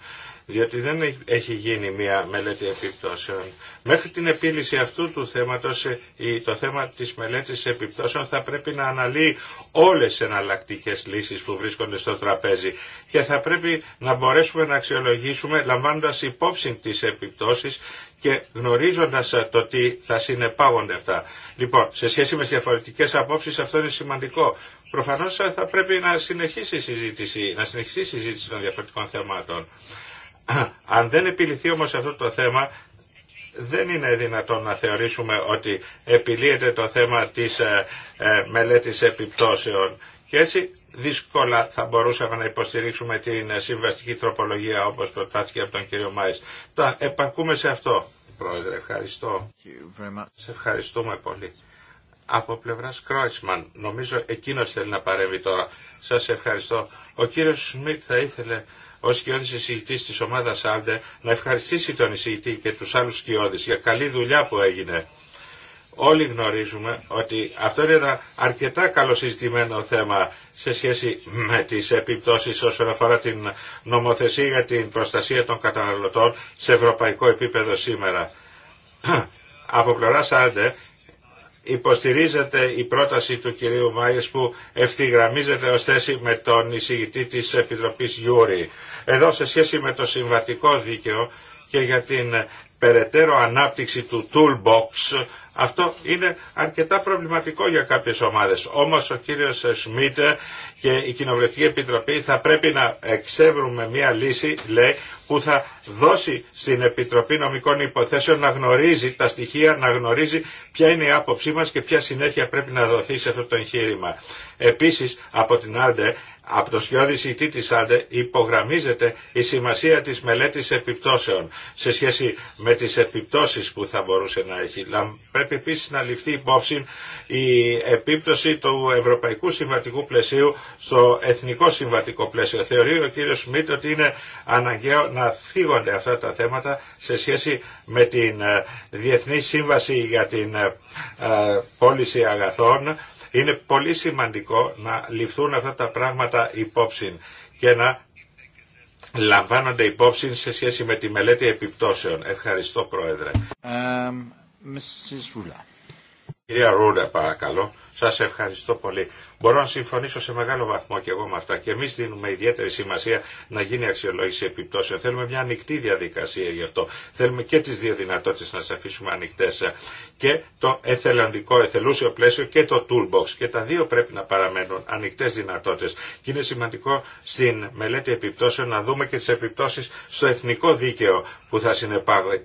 διότι δεν έχει γίνει μια μελέτη επιπτώσεων. Μέχρι την επίλυση αυτού του θέματος, ε, το θέμα της μελέτης επιπτώσεων θα πρέπει να αναλύει όλες τις εναλλακτικέ λύσεις που βρίσκονται στο τραπέζι και θα πρέπει να μπορέσουμε να αξιολογήσουμε λαμβάνοντας υπόψη τις επιπτώσεις και γνωρίζοντας ε, το τι θα συνεπάγονται αυτά. Λοιπόν, σε σχέση με τις διαφορετικές απόψεις αυτό είναι σημαντικό. Προφανώς ε, θα πρέπει να συνεχίσει η συζήτηση, να συνεχίσει η συζήτηση των διαφορετικών θεμάτων. *coughs* Αν δεν επιληθεί όμως αυτό το θέμα, δεν είναι δυνατόν να θεωρήσουμε ότι επιλύεται το θέμα της ε, ε μελέτης επιπτώσεων. Και έτσι δύσκολα θα μπορούσαμε να υποστηρίξουμε την ε, συμβαστική τροπολογία όπως προτάθηκε από τον κύριο Μάης. Τώρα επαρκούμε σε αυτό, Πρόεδρε. Ευχαριστώ. Σε ευχαριστούμε πολύ. Από πλευρά Κρόισμαν, νομίζω εκείνος θέλει να παρέμβει τώρα. Σας ευχαριστώ. Ο κύριος Σμιτ θα ήθελε ω σκιώδη εισηγητή τη ομάδα Άντε να ευχαριστήσει τον εισηγητή και του άλλου σκιώδη για καλή δουλειά που έγινε. Όλοι γνωρίζουμε ότι αυτό είναι ένα αρκετά καλοσυζητημένο θέμα σε σχέση με τις επιπτώσεις όσον αφορά την νομοθεσία για την προστασία των καταναλωτών σε ευρωπαϊκό επίπεδο σήμερα. *clears throat* Από πλευρά Άντε υποστηρίζεται η πρόταση του κυρίου Μάιες που ευθυγραμμίζεται ως θέση με τον εισηγητή της Επιτροπής Γιούρη. Εδώ σε σχέση με το συμβατικό δίκαιο και για την περαιτέρω ανάπτυξη του toolbox αυτό είναι αρκετά προβληματικό για κάποιες ομάδες. Όμως ο κύριος Σμιτ και η Κοινοβουλευτική Επιτροπή θα πρέπει να εξεύρουμε μια λύση, λέει, που θα δώσει στην Επιτροπή Νομικών Υποθέσεων να γνωρίζει τα στοιχεία, να γνωρίζει ποια είναι η άποψή μας και ποια συνέχεια πρέπει να δοθεί σε αυτό το εγχείρημα. Επίσης, από την Άντε, από το σκιώδη σητή της ΑΝΤΕ υπογραμμίζεται η σημασία της μελέτης επιπτώσεων σε σχέση με τις επιπτώσεις που θα μπορούσε να έχει. Πρέπει επίσης να ληφθεί υπόψη η επίπτωση του Ευρωπαϊκού Συμβατικού Πλαισίου στο Εθνικό Συμβατικό Πλαίσιο. Θεωρεί ο κύριος Σμιτ ότι είναι αναγκαίο να θίγονται αυτά τα θέματα σε σχέση με την ε, Διεθνή Σύμβαση για την ε, ε, Πώληση Αγαθών είναι πολύ σημαντικό να ληφθούν αυτά τα πράγματα υπόψη και να λαμβάνονται υπόψη σε σχέση με τη μελέτη επιπτώσεων. Ευχαριστώ Πρόεδρε. Um, Κυρία Ρούλα παρακαλώ. Σας ευχαριστώ πολύ. Μπορώ να συμφωνήσω σε μεγάλο βαθμό και εγώ με αυτά και εμείς δίνουμε ιδιαίτερη σημασία να γίνει αξιολόγηση επιπτώσεων. Θέλουμε μια ανοιχτή διαδικασία γι' αυτό. Θέλουμε και τις δύο δυνατότητες να σα αφήσουμε ανοιχτές και το εθελοντικό, εθελούσιο πλαίσιο και το toolbox και τα δύο πρέπει να παραμένουν ανοιχτές δυνατότητες και είναι σημαντικό στην μελέτη επιπτώσεων να δούμε και τις επιπτώσεις στο εθνικό δίκαιο που θα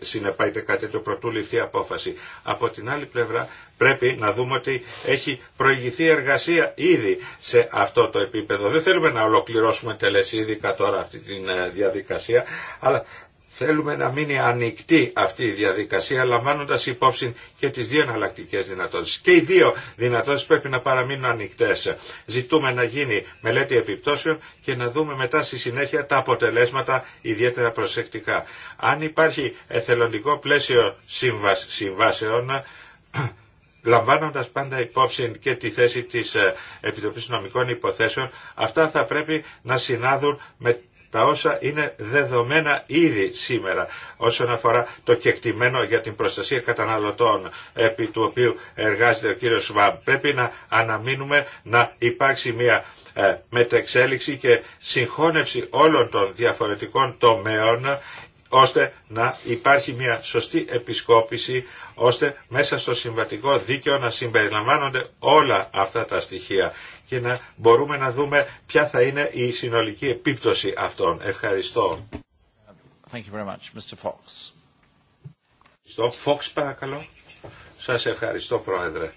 συνεπάγεται κάτι το πρωτού απόφαση. Από την άλλη πλευρά Πρέπει να δούμε ότι έχει προηγηθεί εργασία ήδη σε αυτό το επίπεδο. Δεν θέλουμε να ολοκληρώσουμε τελεσίδικα τώρα αυτή τη ε, διαδικασία, αλλά θέλουμε να μείνει ανοιχτή αυτή η διαδικασία, λαμβάνοντας υπόψη και τις δύο εναλλακτικέ δυνατότητες. Και οι δύο δυνατότητες πρέπει να παραμείνουν ανοιχτές. Ζητούμε να γίνει μελέτη επιπτώσεων και να δούμε μετά στη συνέχεια τα αποτελέσματα ιδιαίτερα προσεκτικά. Αν υπάρχει εθελοντικό πλαίσιο συμβάσεων, λαμβάνοντας πάντα υπόψη και τη θέση της ε, Επιτροπής Νομικών Υποθέσεων, αυτά θα πρέπει να συνάδουν με τα όσα είναι δεδομένα ήδη σήμερα όσον αφορά το κεκτημένο για την προστασία καταναλωτών επί του οποίου εργάζεται ο κύριος Σβάμπ. Πρέπει να αναμείνουμε να υπάρξει μια ε, μετεξέλιξη και συγχώνευση όλων των διαφορετικών τομέων ώστε να υπάρχει μια σωστή επισκόπηση ώστε μέσα στο συμβατικό δίκαιο να συμπεριλαμβάνονται όλα αυτά τα στοιχεία και να μπορούμε να δούμε ποια θα είναι η συνολική επίπτωση αυτών. Ευχαριστώ. Thank you very much. Mr. Fox. Ευχαριστώ. Fox παρακαλώ. Σας ευχαριστώ Πρόεδρε.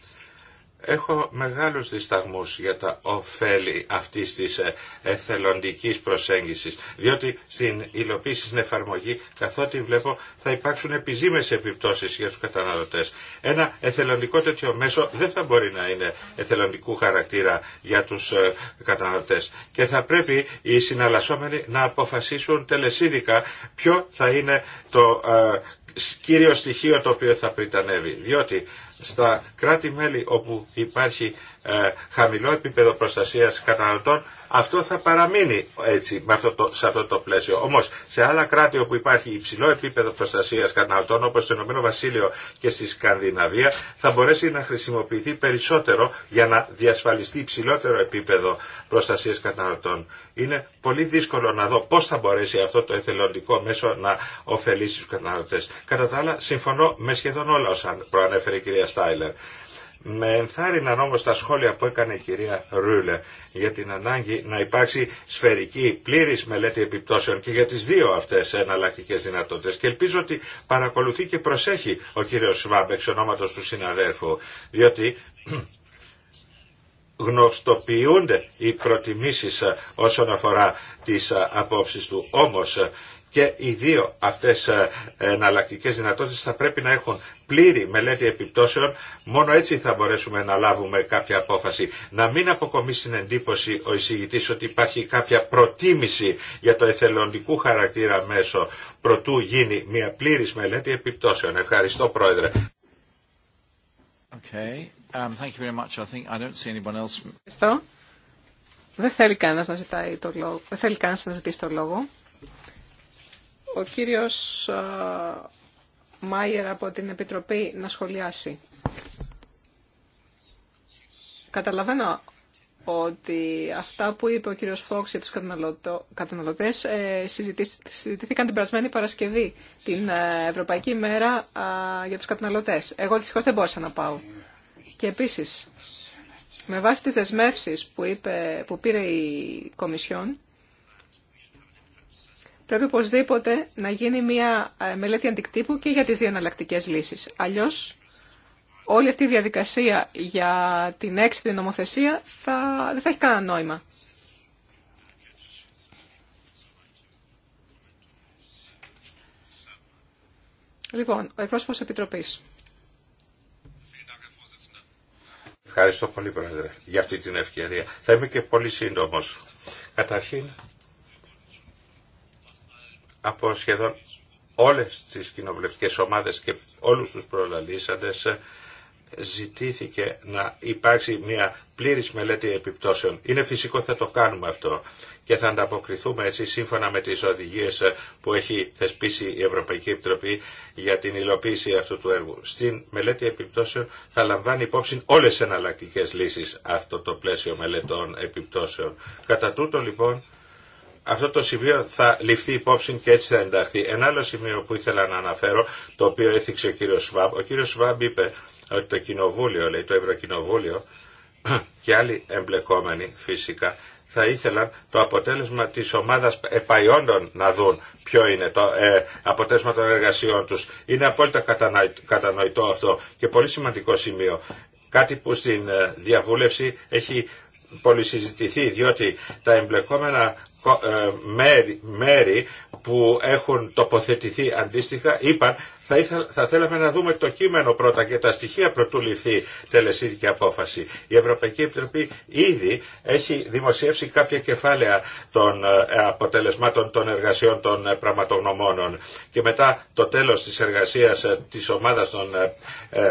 Έχω μεγάλους δισταγμούς για τα ωφέλη αυτής της ε, εθελοντικής προσέγγισης, διότι στην υλοποίηση, στην εφαρμογή, καθότι βλέπω, θα υπάρξουν επιζήμες επιπτώσεις για τους καταναλωτές. Ένα εθελοντικό τέτοιο μέσο δεν θα μπορεί να είναι εθελοντικού χαρακτήρα για τους ε, καταναλωτές και θα πρέπει οι συναλλασσόμενοι να αποφασίσουν τελεσίδικα ποιο θα είναι το ε, κύριο στοιχείο το οποίο θα πριτανεύει. Διότι στα κράτη-μέλη όπου υπάρχει ε, χαμηλό επίπεδο προστασίας καταναλωτών αυτό θα παραμείνει έτσι με αυτό σε αυτό το πλαίσιο. Όμως σε άλλα κράτη όπου υπάρχει υψηλό επίπεδο προστασίας καταναλωτών όπως το Ηνωμένο Βασίλειο και στη Σκανδιναβία θα μπορέσει να χρησιμοποιηθεί περισσότερο για να διασφαλιστεί υψηλότερο επίπεδο προστασίας καταναλωτών. Είναι πολύ δύσκολο να δω πώς θα μπορέσει αυτό το εθελοντικό μέσο να ωφελήσει τους καταναλωτές. Κατά τα άλλα συμφωνώ με σχεδόν όλα όσα προανέφερε η κυρία Στάιλερ. Με ενθάρρυναν όμω τα σχόλια που έκανε η κυρία Ρούλε για την ανάγκη να υπάρξει σφαιρική πλήρη μελέτη επιπτώσεων και για τι δύο αυτέ εναλλακτικέ δυνατότητε. Και ελπίζω ότι παρακολουθεί και προσέχει ο κύριο Σβάμπ εξ ονόματο του συναδέρφου. Διότι *clears throat* γνωστοποιούνται οι προτιμήσεις όσον αφορά τις απόψεις του. Όμως και οι δύο αυτές ε, εναλλακτικές δυνατότητες θα πρέπει να έχουν πλήρη μελέτη επιπτώσεων. Μόνο έτσι θα μπορέσουμε να λάβουμε κάποια απόφαση. Να μην αποκομίσει την εντύπωση ο εισηγητής ότι υπάρχει κάποια προτίμηση για το εθελοντικού χαρακτήρα μέσω προτού γίνει μια πλήρης μελέτη επιπτώσεων. Ευχαριστώ Πρόεδρε. Okay. Um, thank you very much. I think I don't see else. Δεν θέλει κανένας να ζητάει το λόγο. Δεν θέλει να ζητήσει το λόγο ο κύριος Μάιερ από την Επιτροπή να σχολιάσει. Καταλαβαίνω ότι αυτά που είπε ο κύριος Φόξ για τους καταναλωτές ε, συζητήθηκαν την περασμένη Παρασκευή, την ε, Ευρωπαϊκή Μέρα για τους καταναλωτές. Εγώ δυστυχώς δεν μπόρεσα να πάω. Και επίσης, με βάση τις δεσμεύσεις που, που πήρε η Κομισιόν, πρέπει οπωσδήποτε να γίνει μια ε, μελέτη αντικτύπου και για τις δύο εναλλακτικέ λύσεις. Αλλιώς όλη αυτή η διαδικασία για την έξυπνη νομοθεσία θα, δεν θα έχει κανένα νόημα. Λοιπόν, ο εκπρόσωπο Επιτροπής. Ευχαριστώ πολύ, Πρόεδρε, για αυτή την ευκαιρία. Θα είμαι και πολύ σύντομο Καταρχήν, από σχεδόν όλες τις κοινοβουλευτικές ομάδες και όλους τους προλαλήσαντες ε, ζητήθηκε να υπάρξει μια πλήρης μελέτη επιπτώσεων. Είναι φυσικό θα το κάνουμε αυτό και θα ανταποκριθούμε έτσι σύμφωνα με τις οδηγίες ε, που έχει θεσπίσει η Ευρωπαϊκή Επιτροπή για την υλοποίηση αυτού του έργου. Στην μελέτη επιπτώσεων θα λαμβάνει υπόψη όλες τις εναλλακτικές λύσεις αυτό το πλαίσιο μελετών επιπτώσεων. Κατά τούτο λοιπόν αυτό το σημείο θα ληφθεί υπόψη και έτσι θα ενταχθεί. Ένα άλλο σημείο που ήθελα να αναφέρω, το οποίο έθιξε ο κύριος Σβάμπ. Ο κύριος Σβάμπ είπε ότι το κοινοβούλιο, λέει το Ευρωκοινοβούλιο *clears throat* και άλλοι εμπλεκόμενοι φυσικά, θα ήθελαν το αποτέλεσμα της ομάδας επαϊόντων να δουν ποιο είναι το ε, αποτέλεσμα των εργασιών τους. Είναι απόλυτα κατανοητό αυτό και πολύ σημαντικό σημείο. Κάτι που στην ε, διαβούλευση έχει πολυσυζητηθεί διότι τα εμπλεκόμενα ε, μέρη που έχουν τοποθετηθεί αντίστοιχα είπαν θα, θέλαμε να δούμε το κείμενο πρώτα και τα στοιχεία προτού λυθεί τελεσίδικη απόφαση. Η Ευρωπαϊκή Επιτροπή ήδη έχει δημοσιεύσει κάποια κεφάλαια των ε, αποτελεσμάτων των εργασιών των ε, πραγματογνωμόνων και μετά το τέλος της εργασίας ε, της ομάδας των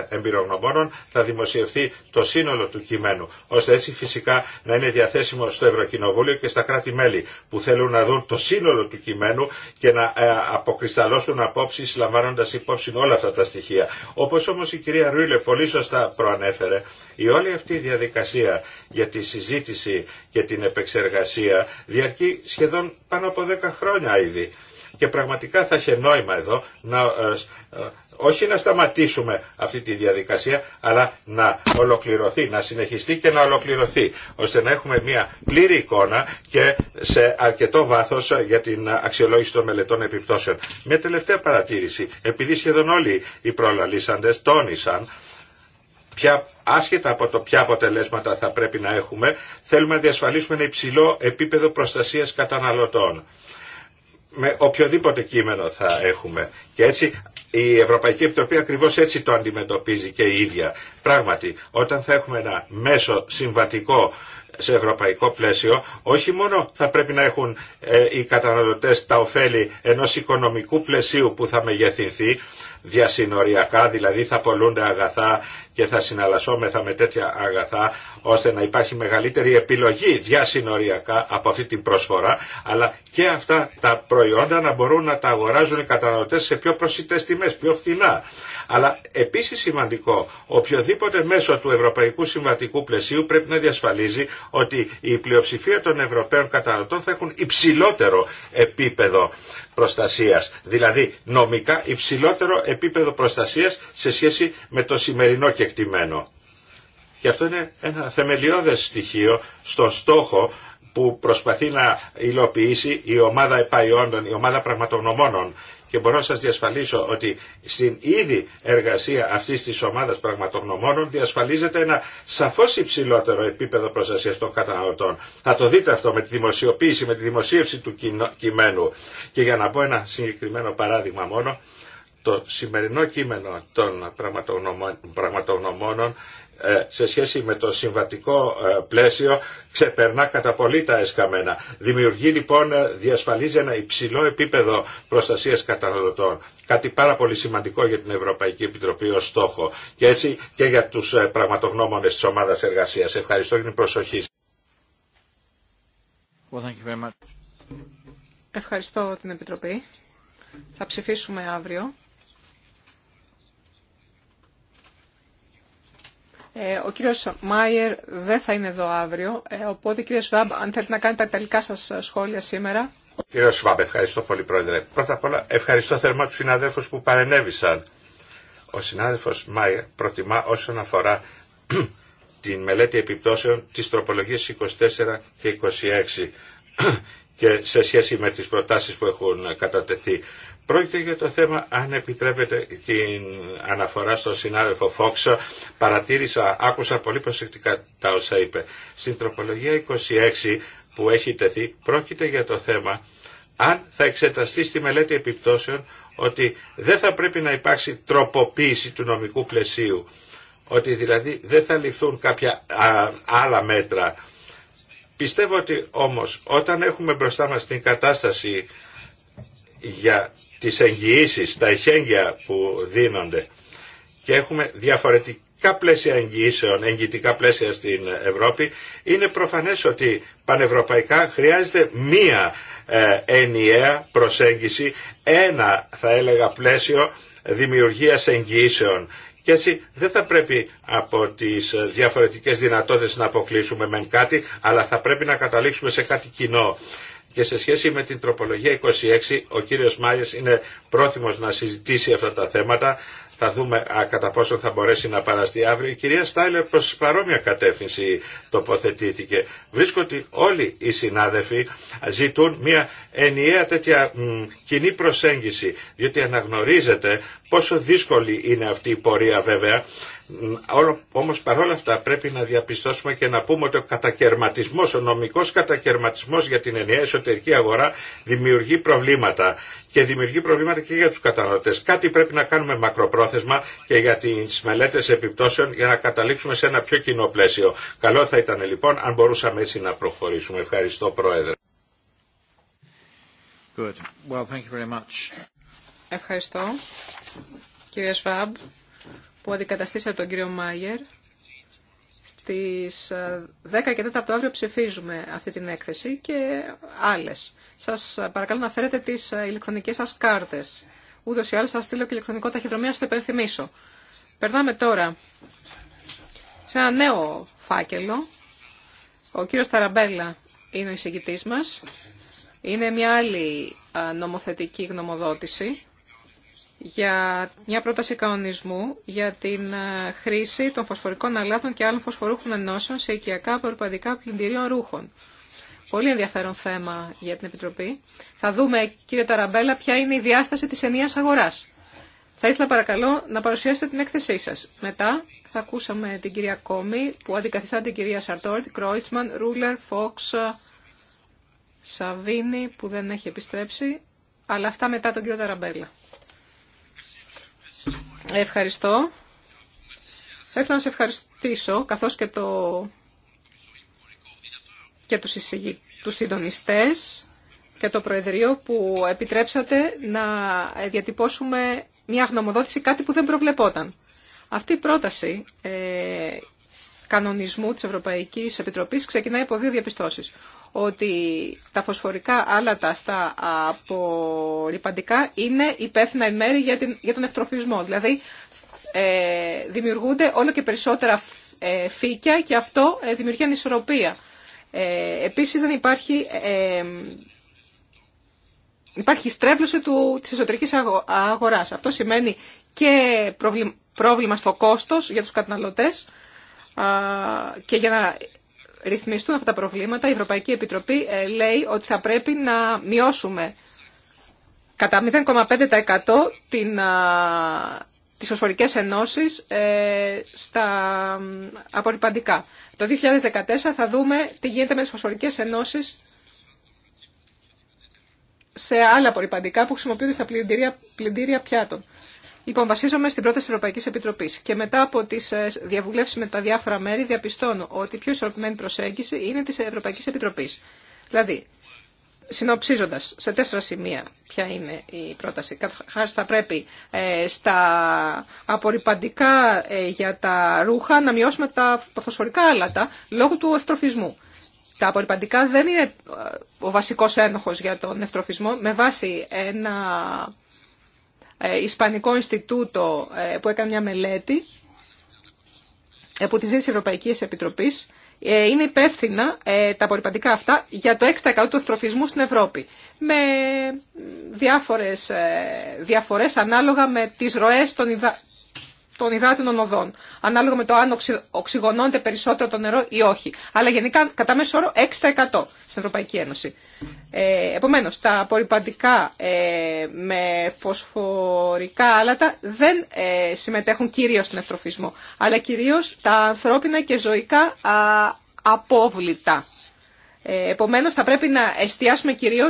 εμπειρογνωμόνων θα δημοσιευθεί το σύνολο του κειμένου ώστε έτσι φυσικά να είναι διαθέσιμο στο Ευρωκοινοβούλιο και στα κράτη-μέλη που θέλουν να δουν το σύνολο του κειμένου και να αποκρισταλώσουν απόψεις λαμβάνοντας υπόψη υπόψη όλα αυτά τα στοιχεία. Όπως όμως η κυρία Ρούιλε πολύ σωστά προανέφερε, η όλη αυτή η διαδικασία για τη συζήτηση και την επεξεργασία διαρκεί σχεδόν πάνω από 10 χρόνια ήδη. Και πραγματικά θα είχε νόημα εδώ να, ε, ε, όχι να σταματήσουμε αυτή τη διαδικασία, αλλά να ολοκληρωθεί, να συνεχιστεί και να ολοκληρωθεί, ώστε να έχουμε μια πλήρη εικόνα και σε αρκετό βάθος για την αξιολόγηση των μελετών επιπτώσεων. Μια τελευταία παρατήρηση, επειδή σχεδόν όλοι οι προλαλήσαντες τόνισαν ποια, άσχετα από το ποια αποτελέσματα θα πρέπει να έχουμε, θέλουμε να διασφαλίσουμε ένα υψηλό επίπεδο προστασίας καταναλωτών με οποιοδήποτε κείμενο θα έχουμε. Και έτσι η Ευρωπαϊκή Επιτροπή ακριβώς έτσι το αντιμετωπίζει και η ίδια. Πράγματι, όταν θα έχουμε ένα μέσο συμβατικό σε ευρωπαϊκό πλαίσιο, όχι μόνο θα πρέπει να έχουν ε, οι καταναλωτές τα ωφέλη ενός οικονομικού πλαισίου που θα μεγεθυνθεί, διασυνοριακά, δηλαδή θα πολλούνται αγαθά και θα συναλλασσόμεθα με τέτοια αγαθά ώστε να υπάρχει μεγαλύτερη επιλογή διασυνοριακά από αυτή την προσφορά αλλά και αυτά τα προϊόντα να μπορούν να τα αγοράζουν οι καταναλωτές σε πιο προσιτές τιμές, πιο φθηνά. Αλλά επίσης σημαντικό, οποιοδήποτε μέσο του Ευρωπαϊκού Συμβατικού Πλαισίου πρέπει να διασφαλίζει ότι η πλειοψηφία των Ευρωπαίων καταναλωτών θα έχουν υψηλότερο επίπεδο προστασίας. Δηλαδή νομικά υψηλότερο επίπεδο προστασίας σε σχέση με το σημερινό κεκτημένο. Και αυτό είναι ένα θεμελιώδες στοιχείο στον στόχο που προσπαθεί να υλοποιήσει η ομάδα επαϊόντων, η ομάδα πραγματογνωμόνων και μπορώ να σας διασφαλίσω ότι στην ήδη εργασία αυτής της ομάδας πραγματογνωμόνων διασφαλίζεται ένα σαφώς υψηλότερο επίπεδο προστασίας των καταναλωτών. Θα το δείτε αυτό με τη δημοσιοποίηση, με τη δημοσίευση του κειμένου. Και για να πω ένα συγκεκριμένο παράδειγμα μόνο, το σημερινό κείμενο των πραγματογνωμόνων ε, σε σχέση με το συμβατικό ε, πλαίσιο ξεπερνά κατά πολύ τα εσκαμένα. Δημιουργεί λοιπόν, ε, διασφαλίζει ένα υψηλό επίπεδο προστασίας καταναλωτών. Κάτι πάρα πολύ σημαντικό για την Ευρωπαϊκή Επιτροπή ως στόχο και έτσι και για τους πραγματογνώμονες της ομάδας εργασίας. Ευχαριστώ για την προσοχή. Well, Ευχαριστώ την Επιτροπή. Θα ψηφίσουμε αύριο. Ε, ο κύριος Μάιερ δεν θα είναι εδώ αύριο, ε, οπότε κύριε Σβάμπ, αν θέλετε να κάνετε τα τελικά σας σχόλια σήμερα. Κύριε Σβάμπ, ευχαριστώ πολύ πρόεδρε. Πρώτα απ' όλα ευχαριστώ θερμά τους συναδέλφους που παρενέβησαν. Ο συνάδελφος Μάιερ προτιμά όσον αφορά *clears throat* την μελέτη επιπτώσεων της τροπολογίας 24 και 26 *clears throat* και σε σχέση με τις προτάσεις που έχουν κατατεθεί. Πρόκειται για το θέμα, αν επιτρέπετε την αναφορά στον συνάδελφο Φόξο, παρατήρησα, άκουσα πολύ προσεκτικά τα όσα είπε. Στην τροπολογία 26 που έχει τεθεί, πρόκειται για το θέμα αν θα εξεταστεί στη μελέτη επιπτώσεων ότι δεν θα πρέπει να υπάρξει τροποποίηση του νομικού πλαισίου, ότι δηλαδή δεν θα ληφθούν κάποια άλλα μέτρα. Πιστεύω ότι όμως όταν έχουμε μπροστά μας την κατάσταση για τις εγγυήσεις, τα εχέγγυα που δίνονται και έχουμε διαφορετικά πλαίσια εγγυήσεων, εγγυητικά πλαίσια στην Ευρώπη, είναι προφανές ότι πανευρωπαϊκά χρειάζεται μία ε, ενιαία προσέγγιση, ένα θα έλεγα πλαίσιο δημιουργίας εγγυήσεων. Και έτσι δεν θα πρέπει από τις διαφορετικές δυνατότητες να αποκλείσουμε μεν κάτι, αλλά θα πρέπει να καταλήξουμε σε κάτι κοινό και σε σχέση με την τροπολογία 26 ο κύριος Μάγες είναι πρόθυμος να συζητήσει αυτά τα θέματα. Θα δούμε κατά πόσο θα μπορέσει να παραστεί αύριο. Η κυρία Στάιλερ προς παρόμοια κατεύθυνση τοποθετήθηκε. Βρίσκω ότι όλοι οι συνάδελφοι ζητούν μια ενιαία τέτοια κοινή προσέγγιση, διότι αναγνωρίζεται πόσο δύσκολη είναι αυτή η πορεία βέβαια όμως παρόλα αυτά πρέπει να διαπιστώσουμε και να πούμε ότι ο κατακαιρματισμός, ο νομικός κατακαιρματισμός για την ενιαία εσωτερική αγορά δημιουργεί προβλήματα και δημιουργεί προβλήματα και για τους καταναλωτές. Κάτι πρέπει να κάνουμε μακροπρόθεσμα και για τις μελέτες επιπτώσεων για να καταλήξουμε σε ένα πιο κοινό πλαίσιο. Καλό θα ήταν λοιπόν αν μπορούσαμε έτσι να προχωρήσουμε. Ευχαριστώ Πρόεδρε. Ευχαριστώ. Κύριε Σβάμπ, που αντικαταστήσατε τον κύριο Μάγερ. Στις 10 ε, και 4 από το αύριο ψηφίζουμε αυτή την έκθεση και άλλες. Σας ε, παρακαλώ να φέρετε τις ε, ηλεκτρονικές σας κάρτες. Ούτως ή άλλως σας στείλω και ηλεκτρονικό ταχυδρομείο, το επενθυμίσω. Περνάμε τώρα σε ένα νέο φάκελο. Ο κύριος Ταραμπέλα είναι ο εισηγητής μας. Είναι μια άλλη νομοθετική γνωμοδότηση για μια πρόταση κανονισμού για την ε, χρήση των φωσφορικών αλάτων και άλλων φωσφορούχων ενώσεων σε οικιακά απορριπαντικά πλυντηρίων ρούχων. Πολύ ενδιαφέρον θέμα για την Επιτροπή. Θα δούμε, κύριε Ταραμπέλα, ποια είναι η διάσταση της ενίας αγοράς. Θα ήθελα παρακαλώ να παρουσιάσετε την έκθεσή σας. Μετά θα ακούσαμε την κυρία Κόμη που αντικαθιστά την κυρία Σαρτόρτ, Κρόιτσμαν, Ρούλερ, Φόξ, Σαβίνη που δεν έχει επιστρέψει, αλλά αυτά μετά τον κύριο Ταραμπέλα. Ευχαριστώ. Θα ήθελα να σε ευχαριστήσω, καθώς και, το... και τους, εισηγη... τους συντονιστές και το Προεδρείο που επιτρέψατε να διατυπώσουμε μια γνωμοδότηση, κάτι που δεν προβλεπόταν. Αυτή η πρόταση ε, κανονισμού της Ευρωπαϊκής Επιτροπής ξεκινάει από δύο διαπιστώσεις ότι τα φωσφορικά άλατα στα απορριπαντικά είναι υπεύθυνα εν μέρη για, τον ευτροφισμό. Δηλαδή ε, δημιουργούνται όλο και περισσότερα ε, φύκια και αυτό ε, δημιουργεί ανισορροπία. Ε, επίσης δεν υπάρχει, ε, υπάρχει στρέβλωση του, της εσωτερικής αγοράς. Αυτό σημαίνει και πρόβλημα στο κόστος για τους καταναλωτές και για να ρυθμιστούν αυτά τα προβλήματα, η Ευρωπαϊκή Επιτροπή ε, λέει ότι θα πρέπει να μειώσουμε κατά 0,5% την, τις φωσφορικές ενώσεις ε, στα απορριπαντικά. Το 2014 θα δούμε τι γίνεται με τις φωσφορικές ενώσεις σε άλλα απορριπαντικά που χρησιμοποιούνται στα πλυντήρια, πλυντήρια πιάτων. Λοιπόν, βασίζομαι στην πρόταση τη Ευρωπαϊκή Επιτροπή και μετά από τι ε, διαβουλεύσει με τα διάφορα μέρη διαπιστώνω ότι η πιο ισορροπημένη προσέγγιση είναι τη Ευρωπαϊκή Επιτροπή. Δηλαδή, συνοψίζοντα σε τέσσερα σημεία ποια είναι η πρόταση. Καταρχά, θα πρέπει ε, στα απορριπαντικά ε, για τα ρούχα να μειώσουμε τα, φωσφορικά άλατα λόγω του ευτροφισμού. Τα απορριπαντικά δεν είναι ο βασικός ένοχος για τον ευτροφισμό με βάση ένα ε, Ισπανικό Ινστιτούτο ε, που έκανε μια μελέτη από ε, τη ζήτησε η Ευρωπαϊκή Επιτροπή, είναι υπεύθυνα τα απορριπαντικά αυτά για το 6% του ευτροφισμού στην Ευρώπη. Με διάφορες διαφορές ανάλογα με τις ροές των, των υδάτινων οδών. Ανάλογα με το αν οξυγονώνεται περισσότερο το νερό ή όχι. Αλλά γενικά κατά μέσο όρο 6% στην Ευρωπαϊκή Ένωση. Ε, επομένως, τα απορριπαντικά ε, με φωσφορικά άλατα δεν ε, συμμετέχουν κυρίω στον ευτροφισμό, αλλά κυρίως τα ανθρώπινα και ζωικά α, απόβλητα. Ε, επομένως, θα πρέπει να εστιάσουμε κυρίω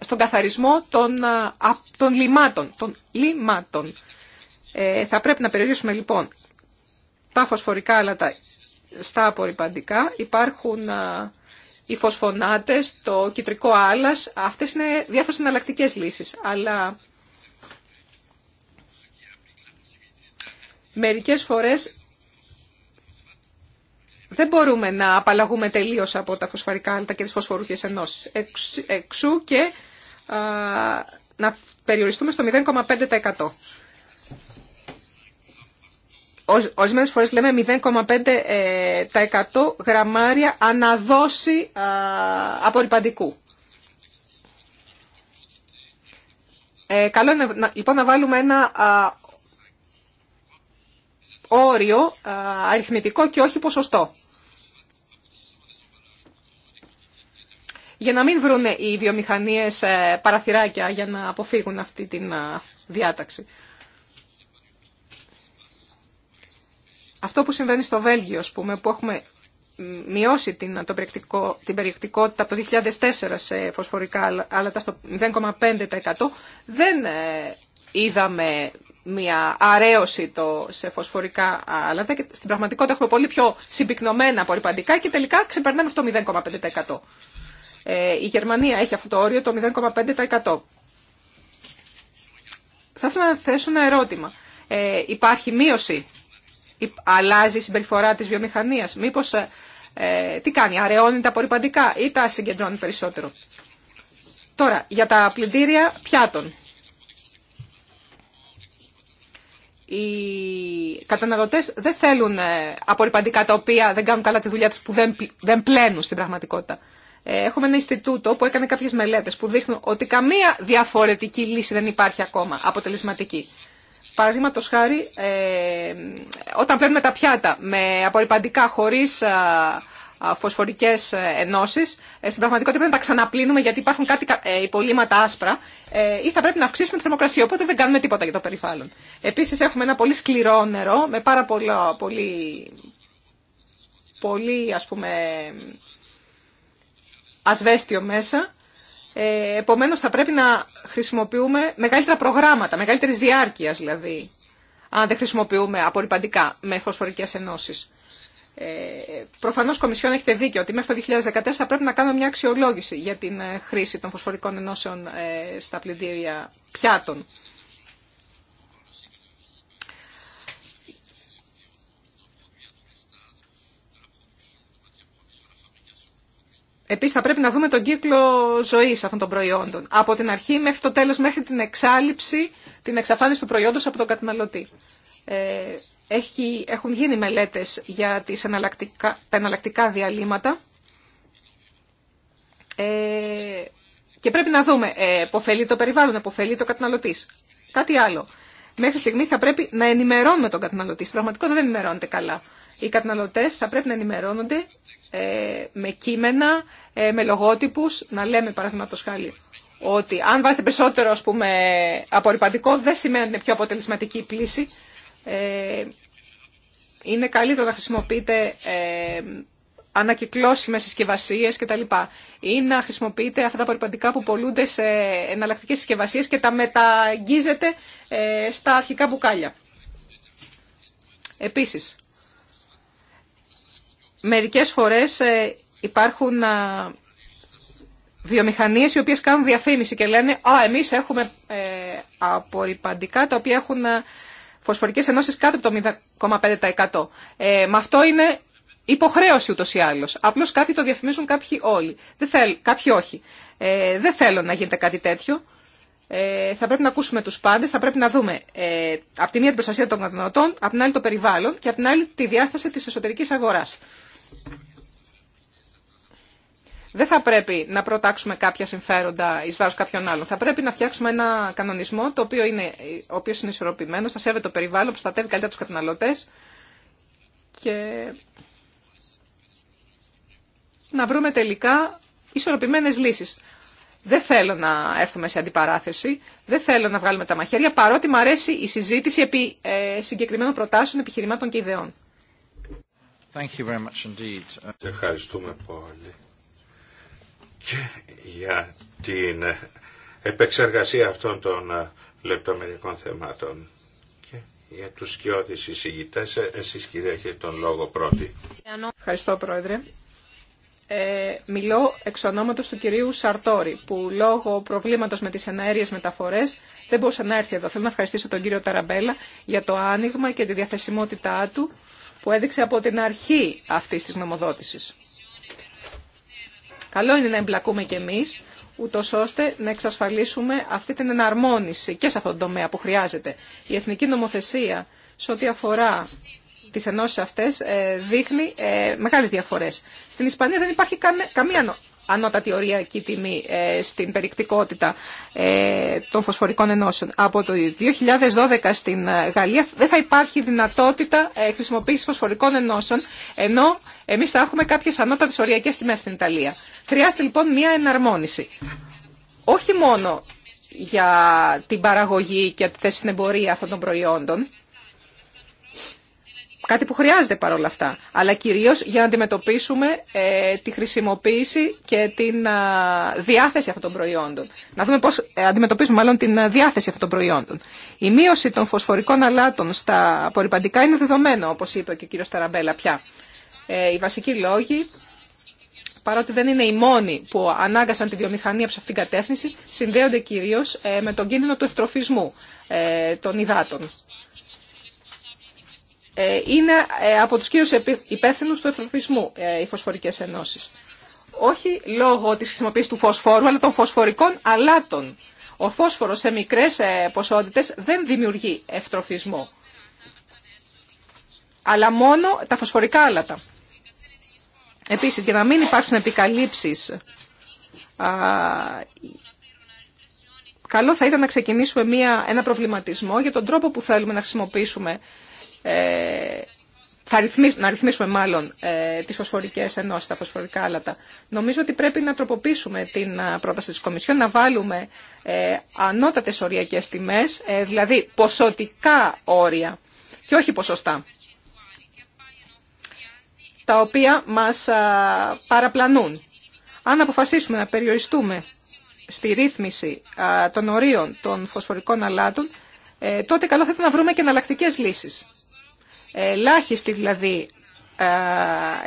στον καθαρισμό των, α, λιμάτων. Των λιμάτων. Ε, θα πρέπει να περιορίσουμε λοιπόν τα φωσφορικά αλλά στα απορριπαντικά. Υπάρχουν οι φωσφονάτες, το κυτρικό άλας. Αυτές είναι διάφορες εναλλακτικέ λύσεις. Αλλά μερικές φορές δεν μπορούμε να απαλλαγούμε τελείως από τα φωσφορικά άλατα και τις φωσφορούχες ενώσεις. εξού και να περιοριστούμε στο 0,5%. Ορισμένε φορέ λέμε 0,5% ε, γραμμάρια αναδόση απορριπαντικού. Ε, καλό είναι λοιπόν να βάλουμε ένα όριο αριθμητικό και όχι ποσοστό. Για να μην βρούνε οι βιομηχανίες ε, παραθυράκια για να αποφύγουν αυτή την διάταξη. Αυτό που συμβαίνει στο Βέλγιο, ας πούμε, που έχουμε μειώσει την, το την περιεκτικότητα από το 2004 σε φωσφορικά άλατα στο 0,5% δεν ε, είδαμε μια αρέωση το, σε φωσφορικά άλατα και στην πραγματικότητα έχουμε πολύ πιο συμπυκνωμένα απορριπαντικά και τελικά ξεπερνάμε αυτό το 0,5%. Ε, η Γερμανία έχει αυτό το όριο το 0,5%. Θα ήθελα να θέσω ένα ερώτημα. Ε, υπάρχει μείωση αλλάζει η συμπεριφορά της βιομηχανίας, μήπως ε, ε, τι κάνει, αραιώνει τα απορριπαντικά ή τα συγκεντρώνει περισσότερο. Τώρα, για τα πλυντήρια πιάτων. οι καταναλωτές δεν θέλουν ε, απορριπαντικά τα οποία δεν κάνουν καλά τη δουλειά τους που δεν, δεν πλένουν στην πραγματικότητα. Ε, έχουμε ένα Ινστιτούτο που έκανε κάποιες μελέτες που δείχνουν ότι καμία διαφορετική λύση δεν υπάρχει ακόμα αποτελεσματική. Παραδείγματο χάρη, ε, όταν παίρνουμε τα πιάτα με απορριπαντικά χωρί φωσφορικέ ε, ενώσει, ε, στην πραγματικότητα πρέπει να τα ξαναπλύνουμε γιατί υπάρχουν κάτι ε, υπολείμματα άσπρα ή θα πρέπει να αυξήσουμε τη θερμοκρασία. Οπότε δεν κάνουμε τίποτα για το περιβάλλον. Επίση, έχουμε ένα πολύ σκληρό νερό με πάρα πολύ, πολύ ας πούμε ασβέστιο μέσα ε, επομένως θα πρέπει να χρησιμοποιούμε μεγαλύτερα προγράμματα, μεγαλύτερης διάρκειας δηλαδή, αν δεν χρησιμοποιούμε απορριπαντικά με φωσφορικές ενώσεις. Ε, προφανώς Κομισιόν έχετε δίκιο ότι μέχρι το 2014 πρέπει να κάνουμε μια αξιολόγηση για την ε, χρήση των φωσφορικών ενώσεων ε, στα πλυντήρια πιάτων. Επίση, θα πρέπει να δούμε τον κύκλο ζωής αυτών των προϊόντων. Από την αρχή μέχρι το τέλος, μέχρι την εξάλληψη, την εξαφάνιση του προϊόντος από τον καταναλωτή. Ε, έχει, έχουν γίνει μελέτες για τις εναλλακτικά, τα εναλλακτικά διαλύματα. Ε, και πρέπει να δούμε, ε, εποφελεί το περιβάλλον, εποφελεί το καταναλωτή. Κάτι άλλο. Μέχρι στιγμή θα πρέπει να ενημερώνουμε τον καταναλωτή. Στην πραγματικότητα δεν ενημερώνεται καλά. Οι καταναλωτέ θα πρέπει να ενημερώνονται ε, με κείμενα, ε, με λογότυπου, να λέμε παραδείγματο χάρη ότι αν βάζετε περισσότερο ας πούμε, απορριπαντικό δεν σημαίνει ότι είναι πιο αποτελεσματική η πλήση. Ε, είναι καλύτερο να χρησιμοποιείτε ε, ανακυκλώσιμες συσκευασίε κτλ. Ή να χρησιμοποιείτε αυτά τα απορριπαντικά που πολλούνται σε εναλλακτικέ συσκευασίε και τα μεταγγίζετε ε, στα αρχικά μπουκάλια. Επίσης, μερικές φορές ε, υπάρχουν βιομηχανίες οι οποίες κάνουν διαφήμιση και λένε «Α, εμείς έχουμε ε, απορριπαντικά τα οποία έχουν φωσφορικές ενώσεις κάτω από το 0,5%. Ε, με αυτό είναι Υποχρέωση ούτως ή άλλως. Απλώς κάποιοι το διαφημίζουν, κάποιοι όλοι. Δεν θέλ, κάποιοι όχι. Ε, δεν θέλω να γίνεται κάτι τέτοιο. Ε, θα πρέπει να ακούσουμε τους πάντες, θα πρέπει να δούμε ε, από τη μία την προστασία των καταναλωτών, από την άλλη το περιβάλλον και από την άλλη τη διάσταση της εσωτερικής αγοράς. Δεν θα πρέπει να προτάξουμε κάποια συμφέροντα ει βάρο κάποιων άλλων. Θα πρέπει να φτιάξουμε ένα κανονισμό το οποίο είναι, ο οποίο είναι ισορροπημένο. θα σέβεται το περιβάλλον, προστατεύει καλύτερα του καταναλωτέ και να βρούμε τελικά ισορροπημένες λύσεις. Δεν θέλω να έρθουμε σε αντιπαράθεση, δεν θέλω να βγάλουμε τα μαχαίρια, παρότι μου αρέσει η συζήτηση επί ε, συγκεκριμένων προτάσεων, επιχειρημάτων και ιδεών. Thank you very much indeed. Ευχαριστούμε πολύ και για την ε, επεξεργασία αυτών των ε, λεπτομερικών θεμάτων και για τους σκιώδεις εισηγητές. Εσείς κυρία έχετε τον λόγο πρώτη. Ευχαριστώ Πρόεδρε. Ε, μιλώ εξ ονόματος του κυρίου Σαρτόρη, που λόγω προβλήματος με τις εναέριες μεταφορές δεν μπορούσε να έρθει εδώ. Θέλω να ευχαριστήσω τον κύριο Ταραμπέλα για το άνοιγμα και τη διαθεσιμότητά του που έδειξε από την αρχή αυτής της νομοδότησης. Καλό είναι να εμπλακούμε κι εμείς, ούτω ώστε να εξασφαλίσουμε αυτή την εναρμόνιση και σε αυτόν τον τομέα που χρειάζεται. Η εθνική νομοθεσία σε ό,τι αφορά τις ενώσεις αυτές ε, δείχνει ε, μεγάλες διαφορές. Στην Ισπανία δεν υπάρχει καμία ανώτατη οριακή τιμή ε, στην περιεκτικότητα των φωσφορικών ενώσεων. Από το 2012 στην Γαλλία δεν θα υπάρχει δυνατότητα χρησιμοποίησης φωσφορικών ενώσεων, ενώ εμείς θα έχουμε κάποιες ανώτατες οριακές τιμές στην Ιταλία. Χρειάζεται λοιπόν μία εναρμόνιση. Όχι μόνο για την παραγωγή και τη θέση στην εμπορία αυτών των προϊόντων, κάτι που χρειάζεται παρόλα αυτά, αλλά κυρίως για να αντιμετωπίσουμε ε, τη χρησιμοποίηση και την διάθεση αυτών των προϊόντων. Να δούμε πώς ε, αντιμετωπίζουμε μάλλον την διάθεση αυτών των προϊόντων. Η μείωση των φωσφορικών αλάτων στα απορριπαντικά είναι δεδομένο, όπως είπε και ο κύριος Ταραμπέλα πια. Ε, οι βασικοί λόγοι, παρότι δεν είναι οι μόνοι που ανάγκασαν τη βιομηχανία προς αυτήν την κατεύθυνση, συνδέονται κυρίως με τον κίνδυνο του ευτροφισμού των υδάτων ε, είναι ε, από τους κύριους υπεύθυνους του εθνοφισμού ε, οι φωσφορικές ενώσεις. Όχι λόγω της χρησιμοποίησης του φωσφόρου, αλλά των φωσφορικών αλάτων. Ο φωσφόρος σε μικρές ποσότητες δεν δημιουργεί ευτροφισμό, αλλά μόνο τα φωσφορικά άλατα. Επίσης, για να μην υπάρξουν επικαλύψεις, καλό θα ήταν να ξεκινήσουμε ένα προβληματισμό για τον τρόπο που θέλουμε να χρησιμοποιήσουμε ε, θα να ρυθμίσουμε μάλλον ε, τις φωσφορικές ενώσεις, τα φωσφορικά άλατα. Νομίζω ότι πρέπει να τροποποιήσουμε την ε, πρόταση της Κομισιόν, να βάλουμε ε, ανώτατες οριακές τιμές, ε, δηλαδή ποσοτικά όρια και όχι ποσοστά, τα οποία μας παραπλανούν. Αν αποφασίσουμε να περιοριστούμε στη ρύθμιση των ορίων των φωσφορικών αλάτων, τότε καλό θα ήταν να βρούμε και εναλλακτικέ λύσεις ελάχιστη δηλαδή, ε,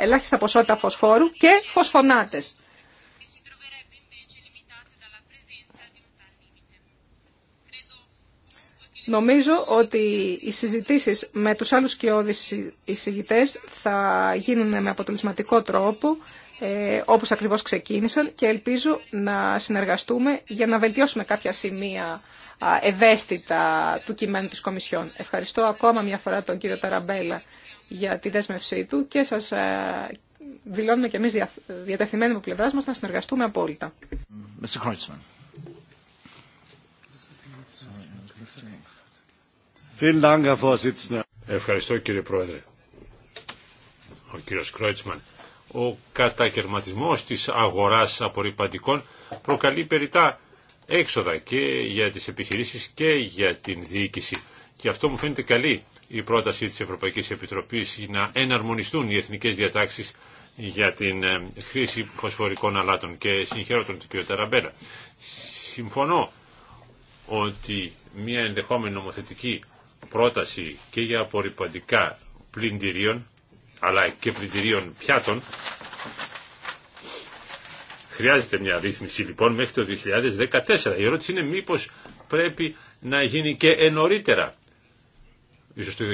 ελάχιστα ποσότητα φωσφόρου και φωσφονάτες. Νομίζω ότι οι συζητήσεις με τους άλλους κοιόδης εισηγητές θα γίνουν με αποτελεσματικό τρόπο, ε, όπως ακριβώς ξεκίνησαν και ελπίζω να συνεργαστούμε για να βελτιώσουμε κάποια σημεία ευαίσθητα του κειμένου της Κομισιόν. Ευχαριστώ ακόμα μια φορά τον κύριο Ταραμπέλα για τη δέσμευσή του και σας ε, δηλώνουμε και εμείς διατεθειμένοι από πλευράς μας να συνεργαστούμε απόλυτα. Ευχαριστώ κύριε Πρόεδρε. Ο κύριος Κρόιτσμαν. Ο κατακαιρματισμός της αγοράς απορριπαντικών προκαλεί περιτά έξοδα και για τις επιχειρήσεις και για την διοίκηση. Και αυτό μου φαίνεται καλή η πρόταση της Ευρωπαϊκής Επιτροπής να εναρμονιστούν οι εθνικές διατάξεις για την ε, χρήση φωσφορικών αλάτων και συγχαίρω τον κ. Ταραμπέλα. Συμφωνώ ότι μια ενδεχόμενη νομοθετική πρόταση και για απορριπαντικά πλυντηρίων αλλά και πλυντηρίων πιάτων Χρειάζεται μια ρύθμιση λοιπόν μέχρι το 2014. Η ερώτηση είναι μήπως πρέπει να γίνει και νωρίτερα. Ίσως το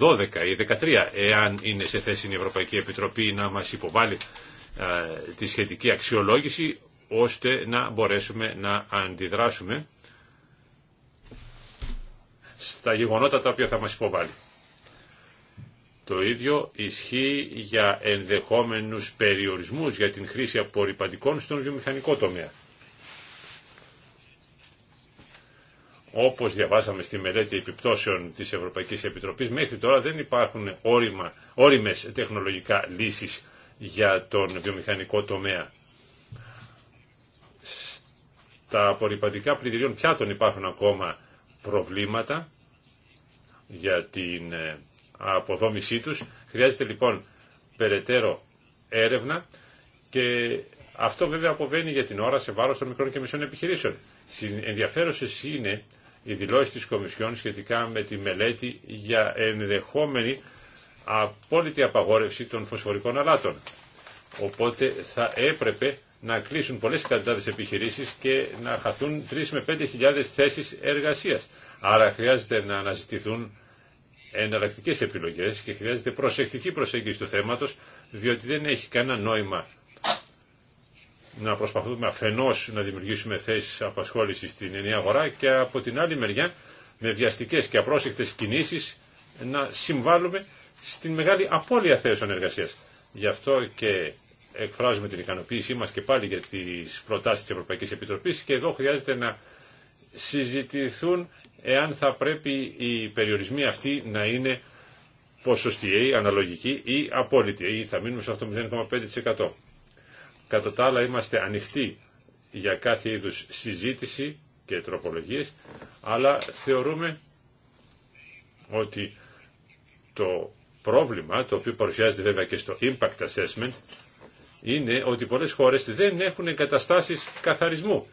2012 ή 2013 εάν είναι σε θέση η Ευρωπαϊκή Επιτροπή να μας υποβάλει τη σχετική αξιολόγηση ώστε να μπορέσουμε να αντιδράσουμε στα γεγονότα τα οποία θα μας υποβάλει. Το ίδιο ισχύει για ενδεχόμενους περιορισμούς για την χρήση απορριπαντικών στον βιομηχανικό τομέα. Όπως διαβάσαμε στη μελέτη επιπτώσεων της Ευρωπαϊκής Επιτροπής, μέχρι τώρα δεν υπάρχουν όριμα, όριμες τεχνολογικά λύσεις για τον βιομηχανικό τομέα. Στα απορριπαντικά πλυντηρίων πιάτων υπάρχουν ακόμα προβλήματα για την ε, αποδόμησή τους. Χρειάζεται λοιπόν περαιτέρω έρευνα και αυτό βέβαια αποβαίνει για την ώρα σε βάρος των μικρών και μισών επιχειρήσεων. Ενδιαφέρουσες είναι οι δηλώσεις της Κομισιόν σχετικά με τη μελέτη για ενδεχόμενη απόλυτη απαγόρευση των φωσφορικών αλάτων. Οπότε θα έπρεπε να κλείσουν πολλές εκατοντάδες επιχειρήσεις και να χαθούν 3 με 5 χιλιάδες θέσεις εργασίας. Άρα χρειάζεται να αναζητηθούν Εναλλακτικέ επιλογές και χρειάζεται προσεκτική προσέγγιση του θέματος, διότι δεν έχει κανένα νόημα να προσπαθούμε αφενός να δημιουργήσουμε θέσει απασχόλησης στην ενιαία αγορά και από την άλλη μεριά με βιαστικέ και απρόσεκτε κινήσεις να συμβάλλουμε στην μεγάλη απώλεια θέσεων εργασία. Γι' αυτό και εκφράζουμε την ικανοποίησή μα και πάλι για τι προτάσει τη Ευρωπαϊκή Επιτροπής και εδώ χρειάζεται να συζητηθούν εάν θα πρέπει οι περιορισμοί αυτοί να είναι ποσοστιαίοι, αναλογικοί ή απόλυτοι, ή θα μείνουμε σε αυτό 0,5%. Κατά τα άλλα είμαστε ανοιχτοί για κάθε είδους συζήτηση και τροπολογίες, αλλά θεωρούμε ότι το πρόβλημα, το οποίο παρουσιάζεται βέβαια και στο impact assessment, είναι ότι πολλές χώρες δεν έχουν εγκαταστάσεις καθαρισμού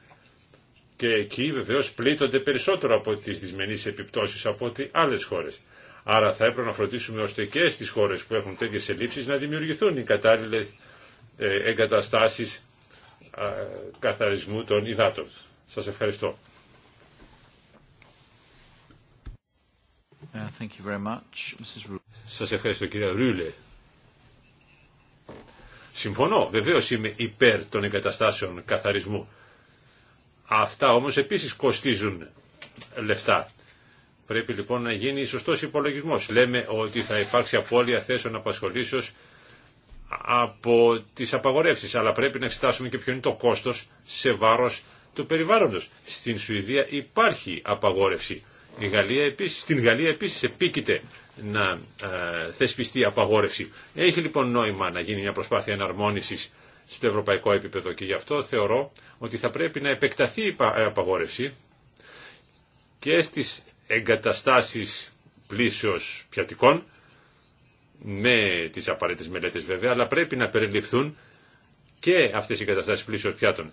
και εκεί βεβαίως πλήττονται περισσότερο από τις δυσμενείς επιπτώσεις από ότι άλλες χώρες. Άρα θα έπρεπε να φροντίσουμε ώστε και στις χώρες που έχουν τέτοιες ελλείψεις να δημιουργηθούν οι κατάλληλες ε, εγκαταστάσεις καθαρισμού των υδάτων. Σας ευχαριστώ. Uh, thank Σας ευχαριστώ κυρία Ρούλε. Συμφωνώ, βεβαίως είμαι υπέρ των εγκαταστάσεων καθαρισμού. Αυτά όμως επίσης κοστίζουν λεφτά. Πρέπει λοιπόν να γίνει σωστός υπολογισμός. Λέμε ότι θα υπάρξει απώλεια θέσεων απασχολήσεως από τις απαγορεύσεις, αλλά πρέπει να εξετάσουμε και ποιο είναι το κόστος σε βάρος του περιβάλλοντος. Στην Σουηδία υπάρχει απαγόρευση. Η Γαλλία επίσης, στην Γαλλία επίσης επίκειται να ε, θεσπιστεί απαγόρευση. Έχει λοιπόν νόημα να γίνει μια προσπάθεια εναρμόνισης στο ευρωπαϊκό επίπεδο και γι' αυτό θεωρώ ότι θα πρέπει να επεκταθεί η ε, απαγόρευση και στις εγκαταστάσεις πλήσεως πιατικών με τις απαραίτητες μελέτες βέβαια, αλλά πρέπει να περιληφθούν και αυτές οι εγκαταστάσεις πλήσεως πιάτων.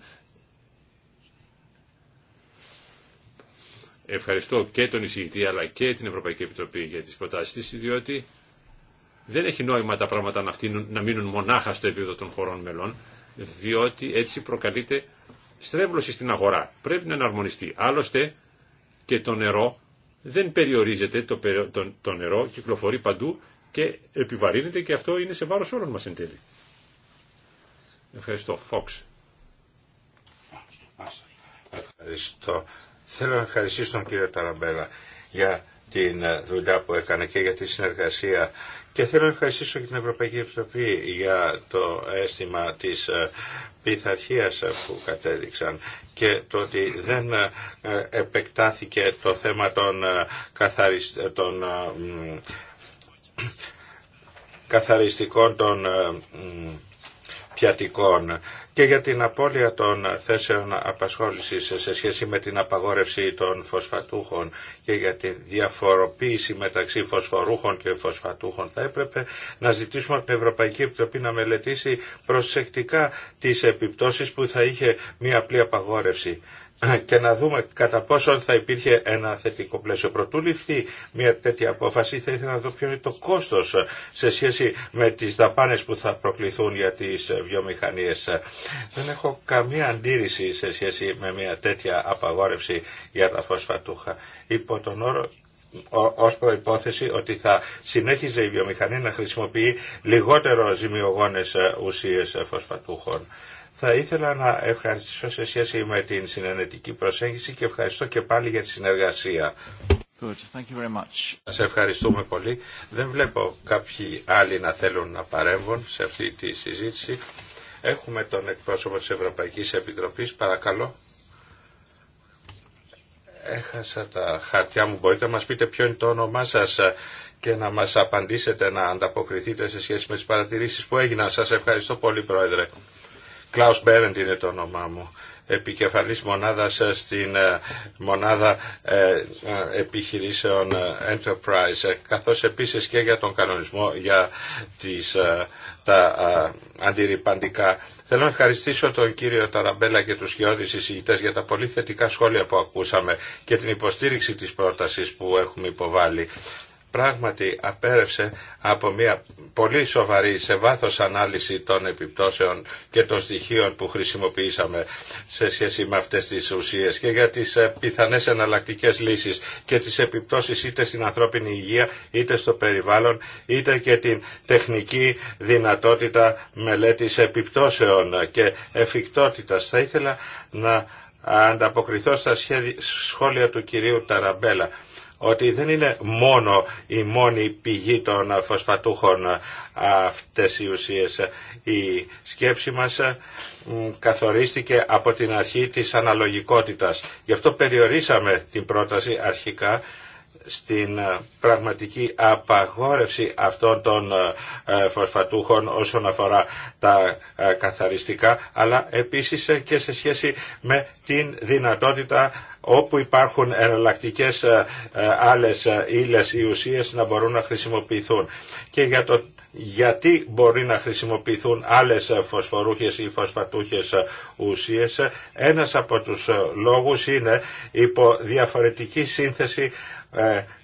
Ευχαριστώ και τον εισηγητή αλλά και την Ευρωπαϊκή Επιτροπή για τις προτάσεις της, διότι δεν έχει νόημα τα πράγματα να, μείνουν μονάχα στο επίπεδο των χωρών μελών, διότι έτσι προκαλείται στρέβλωση στην αγορά. Πρέπει να εναρμονιστεί. Άλλωστε και το νερό δεν περιορίζεται, το, το νερό κυκλοφορεί παντού και επιβαρύνεται και αυτό είναι σε βάρος όλων μας εν τέλει. Ευχαριστώ. Φόξ. Ευχαριστώ. Θέλω να ευχαριστήσω τον κύριο Ταραμπέλα για την δουλειά που έκανε και για τη συνεργασία και θέλω να ευχαριστήσω και την Ευρωπαϊκή Επιτροπή για το αίσθημα της ε, πειθαρχίας που κατέδειξαν και το ότι δεν ε, επεκτάθηκε το θέμα των, ε, των καθαριστικών των πιατικών και για την απώλεια των θέσεων απασχόλησης σε σχέση με την απαγόρευση των φωσφατούχων και για τη διαφοροποίηση μεταξύ φωσφορούχων και φωσφατούχων θα έπρεπε να ζητήσουμε από την Ευρωπαϊκή Επιτροπή να μελετήσει προσεκτικά τις επιπτώσεις που θα είχε μια απλή απαγόρευση και να δούμε κατά πόσο θα υπήρχε ένα θετικό πλαίσιο. Προτού ληφθεί μια τέτοια απόφαση, θα ήθελα να δω ποιο είναι το κόστος σε σχέση με τις δαπάνε που θα προκληθούν για τις βιομηχανίες. Δεν έχω καμία αντίρρηση σε σχέση με μια τέτοια απαγόρευση για τα φωσφατούχα. Υπό τον όρο ως προϋπόθεση ότι θα συνέχιζε η βιομηχανία να χρησιμοποιεί λιγότερο ζημιογόνες ε, ουσίες ε, φωσφατούχων. Θα ήθελα να ευχαριστήσω σε σχέση με την συνενετική προσέγγιση και ευχαριστώ και πάλι για τη συνεργασία. Σα ευχαριστούμε πολύ. Δεν βλέπω κάποιοι άλλοι να θέλουν να παρέμβουν σε αυτή τη συζήτηση. Έχουμε τον εκπρόσωπο της Ευρωπαϊκής Επιτροπής. Παρακαλώ. Έχασα τα χαρτιά μου. Μπορείτε να μας πείτε ποιο είναι το όνομά σας και να μας απαντήσετε, να ανταποκριθείτε σε σχέση με τις παρατηρήσεις που έγιναν. Σας ευχαριστώ πολύ, Πρόεδρε. Κλάους Μπέρεντ είναι το όνομά μου επικεφαλής μονάδας ε, στην ε, μονάδα ε, επιχειρήσεων Enterprise, καθώς επίσης και για τον κανονισμό για τις, τα αντιρρυπαντικά. Θέλω να ευχαριστήσω τον κύριο Ταραμπέλα και τους χειώδεις εισηγητές για τα πολύ θετικά σχόλια που ακούσαμε και την υποστήριξη της πρότασης που έχουμε υποβάλει πράγματι απέρευσε από μια πολύ σοβαρή σε βάθος ανάλυση των επιπτώσεων και των στοιχείων που χρησιμοποιήσαμε σε σχέση με αυτές τις ουσίες και για τις ε, πιθανές εναλλακτικέ λύσεις και τις επιπτώσεις είτε στην ανθρώπινη υγεία είτε στο περιβάλλον είτε και την τεχνική δυνατότητα μελέτης επιπτώσεων και εφικτότητας. Θα ήθελα να ανταποκριθώ στα σχόλια του κυρίου Ταραμπέλα ότι δεν είναι μόνο η μόνη πηγή των φωσφατούχων αυτές οι ουσίες. Η σκέψη μας καθορίστηκε από την αρχή της αναλογικότητας. Γι' αυτό περιορίσαμε την πρόταση αρχικά στην ε, πραγματική απαγόρευση αυτών των ε, φωσφατούχων όσον αφορά τα ε, καθαριστικά, αλλά επίσης και σε σχέση με την δυνατότητα όπου υπάρχουν εναλλακτικέ ε, ε, άλλες ε, ύλες ή ουσίες να μπορούν να χρησιμοποιηθούν. Και για το γιατί μπορεί να χρησιμοποιηθούν άλλες φωσφορούχες ή φωσφατούχες ουσίες. Ένας από τους λόγους είναι υπό διαφορετική σύνθεση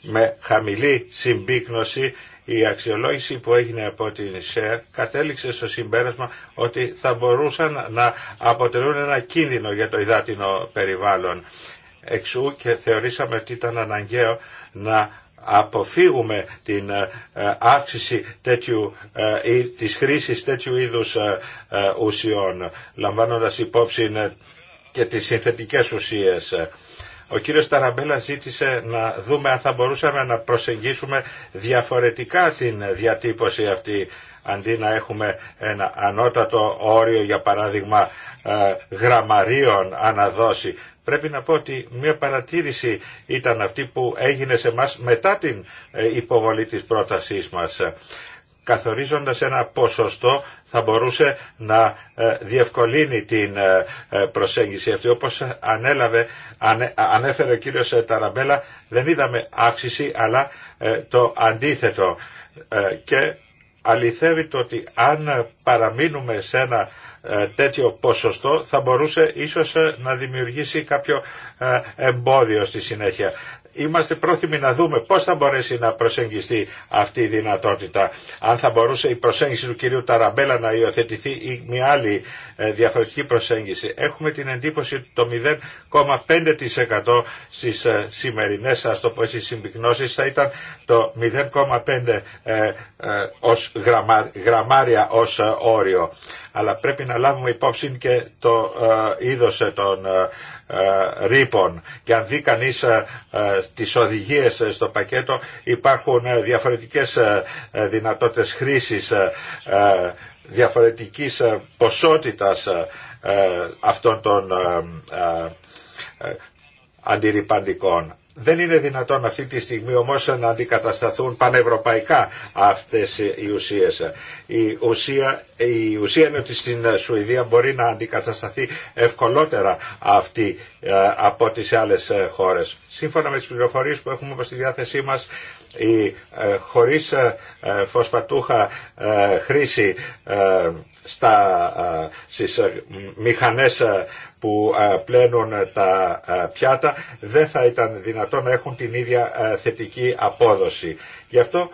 με χαμηλή συμπίκνωση η αξιολόγηση που έγινε από την ΣΕΡ κατέληξε στο συμπέρασμα ότι θα μπορούσαν να αποτελούν ένα κίνδυνο για το υδάτινο περιβάλλον. Εξού και θεωρήσαμε ότι ήταν αναγκαίο να αποφύγουμε την ε, ε, αύξηση τέτοιου, ε, της χρήσης τέτοιου είδους ουσιών, λαμβάνοντας υπόψη και τις συνθετικές ουσίες. Ο κύριος Ταραμπέλα ζήτησε να δούμε αν θα μπορούσαμε να προσεγγίσουμε διαφορετικά την διατύπωση αυτή αντί να έχουμε ένα ανώτατο όριο για παράδειγμα ε, γραμμαρίων αναδόση. Πρέπει να πω ότι μια παρατήρηση ήταν αυτή που έγινε σε μας μετά την ε, υποβολή της πρότασής μας. Καθορίζοντας ένα ποσοστό θα μπορούσε να ε, διευκολύνει την προσέγγιση αυτή. Όπως ανέλαβε, ανέφερε ο κύριος Ταραμπέλα, δεν είδαμε αύξηση αλλά το αντίθετο και αληθεύει το ότι αν παραμείνουμε σε ένα ε, τέτοιο ποσοστό θα μπορούσε ίσως ε, να δημιουργήσει κάποιο ε, εμπόδιο στη συνέχεια είμαστε πρόθυμοι να δούμε πώς θα μπορέσει να προσεγγιστεί αυτή η δυνατότητα. Αν θα μπορούσε η προσέγγιση του κυρίου Ταραμπέλα να υιοθετηθεί ή μια άλλη ε, διαφορετική προσέγγιση. Έχουμε την εντύπωση ότι το 0,5% στις ε, σημερινές ας το πω, συμπυκνώσεις θα ήταν το 0,5% ε, ως γραμμάρια ως όριο. Αλλά πρέπει να λάβουμε υπόψη και το είδος των ε, ρήπων. Και αν δει κανείς ε, ε, τις οδηγίες στο πακέτο υπάρχουν διαφορετικές δυνατότητες χρήσης διαφορετικής ποσότητας αυτών των αντιρρυπαντικών δεν είναι δυνατόν αυτή τη στιγμή όμως να αντικατασταθούν πανευρωπαϊκά αυτές οι ουσίες. Η ουσία, η είναι ότι στην Σουηδία μπορεί να αντικατασταθεί ευκολότερα αυτή ε, από τις άλλες ε, χώρες. Σύμφωνα με τις πληροφορίες που έχουμε στη διάθεσή μας, η ε, χωρίς φωσφατούχα χρήση στα, στις μηχανές που ε, πλένουν τα ε, πιάτα δεν θα ήταν δυνατόν να έχουν την ίδια ε, θετική απόδοση. Γι' αυτό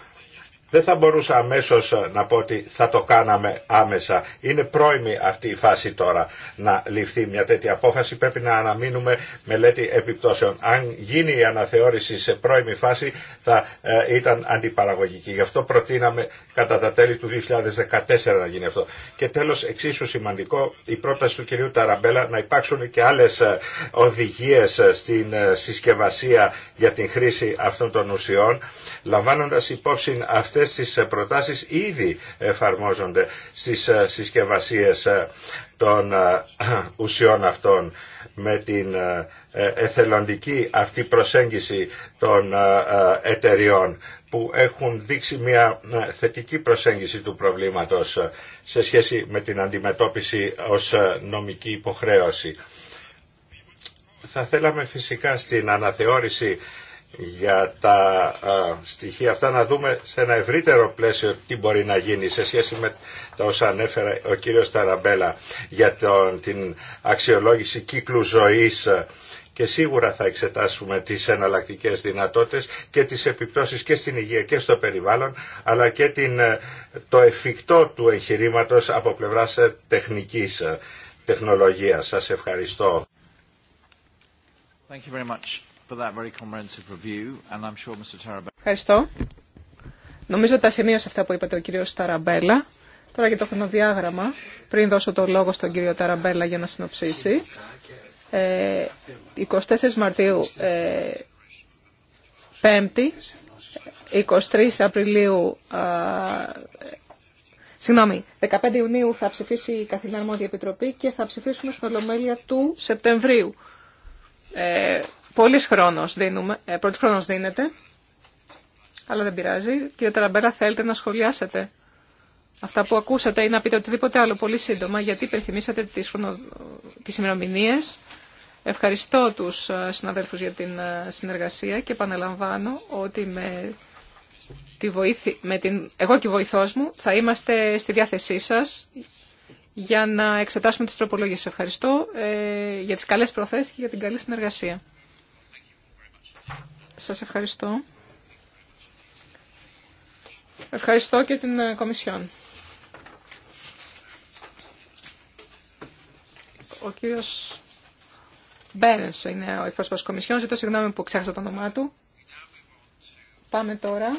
δεν θα μπορούσα αμέσω ε, να πω ότι θα το κάναμε άμεσα. Είναι πρώιμη αυτή η φάση τώρα να ληφθεί μια τέτοια απόφαση. Πρέπει να αναμείνουμε μελέτη επιπτώσεων. Αν γίνει η αναθεώρηση σε πρώιμη φάση θα ε, ήταν αντιπαραγωγική. Γι' αυτό προτείναμε κατά τα τέλη του 2014 να γίνει αυτό. Και τέλος εξίσου σημαντικό η πρόταση του κυρίου Ταραμπέλα να υπάρξουν και άλλες ε, οδηγίες στην συσκευασία για την χρήση αυτών των ουσιών λαμβάνοντας υπόψη αυτή αυτές τις ε, προτάσεις ήδη εφαρμόζονται στις ε, συσκευασίες ε, των *clears throat* ουσιών αυτών με την εθελοντική αυτή προσέγγιση των εταιριών που έχουν δείξει μια θετική προσέγγιση του προβλήματος σε σχέση με την αντιμετώπιση ως νομική υποχρέωση. Θα θέλαμε φυσικά στην αναθεώρηση για τα στοιχεία αυτά να δούμε σε ένα ευρύτερο πλαίσιο τι μπορεί να γίνει σε σχέση με τα όσα ανέφερε ο κύριος Ταραμπέλα για τον, την αξιολόγηση κύκλου ζωής και σίγουρα θα εξετάσουμε τις εναλλακτικέ δυνατότητες και τις επιπτώσεις και στην υγεία και στο περιβάλλον αλλά και την, ε, το εφικτό του εγχειρήματο από πλευράς ε, τεχνικής ε, τεχνολογίας. Σας ευχαριστώ. Thank you Ευχαριστώ. Νομίζω ότι τα σημείωσε αυτά που είπατε ο κύριο Ταραμπέλα. Τώρα για το χρονοδιάγραμμα, πριν δώσω το λόγο στον κύριο Ταραμπέλα για να συνοψίσει. Ε, 24 Μαρτίου, ε, 5η, 23 Απριλίου, α, Συγγνώμη, 15 Ιουνίου θα ψηφίσει η 23 απριλιου συγγνωμη Αρμόδια η καθηγητη αρμοδια επιτροπη και θα ψηφίσουμε στην Ολομέλεια του Σεπτεμβρίου. Ε, Πολύς χρόνος, δίνουμε, ε, πρώτος χρόνος δίνεται, αλλά δεν πειράζει. Κύριε Ταραμπέρα, θέλετε να σχολιάσετε αυτά που ακούσατε ή να πείτε οτιδήποτε άλλο πολύ σύντομα, γιατί υπενθυμίσατε τις, χρονο... τις ημερομηνίες. Ευχαριστώ τους ε, συναδέλφους για την ε, συνεργασία και επαναλαμβάνω ότι με, τη βοήθη... με την... εγώ και η βοηθός μου θα είμαστε στη διάθεσή σας για να εξετάσουμε τις τροπολογίες. Ευχαριστώ για τις καλές προθέσεις και για την καλή συνεργασία. Σας ευχαριστώ. Ευχαριστώ και την ε, Κομισιόν. Ο κύριος Μπένες είναι ο εκπρόσωπος της Κομισιόν. Ζητώ συγγνώμη που ξέχασα το όνομά του. Πάμε τώρα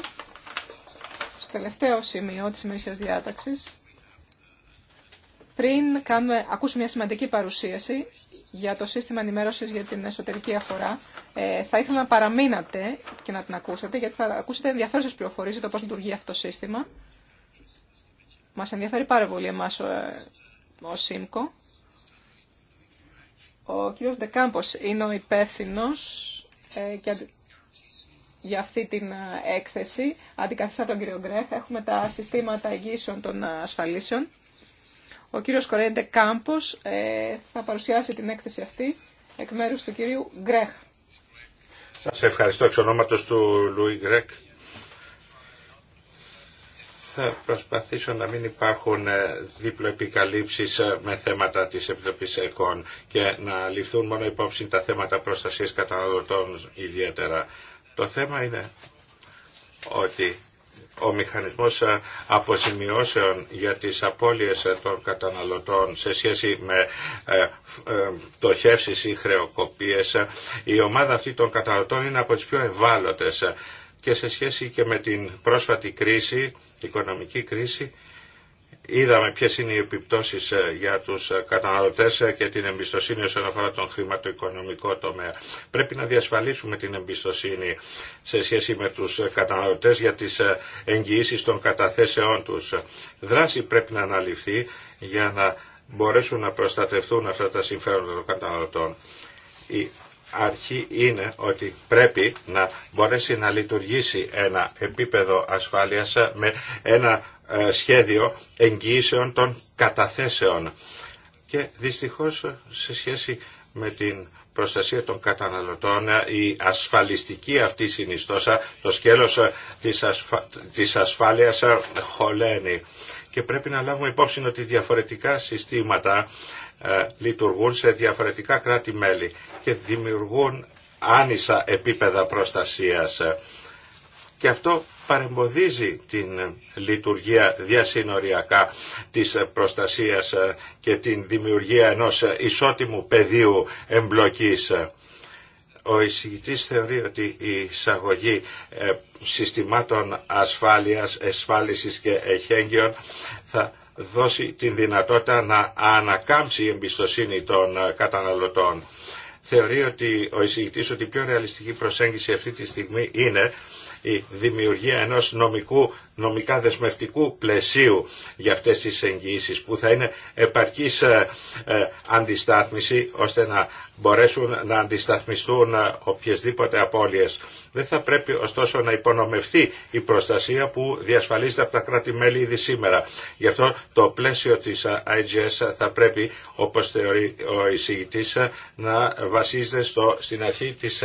στο τελευταίο σημείο της ημερήσιας διάταξης. Πριν κάνουμε, ακούσουμε μια σημαντική παρουσίαση για το σύστημα ενημέρωση για την εσωτερική αφορά ε, θα ήθελα να παραμείνατε και να την ακούσετε, γιατί θα ακούσετε ενδιαφέρουσε πληροφορίε για το πώ λειτουργεί αυτό το σύστημα. Μα ενδιαφέρει πάρα πολύ εμά ε, ο, ο ΣΥΜΚΟ. Ο κύριος Δεκάμπος είναι ο υπεύθυνο ε, για αυτή την ε, έκθεση. Αντικαθιστά τον κύριο Γκρέχ. Έχουμε τα συστήματα εγγύσεων των ε, ασφαλίσεων. Ο κύριος Κορέντε Κάμπος ε, θα παρουσιάσει την έκθεση αυτή εκ μέρους του κυρίου Γκρέχ. Σας ευχαριστώ εξ ονόματος του Λουί Γκρέχ. Θα προσπαθήσω να μην υπάρχουν ε, δίπλο επικαλύψεις ε, με θέματα της Επιτροπής ΕΚΟΝ και να ληφθούν μόνο υπόψη τα θέματα προστασίας καταναλωτών ιδιαίτερα. Το θέμα είναι ότι ο μηχανισμός ε, αποζημιώσεων για τις απώλειες ε, των καταναλωτών σε σχέση με ε, πτωχεύσεις ή χρεοκοπίες. Η ομάδα αυτή των καταναλωτών είναι από τις πιο ευάλωτες και σε σχέση και με την πρόσφατη κρίση, οικονομική κρίση, είδαμε ποιε είναι οι επιπτώσεις ε, για τους ε, καταναλωτές ε, και την εμπιστοσύνη όσον αφορά τον χρηματοοικονομικό τομέα. Πρέπει να διασφαλίσουμε την εμπιστοσύνη σε σχέση με τους καταναλωτές για τις εγγυήσει των καταθέσεών τους. Δράση πρέπει να αναλυφθεί για να μπορέσουν να προστατευτούν αυτά τα συμφέροντα των καταναλωτών. Η αρχή είναι ότι πρέπει να μπορέσει να λειτουργήσει ένα επίπεδο ασφάλειας με ένα ε, σχέδιο εγγυήσεων των καταθέσεων. Και δυστυχώς σε σχέση με την προστασία των καταναλωτών, η ασφαλιστική αυτή συνιστόσα, το σκέλος ε, της, ασφα... της ασφάλειας ε, χωλαίνει. Και πρέπει να λάβουμε υπόψη ότι διαφορετικά συστήματα λειτουργούν σε διαφορετικά κράτη-μέλη και δημιουργούν άνισα επίπεδα προστασίας. Και αυτό παρεμποδίζει την λειτουργία διασυνοριακά της προστασίας ε, και την δημιουργία ενός ισότιμου πεδίου εμπλοκής. Ο εισηγητής θεωρεί ότι η εισαγωγή ε, συστημάτων ασφάλειας, εσφάλισης και εχέγγυων θα δώσει την δυνατότητα να ανακάμψει η εμπιστοσύνη των ε, καταναλωτών. Θεωρεί ότι ο εισηγητής ότι η πιο ρεαλιστική προσέγγιση αυτή τη στιγμή είναι η δημιουργία ενός νομικού, νομικά δεσμευτικού πλαισίου για αυτές τις εγγυήσεις που θα είναι επαρκής ε, ε, αντιστάθμιση ώστε να μπορέσουν να αντισταθμιστούν ε, οποιασδήποτε απώλειες. Δεν θα πρέπει ωστόσο να υπονομευθεί η προστασία που διασφαλίζεται από τα κράτη-μέλη ήδη σήμερα. Γι' αυτό το πλαίσιο της IGS θα πρέπει, όπως θεωρεί ο εισηγητής, να βασίζεται στο, στην αρχή της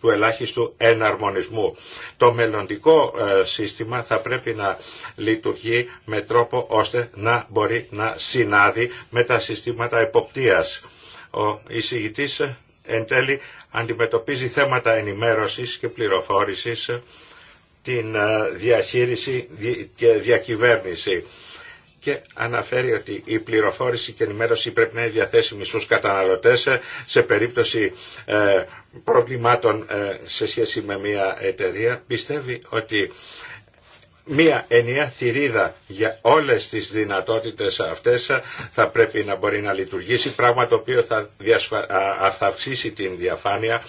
του ελάχιστου εναρμονισμού. Το μελλοντικό ε, σύστημα θα πρέπει να λειτουργεί με τρόπο ώστε να μπορεί να συνάδει με τα συστήματα εποπτείας. Ο εισηγητής ε, εν τέλει αντιμετωπίζει θέματα ενημέρωσης και πληροφόρησης την ε, διαχείριση και διακυβέρνηση και αναφέρει ότι η πληροφόρηση και ενημέρωση πρέπει να είναι διαθέσιμη στους καταναλωτές σε περίπτωση προβλημάτων ε, σε σχέση με μια εταιρεία πιστεύει ότι μία ενιαία θηρίδα για όλες τις δυνατότητες αυτές ε, θα πρέπει να μπορεί να λειτουργήσει, πράγμα το οποίο θα, αυξήσει την διαφάνεια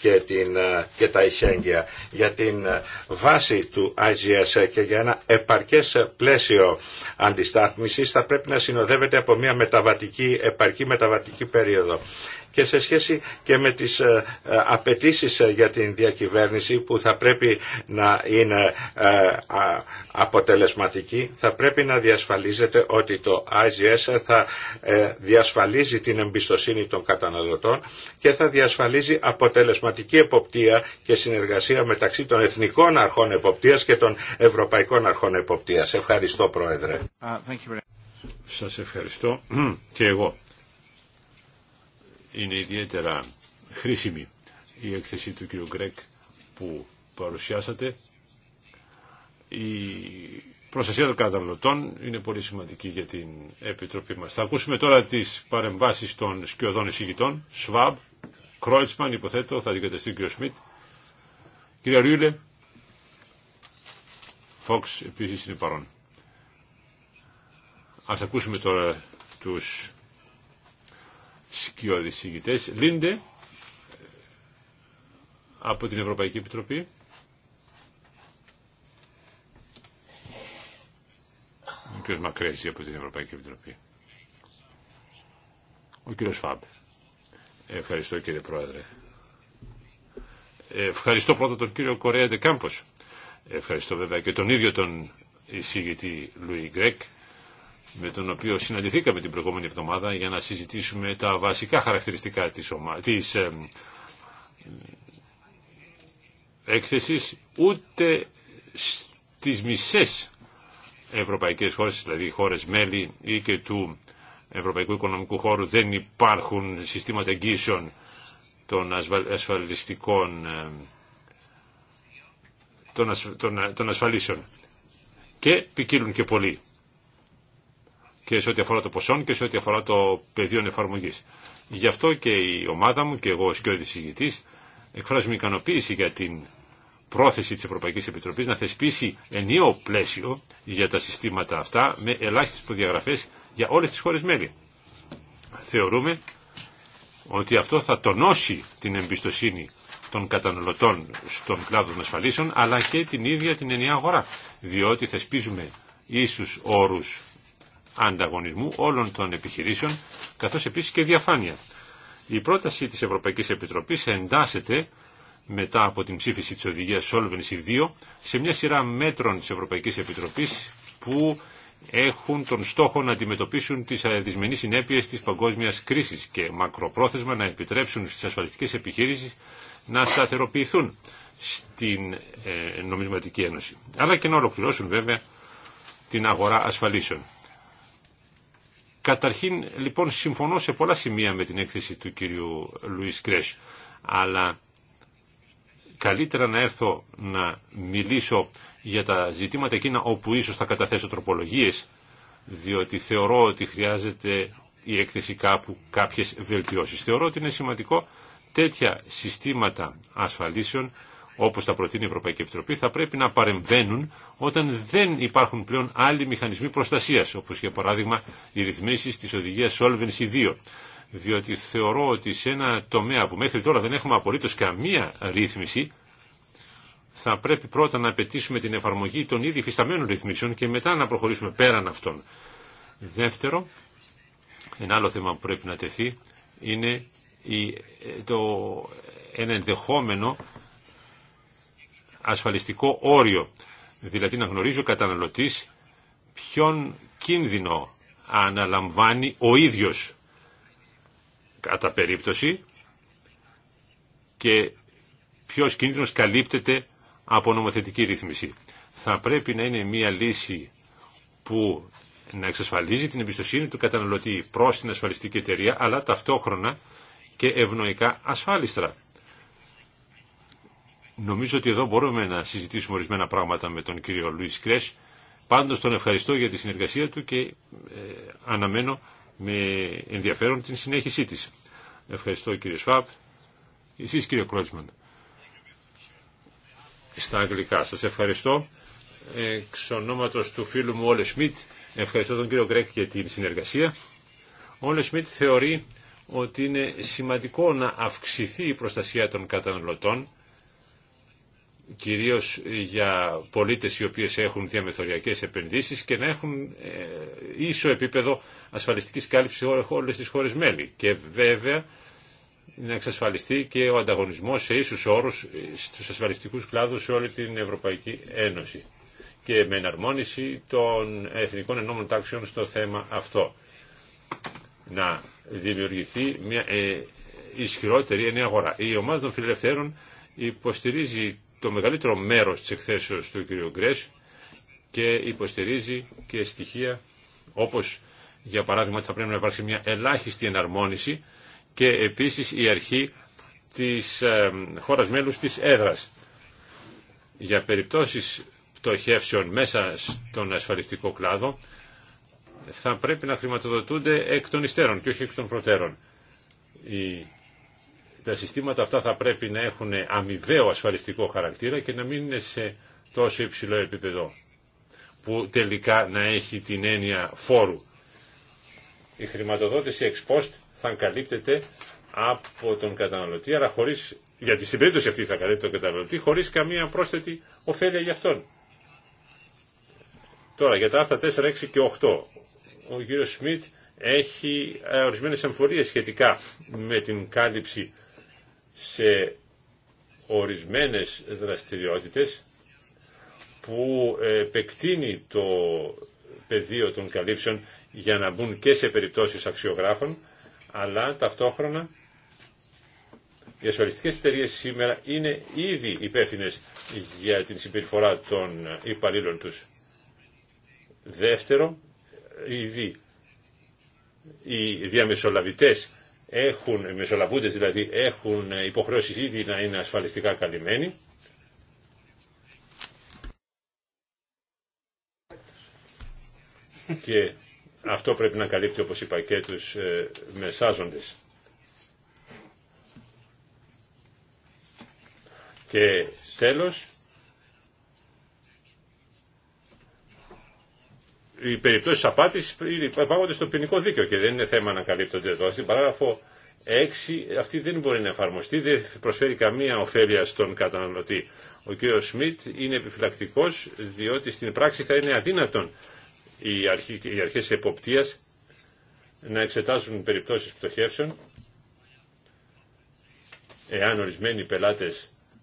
και, την, ε, τα ειχέγγυα για την βάση του IGS και για ένα επαρκές πλαίσιο αντιστάθμισης θα πρέπει να συνοδεύεται από μια μεταβατική, επαρκή μεταβατική περίοδο και σε σχέση και με τις ε, ε, απαιτήσεις ε, για την διακυβέρνηση που θα πρέπει να είναι αποτελεσματική, θα πρέπει να διασφαλίζεται ότι το IGS θα διασφαλίζει την εμπιστοσύνη των καταναλωτών και θα διασφαλίζει αποτελεσματική εποπτεία και συνεργασία μεταξύ των εθνικών αρχών εποπτείας και των ευρωπαϊκών αρχών εποπτείας. Ευχαριστώ Πρόεδρε. Uh, Σας ευχαριστώ *clears throat* και εγώ είναι ιδιαίτερα χρήσιμη η έκθεση του κ. Γκρέκ που παρουσιάσατε. Η προστασία των καταναλωτών είναι πολύ σημαντική για την Επιτροπή μας. Θα ακούσουμε τώρα τις παρεμβάσεις των σκιωδών εισηγητών, Σβάμπ, Κρόιτσμαν, υποθέτω, θα δικαταστεί ο κ. Σμιτ. Κύριε Ρίουλε, Φόξ επίσης είναι παρόν. Ας ακούσουμε τώρα τους σκιώδη συγητές. Λίντε από την Ευρωπαϊκή Επιτροπή. Ο κ. Μακρέζη από την Ευρωπαϊκή Επιτροπή. Ο κ. Φάμπ. Ευχαριστώ κύριε Πρόεδρε. Ευχαριστώ πρώτα τον κύριο Κορέα Δεκάμπος. Ευχαριστώ βέβαια και τον ίδιο τον εισηγητή Λουί Γκρέκ με τον οποίο συναντηθήκαμε την προηγούμενη εβδομάδα για να συζητήσουμε τα βασικά χαρακτηριστικά της, ομα... της έκθεσης ούτε στις μισές ευρωπαϊκές χώρες, δηλαδή χώρες μέλη ή και του Ευρωπαϊκού Οικονομικού Χώρου δεν υπάρχουν συστήματα εγγύσεων των ασφαλιστικών των, ασφαλίσεων και ποικίλουν και πολλοί και σε ό,τι αφορά το ποσόν και σε ό,τι αφορά το πεδίο εφαρμογή. Γι' αυτό και η ομάδα μου και εγώ ως κοιόδη συγητής εκφράζουμε ικανοποίηση για την πρόθεση τη Ευρωπαϊκή Επιτροπή να θεσπίσει ενίο πλαίσιο για τα συστήματα αυτά με ελάχιστε προδιαγραφέ για όλε τι χώρε μέλη. Θεωρούμε ότι αυτό θα τονώσει την εμπιστοσύνη των καταναλωτών στον κλάδο των ασφαλίσεων αλλά και την ίδια την ενιαία αγορά διότι θεσπίζουμε ίσους όρους ανταγωνισμού όλων των επιχειρήσεων, καθώς επίσης και διαφάνεια. Η πρόταση της Ευρωπαϊκής Επιτροπής εντάσσεται μετά από την ψήφιση της οδηγίας Solvency 2 σε μια σειρά μέτρων της Ευρωπαϊκής Επιτροπής που έχουν τον στόχο να αντιμετωπίσουν τις αδυσμενεί συνέπειες της παγκόσμιας κρίσης και μακροπρόθεσμα να επιτρέψουν στις ασφαλιστικές επιχείρησεις να σταθεροποιηθούν στην ε, νομισματική ένωση. Αλλά και να ολοκληρώσουν βέβαια την αγορά ασφαλίσεων. Καταρχήν, λοιπόν, συμφωνώ σε πολλά σημεία με την έκθεση του κύριου Λουίς Κρέσ, αλλά καλύτερα να έρθω να μιλήσω για τα ζητήματα εκείνα όπου ίσως θα καταθέσω τροπολογίες, διότι θεωρώ ότι χρειάζεται η έκθεση κάπου κάποιες βελτιώσεις. Θεωρώ ότι είναι σημαντικό τέτοια συστήματα ασφαλίσεων όπως τα προτείνει η Ευρωπαϊκή Επιτροπή, θα πρέπει να παρεμβαίνουν όταν δεν υπάρχουν πλέον άλλοι μηχανισμοί προστασίας, όπως για παράδειγμα οι ρυθμίσεις της οδηγίας Solvency 2. Διότι θεωρώ ότι σε ένα τομέα που μέχρι τώρα δεν έχουμε απολύτως καμία ρύθμιση, θα πρέπει πρώτα να απαιτήσουμε την εφαρμογή των ήδη φυσταμένων ρυθμίσεων και μετά να προχωρήσουμε πέραν αυτών. Δεύτερο, ένα άλλο θέμα που πρέπει να τεθεί είναι το, ένα ενδεχόμενο ασφαλιστικό όριο, δηλαδή να γνωρίζει ο καταναλωτής ποιον κίνδυνο αναλαμβάνει ο ίδιος κατά περίπτωση και ποιος κίνδυνος καλύπτεται από νομοθετική ρύθμιση. Θα πρέπει να είναι μια λύση που να εξασφαλίζει την εμπιστοσύνη του καταναλωτή προς την ασφαλιστική εταιρεία, αλλά ταυτόχρονα και ευνοϊκά ασφάλιστρα. Νομίζω ότι εδώ μπορούμε να συζητήσουμε ορισμένα πράγματα με τον κύριο Λουίς Κρέσ. Πάντως τον ευχαριστώ για τη συνεργασία του και ε, αναμένω με ενδιαφέρον την συνέχισή της. Ευχαριστώ κύριε Σφάπ. Εσείς κύριε Κρότσμαν. Στα αγγλικά σας ευχαριστώ. Εξ ονόματος του φίλου μου Όλε Σμιτ, ευχαριστώ τον κύριο Γκρέκ για την συνεργασία. Όλε Σμιτ θεωρεί ότι είναι σημαντικό να αυξηθεί η προστασία των καταναλωτών κυρίως για πολίτες οι οποίες έχουν διαμεθοριακές επενδύσεις και να έχουν ε, ίσο επίπεδο ασφαλιστικής κάλυψης όλες τις χώρες μέλη. Και βέβαια να εξασφαλιστεί και ο ανταγωνισμός σε ίσους όρους ε, στους ασφαλιστικούς κλάδους σε όλη την Ευρωπαϊκή Ένωση και με εναρμόνιση των εθνικών ενόμων τάξεων στο θέμα αυτό. Να δημιουργηθεί μια ε, ισχυρότερη εννέα αγορά. Η ομάδα των φιλελευθέρων υποστηρίζει το μεγαλύτερο μέρος της εκθέσεως του κ. Γκρέσ και υποστηρίζει και στοιχεία όπως για παράδειγμα ότι θα πρέπει να υπάρξει μια ελάχιστη εναρμόνιση και επίσης η αρχή της ε, χώρας μέλους της έδρας. Για περιπτώσεις πτωχεύσεων μέσα στον ασφαλιστικό κλάδο θα πρέπει να χρηματοδοτούνται εκ των υστέρων και όχι εκ των προτέρων τα συστήματα αυτά θα πρέπει να έχουν αμοιβαίο ασφαλιστικό χαρακτήρα και να μην είναι σε τόσο υψηλό επίπεδο που τελικά να έχει την έννοια φόρου. Η χρηματοδότηση ex post θα καλύπτεται από τον καταναλωτή, αλλά χωρίς, γιατί στην περίπτωση αυτή θα καλύπτει τον καταναλωτή, χωρίς καμία πρόσθετη ωφέλεια για αυτόν. Τώρα, για τα άρθρα 4, 6 και 8, ο κύριος Σμιτ έχει ε, ορισμένες εμφορίες σχετικά με την κάλυψη σε ορισμένες δραστηριότητες που επεκτείνει το πεδίο των καλύψεων για να μπουν και σε περιπτώσεις αξιογράφων, αλλά ταυτόχρονα οι ασφαλιστικές εταιρείε σήμερα είναι ήδη υπεύθυνε για την συμπεριφορά των υπαλλήλων τους. Δεύτερο, ήδη οι διαμεσολαβητές έχουν, μεσολαβούντες δηλαδή, έχουν υποχρεώσει ήδη να είναι ασφαλιστικά καλυμμένοι. Και αυτό πρέπει να καλύπτει, όπως είπα, και τους ε, μεσάζοντες. Και τέλος, οι περιπτώσει απάτη υπάγονται στο ποινικό δίκαιο και δεν είναι θέμα να καλύπτονται εδώ. Στην παράγραφο 6 αυτή δεν μπορεί να εφαρμοστεί, δεν προσφέρει καμία ωφέλεια στον καταναλωτή. Ο κ. Σμιτ είναι επιφυλακτικό διότι στην πράξη θα είναι αδύνατον οι, αρχέ εποπτεία να εξετάσουν περιπτώσεις πτωχεύσεων εάν ορισμένοι πελάτε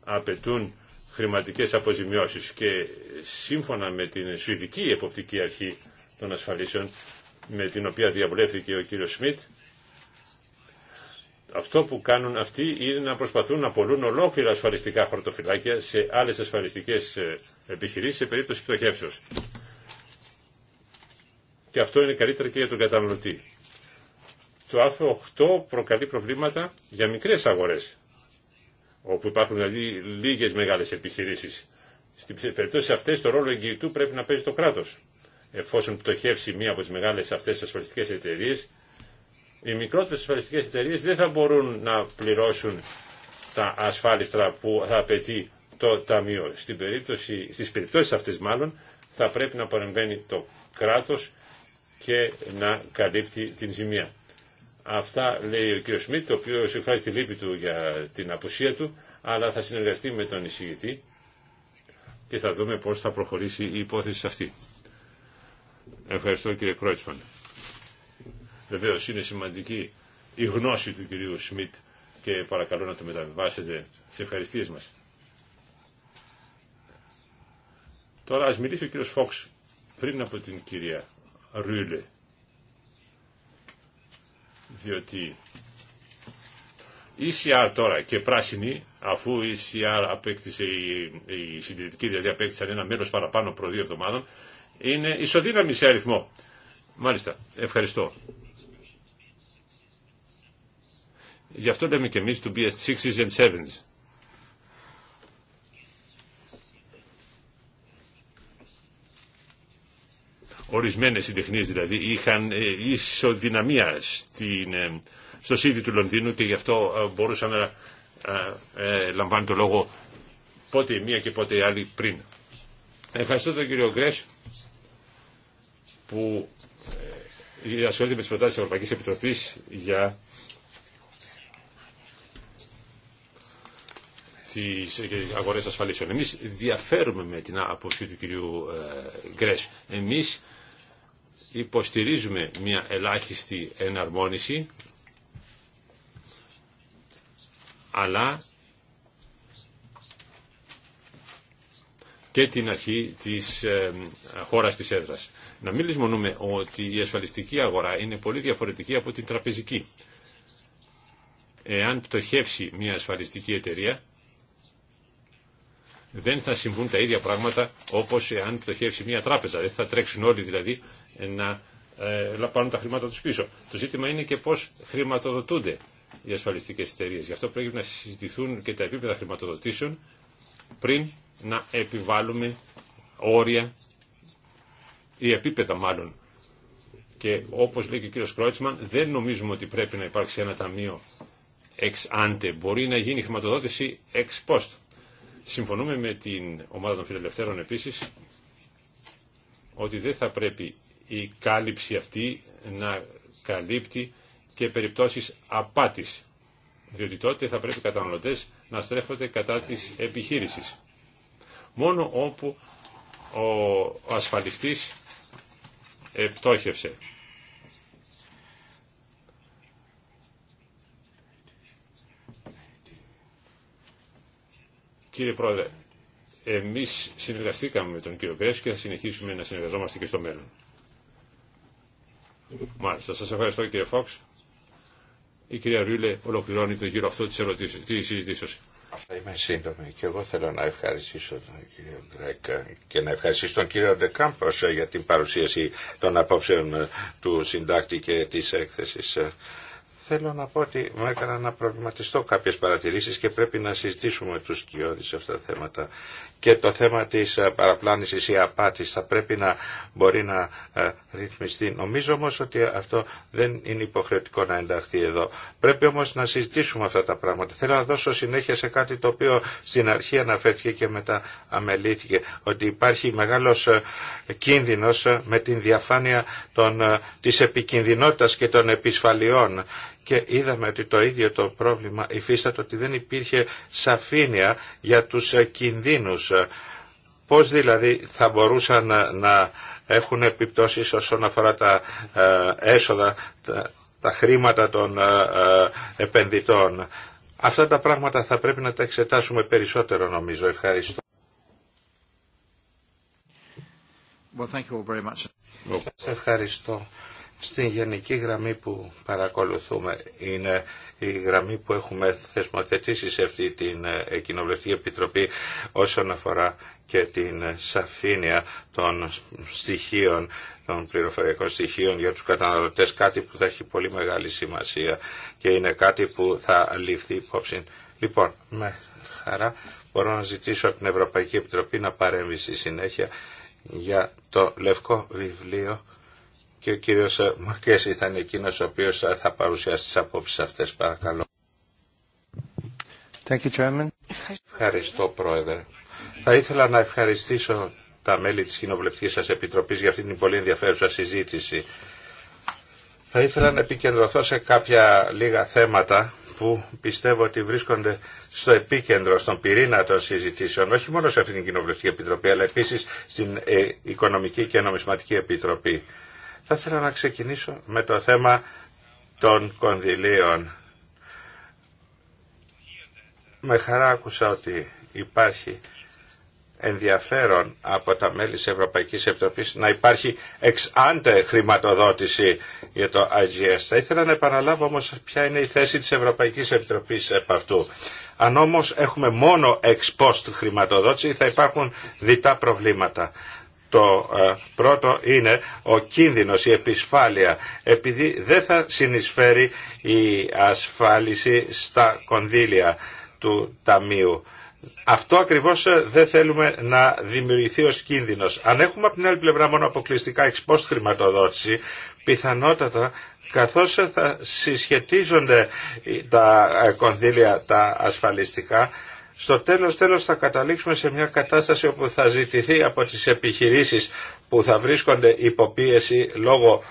απαιτούν χρηματικές αποζημιώσεις και σύμφωνα με την Σουηδική Εποπτική Αρχή των Ασφαλίσεων με την οποία διαβουλεύθηκε ο κύριος Σμιτ αυτό που κάνουν αυτοί είναι να προσπαθούν να πολλούν ολόκληρα ασφαλιστικά χορτοφυλάκια σε άλλες ασφαλιστικές ε, επιχειρήσεις σε περίπτωση πτωχεύσεως. Και αυτό είναι καλύτερα και για τον καταναλωτή. Το άρθρο 8 προκαλεί προβλήματα για μικρές αγορές όπου υπάρχουν δηλαδή λίγες μεγάλες επιχειρήσεις. Στις περιπτώσεις αυτές το ρόλο εγγυητού πρέπει να παίζει το κράτο, Εφόσον πτωχεύσει μία από τι μεγάλε αυτέ ασφαλιστικέ εταιρείε, οι μικρότερε ασφαλιστικέ εταιρείε δεν θα μπορούν να πληρώσουν τα ασφάλιστρα που θα απαιτεί το Ταμείο. Στι περιπτώσει αυτέ, μάλλον θα πρέπει να παρεμβαίνει το κράτο και να καλύπτει την ζημία. Αυτά λέει ο κ. Σμιτ, ο οποίο εκφράζει τη λύπη του για την απουσία του, αλλά θα συνεργαστεί με τον εισηγητή και θα δούμε πώς θα προχωρήσει η υπόθεση αυτή. Ευχαριστώ κύριε Κρότσμαν. Βεβαίως είναι σημαντική η γνώση του κυρίου Σμιτ και παρακαλώ να το μεταβιβάσετε σε ευχαριστίες μας. Τώρα ας μιλήσει ο κύριος Φόξ πριν από την κυρία Ρούλε διότι ECR τώρα και πράσινη, αφού η ECR απέκτησε, η συντηρητική δηλαδή απέκτησαν ένα μέρος παραπάνω προ δύο εβδομάδων, είναι ισοδύναμη σε αριθμό. Μάλιστα, ευχαριστώ. Γι' αυτό λέμε και εμείς του be 6 and sevens. Ορισμένες συντεχνίες δηλαδή είχαν ε, ισοδυναμία στην, ε, στο σίδι του Λονδίνου και γι' αυτό ε, μπορούσαν να λαμβάνουν το λόγο πότε η μία και πότε η άλλη πριν. Ευχαριστώ τον κύριο Γκρέσ που ασχολείται με τις προτάσεις της Ευρωπαϊκής Επιτροπής για τις αγορές ασφαλίσεων. Εμείς διαφέρουμε με την άποψη του κυρίου Γκρέσ. Εμείς υποστηρίζουμε μια ελάχιστη εναρμόνιση αλλά και την αρχή της ε, χώρας της έδρας. Να μην λησμονούμε ότι η ασφαλιστική αγορά είναι πολύ διαφορετική από την τραπεζική. Εάν πτωχεύσει μια ασφαλιστική εταιρεία, δεν θα συμβούν τα ίδια πράγματα όπως εάν πτωχεύσει μια τράπεζα. Δεν θα τρέξουν όλοι δηλαδή να ε, πάρουν τα χρήματα τους πίσω. Το ζήτημα είναι και πώς χρηματοδοτούνται οι ασφαλιστικές εταιρείε. Γι' αυτό πρέπει να συζητηθούν και τα επίπεδα χρηματοδοτήσεων πριν να επιβάλλουμε όρια ή επίπεδα μάλλον. Και όπως λέει και ο κύριος Κρότσμαν, δεν νομίζουμε ότι πρέπει να υπάρξει ένα ταμείο εξάντε. ante. Μπορεί να γίνει χρηματοδότηση ex post. Συμφωνούμε με την ομάδα των φιλελευθέρων επίσης ότι δεν θα πρέπει η κάλυψη αυτή να καλύπτει και περιπτώσεις απάτης, διότι τότε θα πρέπει οι καταναλωτές να στρέφονται κατά της επιχείρησης. Μόνο όπου ο ασφαλιστής επτόχευσε. Κύριε Πρόεδρε, εμείς συνεργαστήκαμε με τον κύριο Κρέσκο και θα συνεχίσουμε να συνεργαζόμαστε και στο μέλλον. Μάλιστα, σας ευχαριστώ κύριε Φόξ. Η κυρία Ρούλε ολοκληρώνει το γύρο αυτό της, ερωτήσεως, Θα είμαι σύντομη και εγώ θέλω να ευχαριστήσω τον κύριο Γκρέκα και να ευχαριστήσω τον κύριο Ντεκάμπος για την παρουσίαση των απόψεων του συντάκτη και της έκθεσης. Θέλω να πω ότι μου έκανα να προβληματιστώ κάποιες παρατηρήσεις και πρέπει να συζητήσουμε τους κοιόδης αυτά τα θέματα και το θέμα της ε, παραπλάνησης ή απάτης θα πρέπει να μπορεί να ε, ρυθμιστεί. Νομίζω όμως ότι αυτό δεν είναι υποχρεωτικό να ενταχθεί εδώ. Πρέπει όμως να συζητήσουμε αυτά τα πράγματα. Θέλω να δώσω συνέχεια σε κάτι το οποίο στην αρχή αναφέρθηκε και μετά αμελήθηκε. Ότι υπάρχει μεγάλος ε, κίνδυνος με την διαφάνεια των, της επικινδυνότητας και των επισφαλιών και είδαμε ότι το ίδιο το πρόβλημα υφίσταται ότι δεν υπήρχε σαφήνεια για τους ε, κινδύνους. Πώς δηλαδή θα μπορούσαν ε, να, έχουν επιπτώσεις όσον αφορά τα ε, έσοδα, τα, τα χρήματα των επενδυτών. Αυτά τα πράγματα θα πρέπει να τα εξετάσουμε περισσότερο νομίζω. Ευχαριστώ. Well, thank ευχαριστώ. Στην γενική γραμμή που παρακολουθούμε είναι η γραμμή που έχουμε θεσμοθετήσει σε αυτή την ε, Κοινοβουλευτική Επιτροπή όσον αφορά και την σαφήνεια των στοιχείων των πληροφοριακών στοιχείων για τους καταναλωτές, κάτι που θα έχει πολύ μεγάλη σημασία και είναι κάτι που θα ληφθεί υπόψη. Λοιπόν, με χαρά μπορώ να ζητήσω από την Ευρωπαϊκή Επιτροπή να παρέμβει στη συνέχεια για το λευκό βιβλίο και ο κύριος ε, Μαρκέση θα είναι εκείνος ο οποίος ε, θα παρουσιάσει τις απόψεις αυτές. Παρακαλώ. Thank you, Chairman. Ευχαριστώ, Πρόεδρε. Θα ήθελα να ευχαριστήσω τα μέλη της Κοινοβουλευτικής σα Επιτροπής για αυτή την πολύ ενδιαφέρουσα συζήτηση. Θα ήθελα να επικεντρωθώ σε κάποια λίγα θέματα που πιστεύω ότι βρίσκονται στο επίκεντρο, στον πυρήνα των συζητήσεων, όχι μόνο σε αυτήν την Κοινοβουλευτική Επιτροπή, αλλά επίσης στην ε, Οικονομική και Νομισματική Επιτροπή. Θα ήθελα να ξεκινήσω με το θέμα των κονδυλίων. Με χαρά άκουσα ότι υπάρχει ενδιαφέρον από τα μέλη της Ευρωπαϊκής Επιτροπής να υπάρχει εξ χρηματοδότηση για το IGS. Θα ήθελα να επαναλάβω όμως ποια είναι η θέση της Ευρωπαϊκής Επιτροπής επ' αυτού. Αν όμως έχουμε μόνο εξ post χρηματοδότηση θα υπάρχουν διτά προβλήματα. Το ε, πρώτο είναι ο κίνδυνος, η επισφάλεια, επειδή δεν θα συνεισφέρει η ασφάλιση στα κονδύλια του Ταμείου. Αυτό ακριβώς ε, δεν θέλουμε να δημιουργηθεί ως κίνδυνος. Αν έχουμε από την άλλη πλευρά μόνο αποκλειστικά εξπόστ πιθανότατα καθώς ε, θα συσχετίζονται τα κονδύλια τα ασφαλιστικά, στο τέλος τέλος θα καταλήξουμε σε μια κατάσταση όπου θα ζητηθεί από τις επιχειρήσεις που θα βρίσκονται υποπίεση λόγω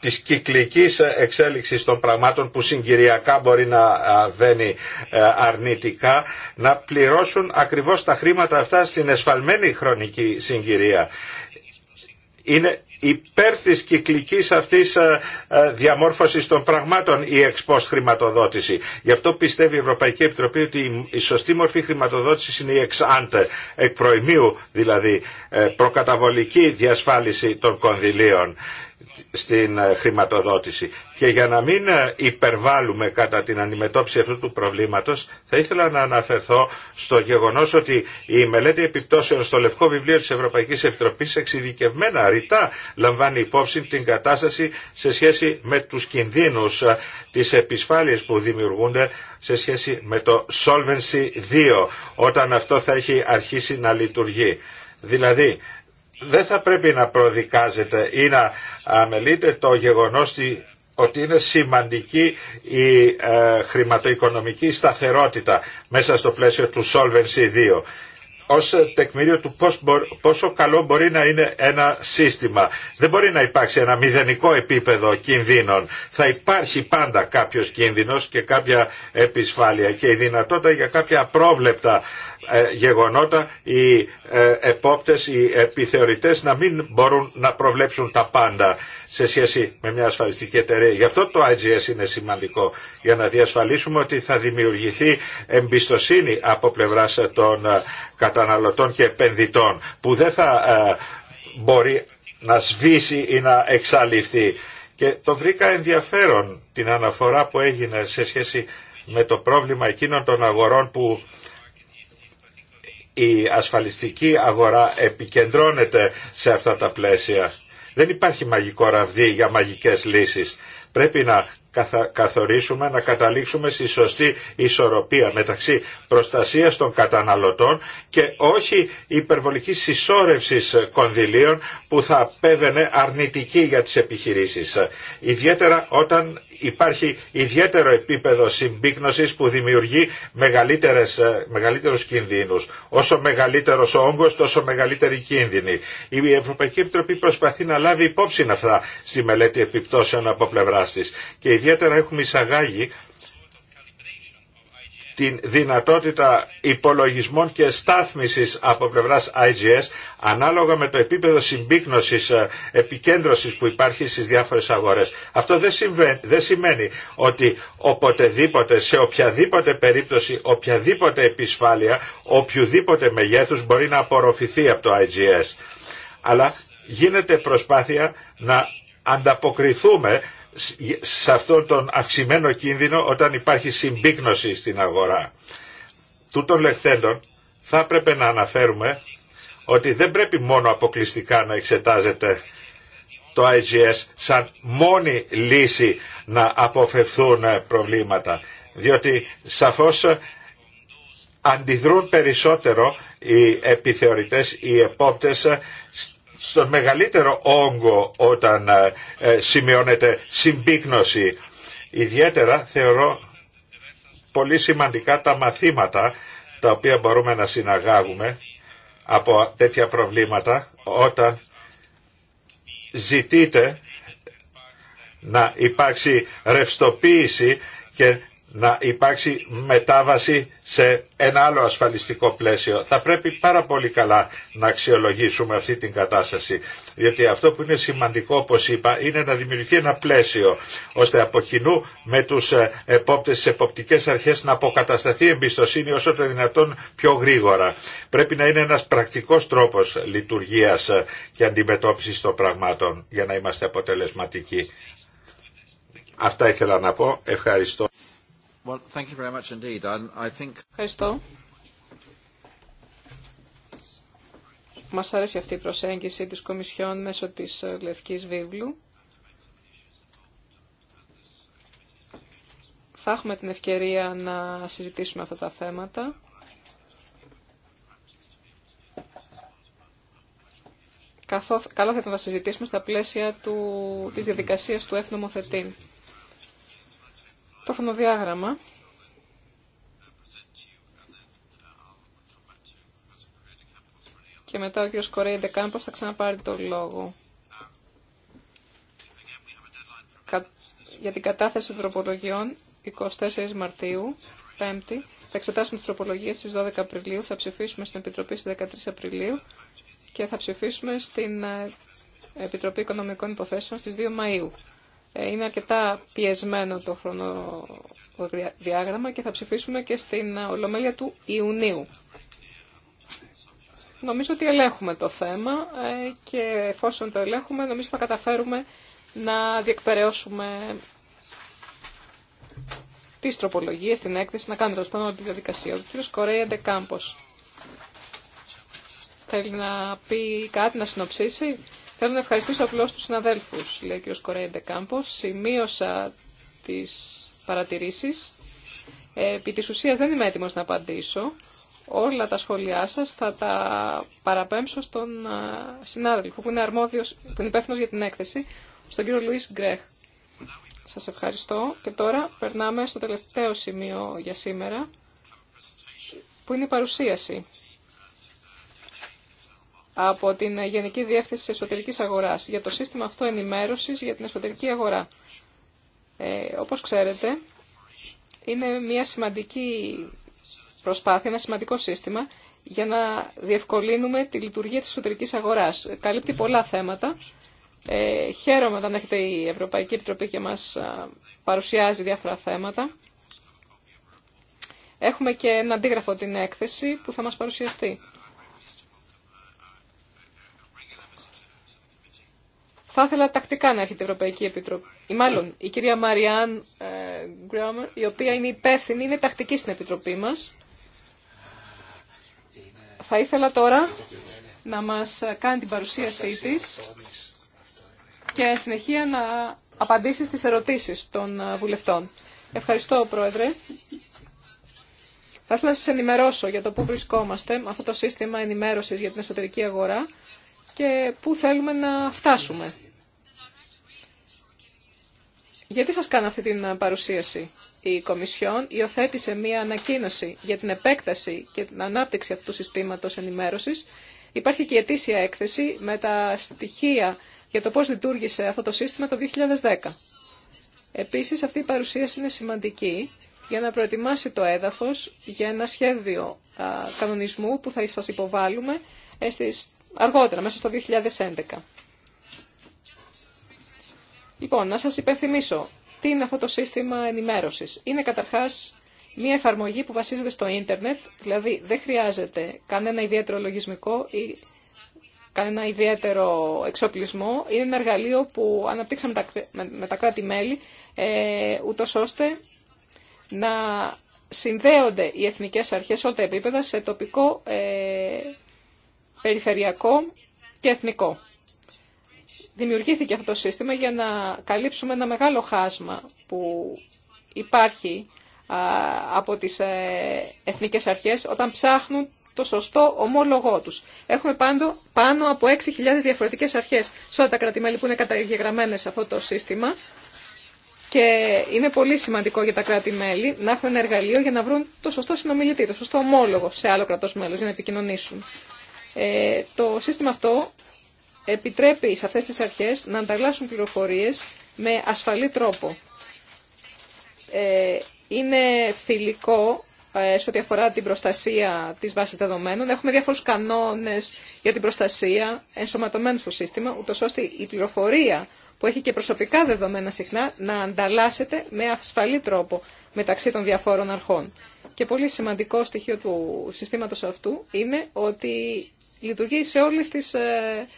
της κυκλικής εξέλιξης των πραγμάτων που συγκυριακά μπορεί να βαίνει ε, αρνητικά, να πληρώσουν ακριβώς τα χρήματα αυτά στην εσφαλμένη χρονική συγκυρία υπέρ της κυκλικής αυτής ε, ε, διαμόρφωσης των πραγμάτων η εξπός χρηματοδότηση. Γι' αυτό πιστεύει η Ευρωπαϊκή Επιτροπή ότι η σωστή μορφή χρηματοδότησης είναι η εξάντε, εκ προημίου δηλαδή ε, προκαταβολική διασφάλιση των κονδυλίων στην ε, χρηματοδότηση. Και για να μην ε, υπερβάλλουμε κατά την αντιμετώπιση αυτού του προβλήματος, θα ήθελα να αναφερθώ στο γεγονός ότι η μελέτη επιπτώσεων στο Λευκό Βιβλίο της Ευρωπαϊκής Επιτροπής εξειδικευμένα ρητά λαμβάνει υπόψη την κατάσταση σε σχέση με τους κινδύνους ε, τις επισφάλειας που δημιουργούνται σε σχέση με το Solvency 2, όταν αυτό θα έχει αρχίσει να λειτουργεί. Δηλαδή, δεν θα πρέπει να προδικάζεται ή να αμελείται το γεγονός ότι είναι σημαντική η ε, χρηματοοικονομική σταθερότητα μέσα στο πλαίσιο του Solvency 2 ως τεκμήριο του πόσο καλό μπορεί να είναι ένα σύστημα. Δεν μπορεί να υπάρξει ένα μηδενικό επίπεδο κινδύνων. Θα υπάρχει πάντα κάποιος κίνδυνος και κάποια επισφάλεια και η δυνατότητα για κάποια απρόβλεπτα ε, γεγονότα οι ε, επόπτες, οι επιθεωρητές να μην μπορούν να προβλέψουν τα πάντα σε σχέση με μια ασφαλιστική εταιρεία. Γι' αυτό το IGS είναι σημαντικό για να διασφαλίσουμε ότι θα δημιουργηθεί εμπιστοσύνη από πλευράς των ε, καταναλωτών και επενδυτών που δεν θα μπορεί να σβήσει ή να εξαλειφθεί. Και το βρήκα ενδιαφέρον την αναφορά που έγινε σε σχέση με το πρόβλημα εκείνων των αγορών που η ασφαλιστική αγορά επικεντρώνεται σε αυτά τα πλαίσια. Δεν υπάρχει μαγικό ραβδί για μαγικές λύσεις. Πρέπει να καθορίσουμε, να καταλήξουμε στη σωστή ισορροπία μεταξύ προστασίας των καταναλωτών και όχι υπερβολικής συσσόρευσης κονδυλίων που θα απέβαινε αρνητική για τις επιχειρήσεις. Ιδιαίτερα όταν υπάρχει ιδιαίτερο επίπεδο συμπίκνωσης που δημιουργεί μεγαλύτερες, ε, μεγαλύτερους κινδύνους. Όσο μεγαλύτερος ο όγκος, τόσο μεγαλύτερη κίνδυνη. Η Ευρωπαϊκή Επιτροπή προσπαθεί να λάβει υπόψη αυτά στη μελέτη επιπτώσεων από πλευρά τη. Και ιδιαίτερα έχουμε εισαγάγει την δυνατότητα υπολογισμών και στάθμισης από πλευράς IGS ανάλογα με το επίπεδο συμπίκνωσης, ε, επικέντρωσης που υπάρχει στις διάφορες αγορές. Αυτό δεν, δεν σημαίνει ότι οποτεδήποτε, σε οποιαδήποτε περίπτωση, οποιαδήποτε επισφάλεια, οποιοδήποτε μεγέθους μπορεί να απορροφηθεί από το IGS. Αλλά γίνεται προσπάθεια να ανταποκριθούμε σε αυτόν τον αυξημένο κίνδυνο όταν υπάρχει συμπίκνωση στην αγορά. Τούτων λεχθέντων θα έπρεπε να αναφέρουμε ότι δεν πρέπει μόνο αποκλειστικά να εξετάζεται το IGS σαν μόνη λύση να αποφευθούν ε, προβλήματα. Διότι σαφώς ε, αντιδρούν περισσότερο οι επιθεωρητές, οι επόπτες ε, στον μεγαλύτερο όγκο όταν ε, ε, σημειώνεται συμπίκνωση. Ιδιαίτερα θεωρώ πολύ σημαντικά τα μαθήματα τα οποία μπορούμε να συναγάγουμε από τέτοια προβλήματα όταν ζητείτε να υπάρξει ρευστοποίηση και να υπάρξει μετάβαση σε ένα άλλο ασφαλιστικό πλαίσιο. Θα πρέπει πάρα πολύ καλά να αξιολογήσουμε αυτή την κατάσταση. Διότι αυτό που είναι σημαντικό, όπως είπα, είναι να δημιουργηθεί ένα πλαίσιο, ώστε από κοινού με τους ε, επόπτες, τις εποπτικές αρχές να αποκατασταθεί η εμπιστοσύνη όσο το δυνατόν πιο γρήγορα. Πρέπει να είναι ένας πρακτικός τρόπος λειτουργίας ε, και αντιμετώπισης των πραγμάτων για να είμαστε αποτελεσματικοί. Αυτά ήθελα να πω. Ευχαριστώ. Ευχαριστώ. Μας αρέσει αυτή η προσέγγιση της Κομισιόν μέσω της ε, Λευκή Βίβλου. Θα έχουμε την ευκαιρία να συζητήσουμε αυτά τα θέματα. Καλό θα ήταν να συζητήσουμε στα πλαίσια του, της διαδικασίας του Εθνομοθετήν το χρονοδιάγραμμα. Και μετά ο κ. Κορέι Ντεκάμπος θα ξαναπάρει τον λόγο. Για την κατάθεση των τροπολογιών 24 Μαρτίου, θα εξετάσουμε τις τροπολογίες στις 12 Απριλίου, θα ψηφίσουμε στην Επιτροπή στις 13 Απριλίου και θα ψηφίσουμε στην ε, Επιτροπή Οικονομικών Υποθέσεων στις 2 Μαΐου. Ε, είναι αρκετά πιεσμένο το χρονοδιάγραμμα και θα ψηφίσουμε και στην Ολομέλεια του Ιουνίου. Νομίζω ότι ελέγχουμε το θέμα ε, και εφόσον το ελέγχουμε νομίζω θα καταφέρουμε να διεκπαιρεώσουμε τις τροπολογίες, την έκθεση, να κάνουμε τέλο όλη τη διαδικασία. Ο κ. Κορέα Ντεκάμπος θέλει να πει κάτι, να συνοψίσει. Θέλω να ευχαριστήσω απλώς τους συναδέλφους, λέει ο κ. Κορέντε Κάμπος. Σημείωσα τις παρατηρήσεις. Ε, επί της ουσίας δεν είμαι έτοιμος να απαντήσω. Όλα τα σχόλιά σας θα τα παραπέμψω στον συνάδελφο που είναι αρμόδιος, που είναι υπεύθυνος για την έκθεση, στον κύριο Λουίς Γκρέχ. Σας ευχαριστώ και τώρα περνάμε στο τελευταίο σημείο για σήμερα, που είναι η παρουσίαση από την Γενική Διεύθυνση Εσωτερικής Αγοράς για το σύστημα αυτό ενημέρωσης για την εσωτερική αγορά. Ε, όπως ξέρετε, είναι μια σημαντική προσπάθεια, ένα σημαντικό σύστημα για να διευκολύνουμε τη λειτουργία της εσωτερικής αγοράς. Καλύπτει πολλά θέματα. Ε, χαίρομαι όταν έχετε η Ευρωπαϊκή Επιτροπή και μας παρουσιάζει διάφορα θέματα. Έχουμε και ένα αντίγραφο την έκθεση που θα μας παρουσιαστεί. Θα ήθελα τακτικά να έρχεται η Ευρωπαϊκή Επιτροπή. Ή μάλλον η κυρία Μαριάν ε, Γκράμερ, η οποία είναι υπεύθυνη, είναι τακτική στην Επιτροπή μας. Θα ήθελα τώρα να μας κάνει την παρουσίασή της και συνεχεία να απαντήσει στις ερωτήσεις των ε, βουλευτών. Ευχαριστώ, Πρόεδρε. Θα ήθελα να σας ενημερώσω για το πού βρισκόμαστε με αυτό το σύστημα ενημέρωσης για την εσωτερική αγορά και πού θέλουμε να φτάσουμε. Γιατί σας κάνω αυτή την παρουσίαση. Η Κομισιόν υιοθέτησε μία ανακοίνωση για την επέκταση και την ανάπτυξη αυτού του συστήματος ενημέρωσης. Υπάρχει και η ετήσια έκθεση με τα στοιχεία για το πώς λειτουργήσε αυτό το σύστημα το 2010. Επίσης, αυτή η παρουσίαση είναι σημαντική για να προετοιμάσει το έδαφος για ένα σχέδιο κανονισμού που θα σας υποβάλουμε ε, στις αργότερα, μέσα στο 2011. Λοιπόν, να σας υπενθυμίσω, τι είναι αυτό το σύστημα ενημέρωσης. Είναι καταρχάς μια εφαρμογή που βασίζεται στο ίντερνετ, δηλαδή δεν χρειάζεται κανένα ιδιαίτερο λογισμικό ή κανένα ιδιαίτερο εξοπλισμό. Είναι ένα εργαλείο που αναπτύξαμε με τα κράτη-μέλη, ε, ούτω ώστε να συνδέονται οι εθνικές αρχές σε όλα τα επίπεδα σε τοπικό ε, περιφερειακό και εθνικό. Δημιουργήθηκε αυτό το σύστημα για να καλύψουμε ένα μεγάλο χάσμα που υπάρχει από τις ε, εθνικές αρχές όταν ψάχνουν το σωστό ομόλογό τους. Έχουμε πάνω πάνω από 6.000 διαφορετικές αρχές σε όλα τα κρατη που είναι καταγεγραμμένες σε αυτό το σύστημα και είναι πολύ σημαντικό για τα κράτη-μέλη να έχουν ένα εργαλείο για να βρουν το σωστό συνομιλητή, το σωστό ομόλογο σε άλλο κρατός μέλος για να επικοινωνήσουν. Ε, το σύστημα αυτό επιτρέπει σε αυτές τις αρχές να ανταλλάσσουν πληροφορίες με ασφαλή τρόπο. Ε, είναι φιλικό ε, σε ό,τι αφορά την προστασία της βάσης δεδομένων. Έχουμε διάφορους κανόνες για την προστασία ενσωματωμένου στο σύστημα, ούτως ώστε η πληροφορία που έχει και προσωπικά δεδομένα συχνά να ανταλλάσσεται με ασφαλή τρόπο μεταξύ των διαφόρων αρχών και πολύ σημαντικό στοιχείο του συστήματος αυτού είναι ότι λειτουργεί σε όλες τις ε,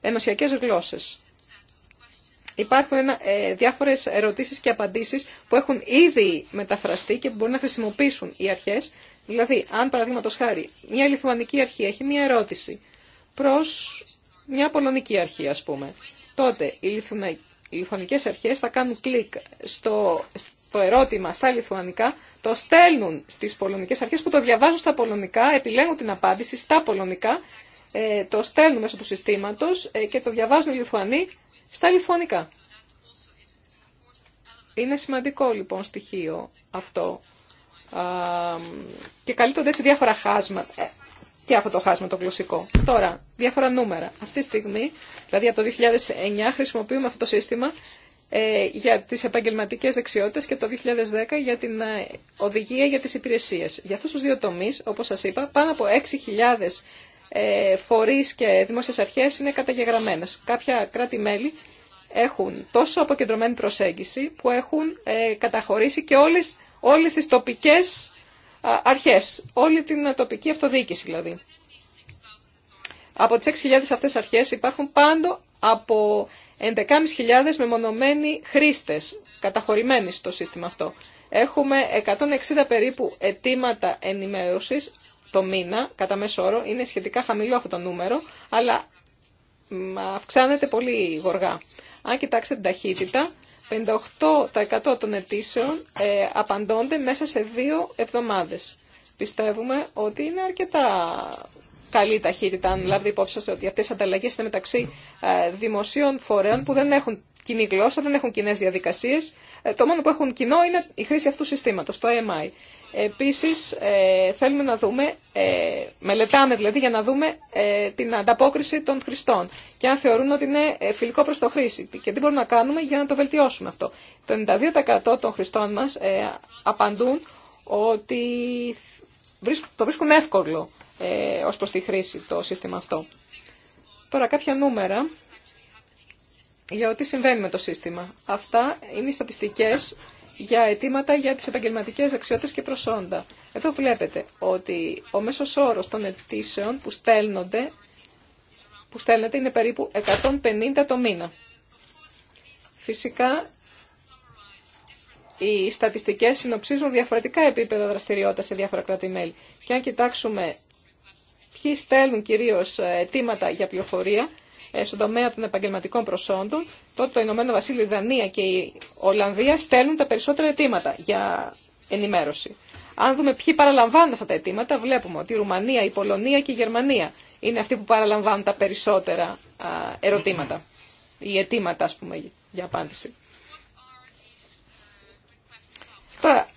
ενωσιακές γλώσσες. Υπάρχουν ε, διάφορες ερωτήσεις και απαντήσεις που έχουν ήδη μεταφραστεί και που μπορεί να χρησιμοποιήσουν οι αρχές. Δηλαδή, αν παραδείγματο χάρη μια λιθουανική αρχή έχει μια ερώτηση προς μια πολωνική αρχή, ας πούμε, τότε οι λιθουανικές αρχές θα κάνουν κλικ στο, στο ερώτημα στα λιθουανικά το στέλνουν στις πολωνικές αρχές που το διαβάζουν στα πολωνικά, επιλέγουν την απάντηση στα πολωνικά, ε, το στέλνουν μέσω του συστήματος ε, και το διαβάζουν οι Λιθουανοί στα λιθουανικά. Είναι σημαντικό λοιπόν στοιχείο αυτό και καλύπτονται έτσι διάφορα χάσματα ε, και αυτό το χάσμα το γλωσσικό. Τώρα, διάφορα νούμερα. Αυτή τη στιγμή, δηλαδή από το 2009, χρησιμοποιούμε αυτό το σύστημα ε, για τις επαγγελματικές δεξιότητες και το 2010 για την ε, οδηγία για τις υπηρεσίες. Για αυτούς τους δύο τομείς, όπως σας είπα, πάνω από 6.000 ε, φορείς και δημόσιες αρχές είναι καταγεγραμμένες. Κάποια κράτη-μέλη έχουν τόσο αποκεντρωμένη προσέγγιση που έχουν καταχωρήσει και όλες, όλες τις τοπικές αρχές, όλη την τοπική αυτοδιοίκηση δηλαδή. Από τις 6.000 αυτές αρχές υπάρχουν πάντο από 11.500 μεμονωμένοι χρήστες καταχωρημένοι στο σύστημα αυτό. Έχουμε 160 περίπου αιτήματα ενημέρωσης το μήνα, κατά μέσο όρο. Είναι σχετικά χαμηλό αυτό το νούμερο, αλλά αυξάνεται πολύ γοργά. Αν κοιτάξετε την ταχύτητα, 58% των αιτήσεων ε, απαντώνται μέσα σε δύο εβδομάδες. Πιστεύουμε ότι είναι αρκετά καλή ταχύτητα, αν λάβετε υπόψη σας ότι αυτές οι ανταλλαγές είναι μεταξύ ε, δημοσίων φορέων που δεν έχουν κοινή γλώσσα, δεν έχουν κοινέ διαδικασίε. Ε, το μόνο που έχουν κοινό είναι η χρήση αυτού του συστήματο, το AMI. Επίση, ε, θέλουμε να δούμε, μελετάμε δηλαδή για να δούμε την ανταπόκριση των χρηστών και αν θεωρούν ότι είναι φιλικό προ το χρήση και τι μπορούμε να κάνουμε για να το βελτιώσουμε αυτό. Το 92% των χρηστών μα απαντούν ότι το βρίσκουν εύκολο ε, ως προς τη χρήση το σύστημα αυτό. Τώρα κάποια νούμερα για ό,τι συμβαίνει με το σύστημα. Αυτά είναι οι στατιστικές για αιτήματα για τις επαγγελματικές δεξιότητες και προσόντα. Εδώ βλέπετε ότι ο μέσος όρος των αιτήσεων που, στέλνονται, που στέλνεται είναι περίπου 150 το μήνα. Φυσικά, οι στατιστικές συνοψίζουν διαφορετικά επίπεδα δραστηριότητα σε διάφορα κράτη-μέλη. Και αν κοιτάξουμε Ποιοι στέλνουν κυρίως ε, αιτήματα για πληροφορία ε, στον τομέα των επαγγελματικών προσόντων. Τότε το Ηνωμένο Βασίλειο, η Δανία και η Ολλανδία στέλνουν τα περισσότερα αιτήματα για ενημέρωση. Αν δούμε ποιοι παραλαμβάνουν αυτά τα αιτήματα, βλέπουμε ότι η Ρουμανία, η Πολωνία και η Γερμανία είναι αυτοί που παραλαμβάνουν τα περισσότερα ερωτήματα ή αιτήματα, ας πούμε, για απάντηση. Τώρα,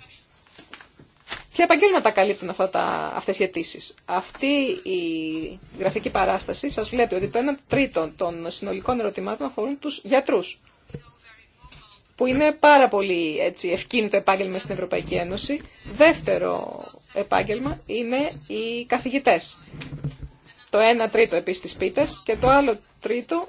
Ποια επαγγέλματα καλύπτουν αυτά τα, αυτές οι αιτήσει. Αυτή η γραφική παράσταση σας βλέπει ότι το 1 τρίτο των συνολικών ερωτημάτων αφορούν τους γιατρούς, που είναι πάρα πολύ έτσι, ευκίνητο επάγγελμα στην Ευρωπαϊκή Ένωση. Δεύτερο επάγγελμα είναι οι καθηγητές. Το 1 τρίτο επίσης τις πίτες και το άλλο τρίτο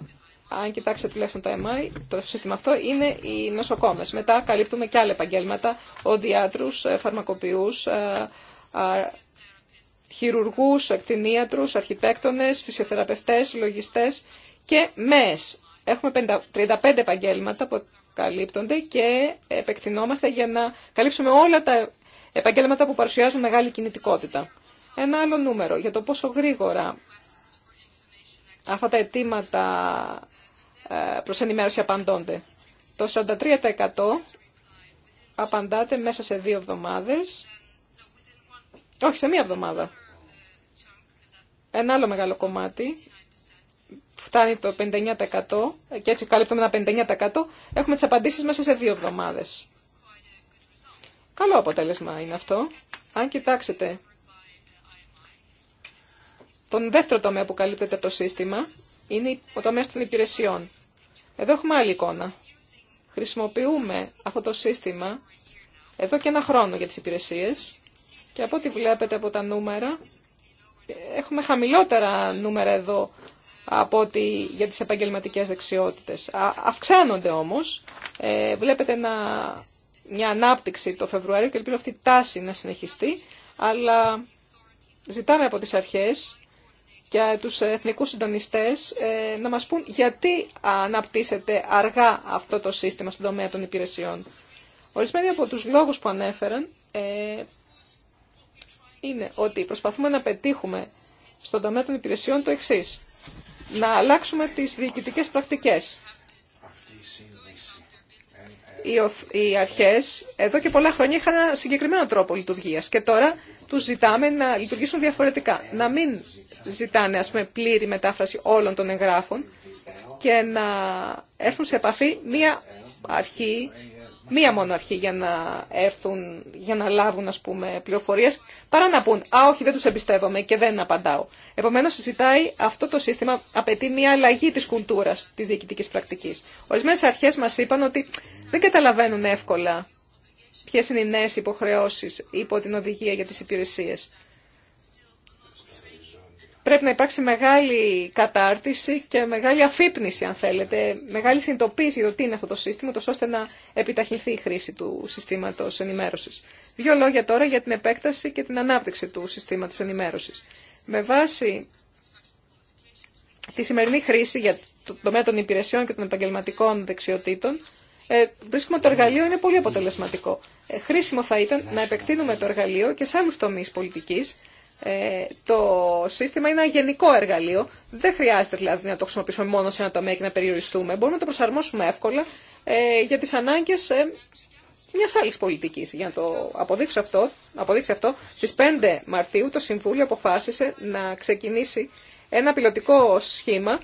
αν κοιτάξετε τουλάχιστον το MI, το σύστημα αυτό, είναι οι νοσοκόμες. Μετά καλύπτουμε και άλλα επαγγέλματα, οδιάτρους, ε, φαρμακοποιούς, ε, χειρουργούς, εκτινίατρους, αρχιτέκτονες, φυσιοθεραπευτές, λογιστές και ΜΕΣ. Έχουμε 35 επαγγέλματα που καλύπτονται και επεκτηνόμαστε για να καλύψουμε όλα τα επαγγέλματα που παρουσιάζουν μεγάλη κινητικότητα. Ένα άλλο νούμερο για το πόσο γρήγορα αυτά τα αιτήματα ε, προς ενημέρωση απαντώνται. Το 43% απαντάτε μέσα σε δύο εβδομάδες, όχι σε μία εβδομάδα. Ένα άλλο μεγάλο κομμάτι φτάνει το 59% και έτσι καλύπτουμε ένα 59% έχουμε τις απαντήσεις μέσα σε δύο εβδομάδες. Καλό αποτέλεσμα είναι αυτό. Αν κοιτάξετε τον δεύτερο τομέα που καλύπτεται από το σύστημα είναι ο τομέας των υπηρεσιών. Εδώ έχουμε άλλη εικόνα. Χρησιμοποιούμε αυτό το σύστημα εδώ και ένα χρόνο για τις υπηρεσίες και από ό,τι βλέπετε από τα νούμερα, έχουμε χαμηλότερα νούμερα εδώ από ότι για τις επαγγελματικές δεξιότητες. αυξάνονται όμως, ε, βλέπετε μια ανάπτυξη το Φεβρουάριο και ελπίζω αυτή η τάση να συνεχιστεί, αλλά ζητάμε από τις αρχές και τους εθνικούς συντονιστές ε, να μας πούν γιατί αναπτύσσεται αργά αυτό το σύστημα στον τομέα των υπηρεσιών. Ορισμένοι από τους λόγους που ανέφεραν ε, είναι ότι προσπαθούμε να πετύχουμε στον τομέα των υπηρεσιών το εξή. Να αλλάξουμε τις διοικητικέ πρακτικές. Οι αρχές εδώ και πολλά χρόνια είχαν ένα συγκεκριμένο τρόπο λειτουργίας και τώρα τους ζητάμε να λειτουργήσουν διαφορετικά. Να μην ζητάνε ας πούμε, πλήρη μετάφραση όλων των εγγράφων και να έρθουν σε επαφή μία αρχή, μία μόνο αρχή για να έρθουν, για να λάβουν ας πούμε, πληροφορίες, παρά να πούν «Α, όχι, δεν τους εμπιστεύομαι και δεν απαντάω». Επομένως, συζητάει αυτό το σύστημα απαιτεί μία αλλαγή της κουλτούρας της διοικητικής πρακτικής. Ορισμένες αρχές μας είπαν ότι δεν καταλαβαίνουν εύκολα ποιε είναι οι νέε υποχρεώσει υπό την οδηγία για τι υπηρεσίε πρέπει να υπάρξει μεγάλη κατάρτιση και μεγάλη αφύπνιση, αν θέλετε, μεγάλη συνειδητοποίηση για το τι είναι αυτό το σύστημα, τόσο ώστε να επιταχυνθεί η χρήση του συστήματο ενημέρωση. Δύο λόγια τώρα για την επέκταση και την ανάπτυξη του συστήματο ενημέρωση. Με βάση τη σημερινή χρήση για το τομέα των υπηρεσιών και των επαγγελματικών δεξιοτήτων, ε, βρίσκουμε το εργαλείο είναι πολύ αποτελεσματικό. Ε, χρήσιμο θα ήταν να επεκτείνουμε το εργαλείο και σε άλλου τομεί πολιτική, ε, το σύστημα είναι ένα γενικό εργαλείο. Δεν χρειάζεται δηλαδή να το χρησιμοποιήσουμε μόνο σε ένα τομέα και να περιοριστούμε. Μπορούμε να το προσαρμόσουμε εύκολα ε, για τις ανάγκες ε, μια άλλη πολιτική. Για να το αποδείξω αυτό, αποδείξει αυτό, στι 5 Μαρτίου το Συμβούλιο αποφάσισε να ξεκινήσει ένα πιλωτικό σχήμα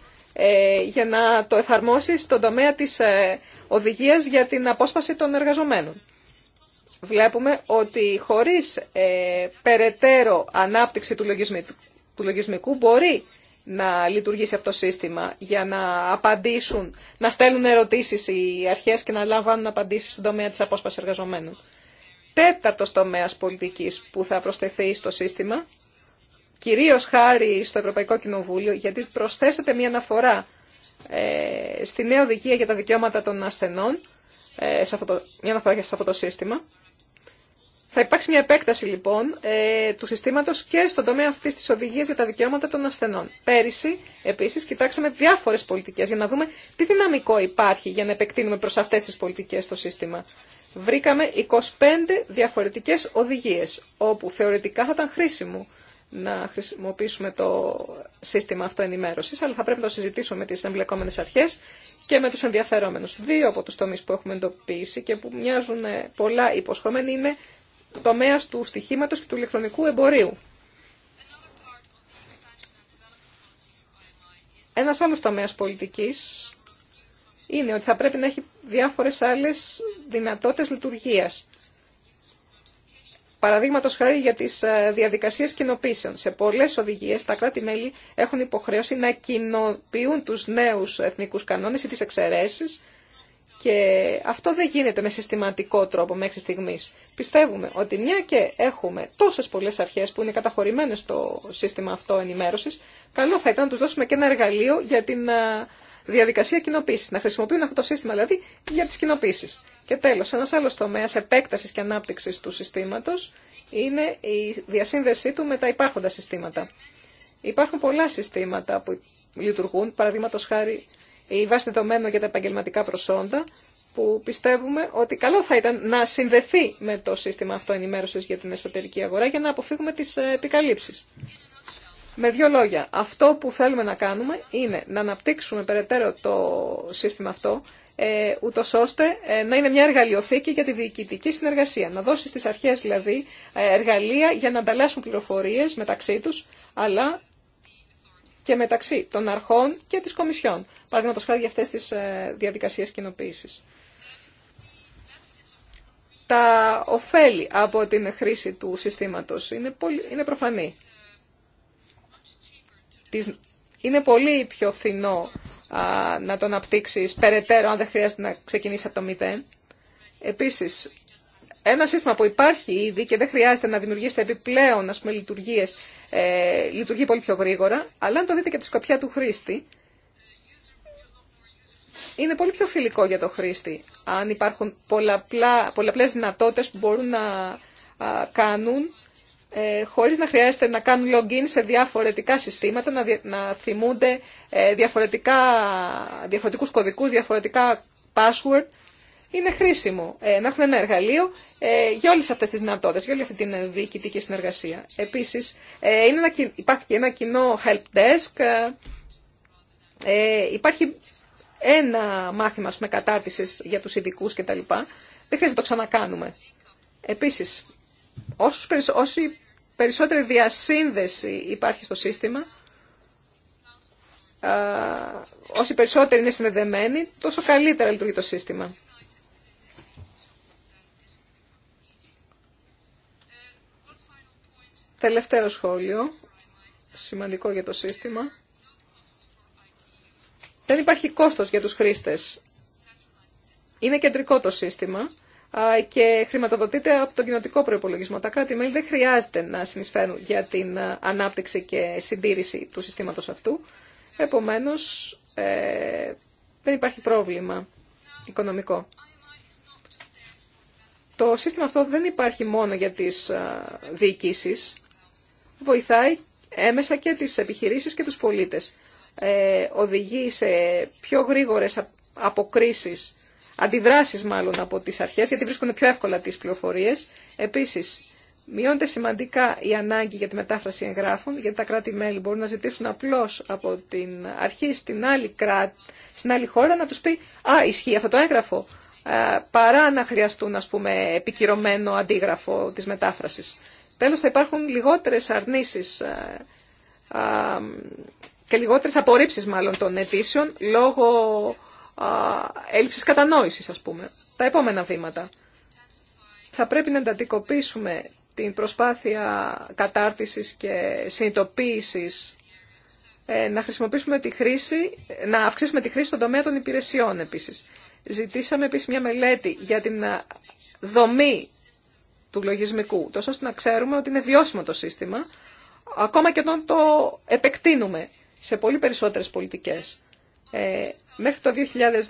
για να το εφαρμόσει στον τομέα της ε, οδηγίας για την απόσπαση των εργαζομένων βλέπουμε ότι χωρίς ε, περαιτέρω ανάπτυξη του λογισμικού, μπορεί να λειτουργήσει αυτό το σύστημα για να απαντήσουν, να στέλνουν ερωτήσεις οι αρχές και να λαμβάνουν απαντήσεις στον τομέα της απόσπασης εργαζομένων. Τέταρτος τομέας πολιτικής που θα προσθεθεί στο σύστημα, κυρίως χάρη στο Ευρωπαϊκό Κοινοβούλιο, γιατί προσθέσατε μια αναφορά ε, στη νέα οδηγία για τα δικαιώματα των ασθενών, σε αυτό μια αναφορά σε αυτό το σύστημα, θα υπάρξει μια επέκταση λοιπόν ε, του συστήματος και στον τομέα αυτής της οδηγίας για τα δικαιώματα των ασθενών. Πέρυσι επίσης κοιτάξαμε διάφορες πολιτικές για να δούμε τι δυναμικό υπάρχει για να επεκτείνουμε προς αυτές τις πολιτικές το σύστημα. Βρήκαμε 25 διαφορετικές οδηγίες όπου θεωρητικά θα ήταν χρήσιμο να χρησιμοποιήσουμε το σύστημα αυτό αλλά θα πρέπει να το συζητήσουμε με τις εμπλεκόμενες αρχές και με τους ενδιαφερόμενους. Δύο από τους τομεί που έχουμε εντοπίσει και που μοιάζουν ε, πολλά υποσχόμενοι είναι τομέας του στοιχήματο και του ηλεκτρονικού εμπορίου. Ένας άλλος τομέας πολιτικής είναι ότι θα πρέπει να έχει διάφορες άλλες δυνατότητες λειτουργίας. Παραδείγματο χάρη για τι ε, διαδικασίε κοινοποίησεων. Σε πολλέ οδηγίε τα κράτη-μέλη έχουν υποχρέωση να κοινοποιούν του νέου εθνικού κανόνε ή τι εξαιρέσει και αυτό δεν γίνεται με συστηματικό τρόπο μέχρι στιγμή. Πιστεύουμε ότι μια και έχουμε τόσε πολλέ αρχέ που είναι καταχωρημένε στο σύστημα αυτό ενημέρωση. καλό θα ήταν να του δώσουμε και ένα εργαλείο για την διαδικασία κοινοποίηση. Να χρησιμοποιούν αυτό το σύστημα δηλαδή για τι κοινοποίησει. Και τέλο, ένα άλλο τομέα επέκταση και ανάπτυξη του συστήματο είναι η διασύνδεσή του με τα υπάρχοντα συστήματα. Υπάρχουν πολλά συστήματα που λειτουργούν, παραδείγματο χάρη η βάση δεδομένων για τα επαγγελματικά προσόντα, που πιστεύουμε ότι καλό θα ήταν να συνδεθεί με το σύστημα αυτό ενημέρωση για την εσωτερική αγορά για να αποφύγουμε τι ε, επικαλύψει. Με δύο λόγια, αυτό που θέλουμε να κάνουμε είναι να αναπτύξουμε περαιτέρω το σύστημα αυτό, ε, ώστε ε, να είναι μια εργαλειοθήκη για τη διοικητική συνεργασία. Να δώσει στι αρχέ δηλαδή ε, εργαλεία για να ανταλλάσσουν πληροφορίε μεταξύ του, αλλά και μεταξύ των αρχών και τη Κομισιόν παραδείγματο χάρη για αυτέ τι ε, διαδικασίε κοινοποίηση. Τα ωφέλη από την χρήση του συστήματο είναι, είναι προφανή. Είναι πολύ πιο φθηνό να τον απτύξεις περαιτέρω αν δεν χρειάζεται να ξεκινήσει από το μηδέν. Επίση, ένα σύστημα που υπάρχει ήδη και δεν χρειάζεται να δημιουργήσετε επιπλέον λειτουργίε, ε, λειτουργεί πολύ πιο γρήγορα, αλλά αν το δείτε και από τη σκοπιά του χρήστη, είναι πολύ πιο φιλικό για το χρήστη αν υπάρχουν πολλαπλά, πολλαπλές δυνατότητες που μπορούν να κάνουν ε, χωρίς να χρειάζεται να κάνουν login σε διαφορετικά συστήματα, να, να θυμούνται ε, διαφορετικά, διαφορετικούς κωδικούς, διαφορετικά password. Είναι χρήσιμο ε, να έχουν ένα εργαλείο ε, για όλες αυτές τις δυνατότητες, για όλη αυτή την διοικητική συνεργασία. Επίσης, ε, είναι υπάρχει και ένα κοινό help desk, υπάρχει ένα μάθημα με πούμε, για τους ειδικού κτλ. Δεν χρειάζεται να το ξανακάνουμε. Επίσης, όσο όση περισσότερη διασύνδεση υπάρχει στο σύστημα, όσοι περισσότεροι είναι συνδεδεμένοι, τόσο καλύτερα λειτουργεί το σύστημα. Τελευταίο σχόλιο, σημαντικό για το σύστημα. Δεν υπάρχει κόστος για τους χρήστες. Είναι κεντρικό το σύστημα και χρηματοδοτείται από τον κοινοτικό προϋπολογισμό. Τα κράτη-μέλη δεν χρειάζεται να συνεισφέρουν για την ανάπτυξη και συντήρηση του συστήματος αυτού. Επομένως, ε, δεν υπάρχει πρόβλημα οικονομικό. Το σύστημα αυτό δεν υπάρχει μόνο για τις διοικήσεις. Βοηθάει έμεσα και τις επιχειρήσεις και τους πολίτες. Ε, οδηγεί σε πιο γρήγορες αποκρίσεις, αντιδράσεις μάλλον από τις αρχές, γιατί βρίσκουν πιο εύκολα τις πληροφορίες. Επίσης, μειώνεται σημαντικά η ανάγκη για τη μετάφραση εγγράφων, γιατί τα κράτη-μέλη μπορούν να ζητήσουν απλώς από την αρχή στην άλλη, στην χώρα να τους πει «Α, ισχύει αυτό το έγγραφο», ε, παρά να χρειαστούν, ας πούμε, επικυρωμένο αντίγραφο της μετάφρασης. Τέλος, θα υπάρχουν λιγότερες αρνήσεις ε, και λιγότερες απορρίψεις μάλλον των αιτήσεων λόγω α, έλλειψης κατανόησης ας πούμε. Τα επόμενα βήματα. Θα πρέπει να εντατικοποιήσουμε την προσπάθεια κατάρτισης και συνειδητοποίησης ε, να χρησιμοποιήσουμε τη χρήση, να αυξήσουμε τη χρήση στον τομέα των υπηρεσιών επίσης. Ζητήσαμε επίσης μια μελέτη για την δομή του λογισμικού, τόσο ώστε να ξέρουμε ότι είναι βιώσιμο το σύστημα, ακόμα και όταν το επεκτείνουμε σε πολύ περισσότερες πολιτικές. Ε, μέχρι το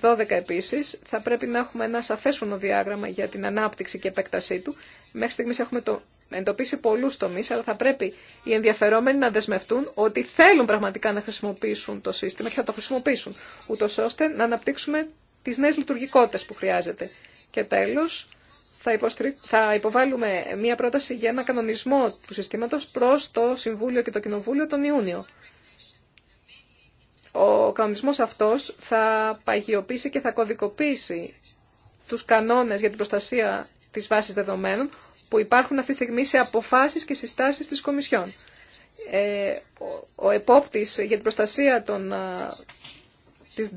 2012 επίσης θα πρέπει να έχουμε ένα σαφές διάγραμμα για την ανάπτυξη και επέκτασή του. Μέχρι στιγμής έχουμε το, εντοπίσει πολλούς τομείς, αλλά θα πρέπει οι ενδιαφερόμενοι να δεσμευτούν ότι θέλουν πραγματικά να χρησιμοποιήσουν το σύστημα και θα το χρησιμοποιήσουν, ούτω ώστε να αναπτύξουμε τις νέες λειτουργικότητες που χρειάζεται. Και τέλος, θα, θα υποβάλουμε μία πρόταση για ένα κανονισμό του συστήματος προς το Συμβούλιο και το Κοινοβούλιο τον Ιούνιο. Ο κανονισμός αυτός θα παγιοποιήσει και θα κωδικοποιήσει τους κανόνες για την προστασία της βάσης δεδομένων που υπάρχουν αυτή τη στιγμή σε αποφάσεις και συστάσεις της Κομισιόν. Ε, ο, επόπτης για την προστασία των, της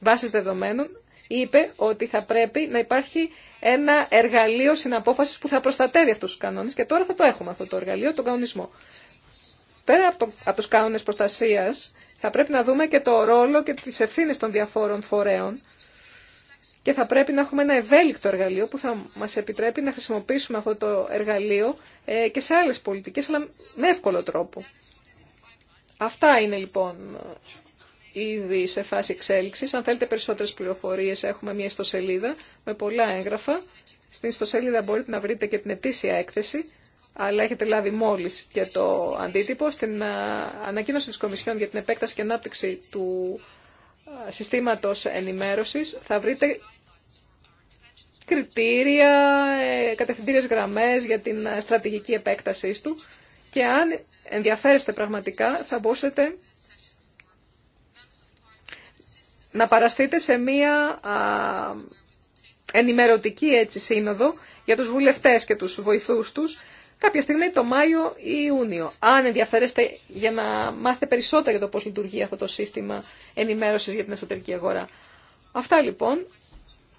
βάσης δεδομένων είπε ότι θα πρέπει να υπάρχει ένα εργαλείο συναπόφασης που θα προστατεύει αυτούς τους κανόνες και τώρα θα το έχουμε αυτό το εργαλείο, τον κανονισμό. Πέρα από, το, από τους κανόνες προστασίας, θα πρέπει να δούμε και το ρόλο και τις ευθύνες των διαφόρων φορέων και θα πρέπει να έχουμε ένα ευέλικτο εργαλείο που θα μας επιτρέπει να χρησιμοποιήσουμε αυτό το εργαλείο ε, και σε άλλες πολιτικές, αλλά με εύκολο τρόπο. Αυτά είναι λοιπόν ήδη σε φάση εξέλιξης. Αν θέλετε περισσότερες πληροφορίες έχουμε μια ιστοσελίδα με πολλά έγγραφα. Στην ιστοσελίδα μπορείτε να βρείτε και την ετήσια έκθεση αλλά έχετε λάβει μόλις και το αντίτυπο, στην ε, ανακοίνωση της Κομισιόν για την επέκταση και ανάπτυξη του ε, συστήματος ενημέρωσης θα βρείτε κριτήρια, ε, κατευθυντήριε γραμμές για την στρατηγική επέκτασή του και αν ενδιαφέρεστε πραγματικά θα μπορούσατε να παραστείτε σε μία ενημερωτική έτσι σύνοδο για τους βουλευτές και τους βοηθούς τους κάποια στιγμή το Μάιο ή Ιούνιο. Αν ενδιαφέρεστε για να μάθετε περισσότερα για το πώς λειτουργεί αυτό το σύστημα ενημέρωσης για την εσωτερική αγορά. Αυτά λοιπόν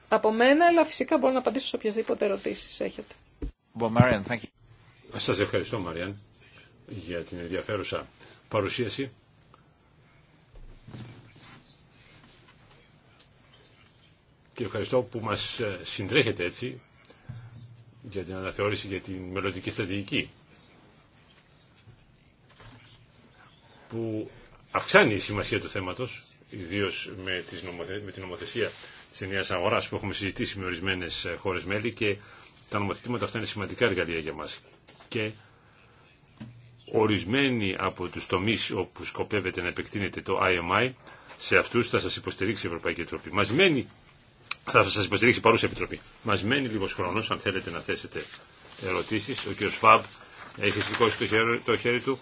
από μένα, αλλά φυσικά μπορώ να απαντήσω σε οποιασδήποτε ερωτήσεις έχετε. Σας ευχαριστώ Μαριάν για την ενδιαφέρουσα παρουσίαση. Και ευχαριστώ που μας ε, συντρέχετε έτσι για την αναθεώρηση για την μελλοντική στρατηγική που αυξάνει η σημασία του θέματος ιδίως με, την νομοθεσία της ενιαίας αγοράς που έχουμε συζητήσει με ορισμένες ε, χώρες μέλη και τα νομοθετήματα αυτά είναι σημαντικά εργαλεία για μας και ορισμένοι από τους τομείς όπου σκοπεύετε να επεκτείνεται το IMI σε αυτούς θα σας υποστηρίξει η Ευρωπαϊκή Επιτροπή. Μαζημένοι θα σα υποστηρίξει παρούσα επιτροπή. Μας μένει λίγος χρόνος, αν θέλετε να θέσετε ερωτήσει. Ο κ. Φαμπ έχει σηκώσει το χέρι, του.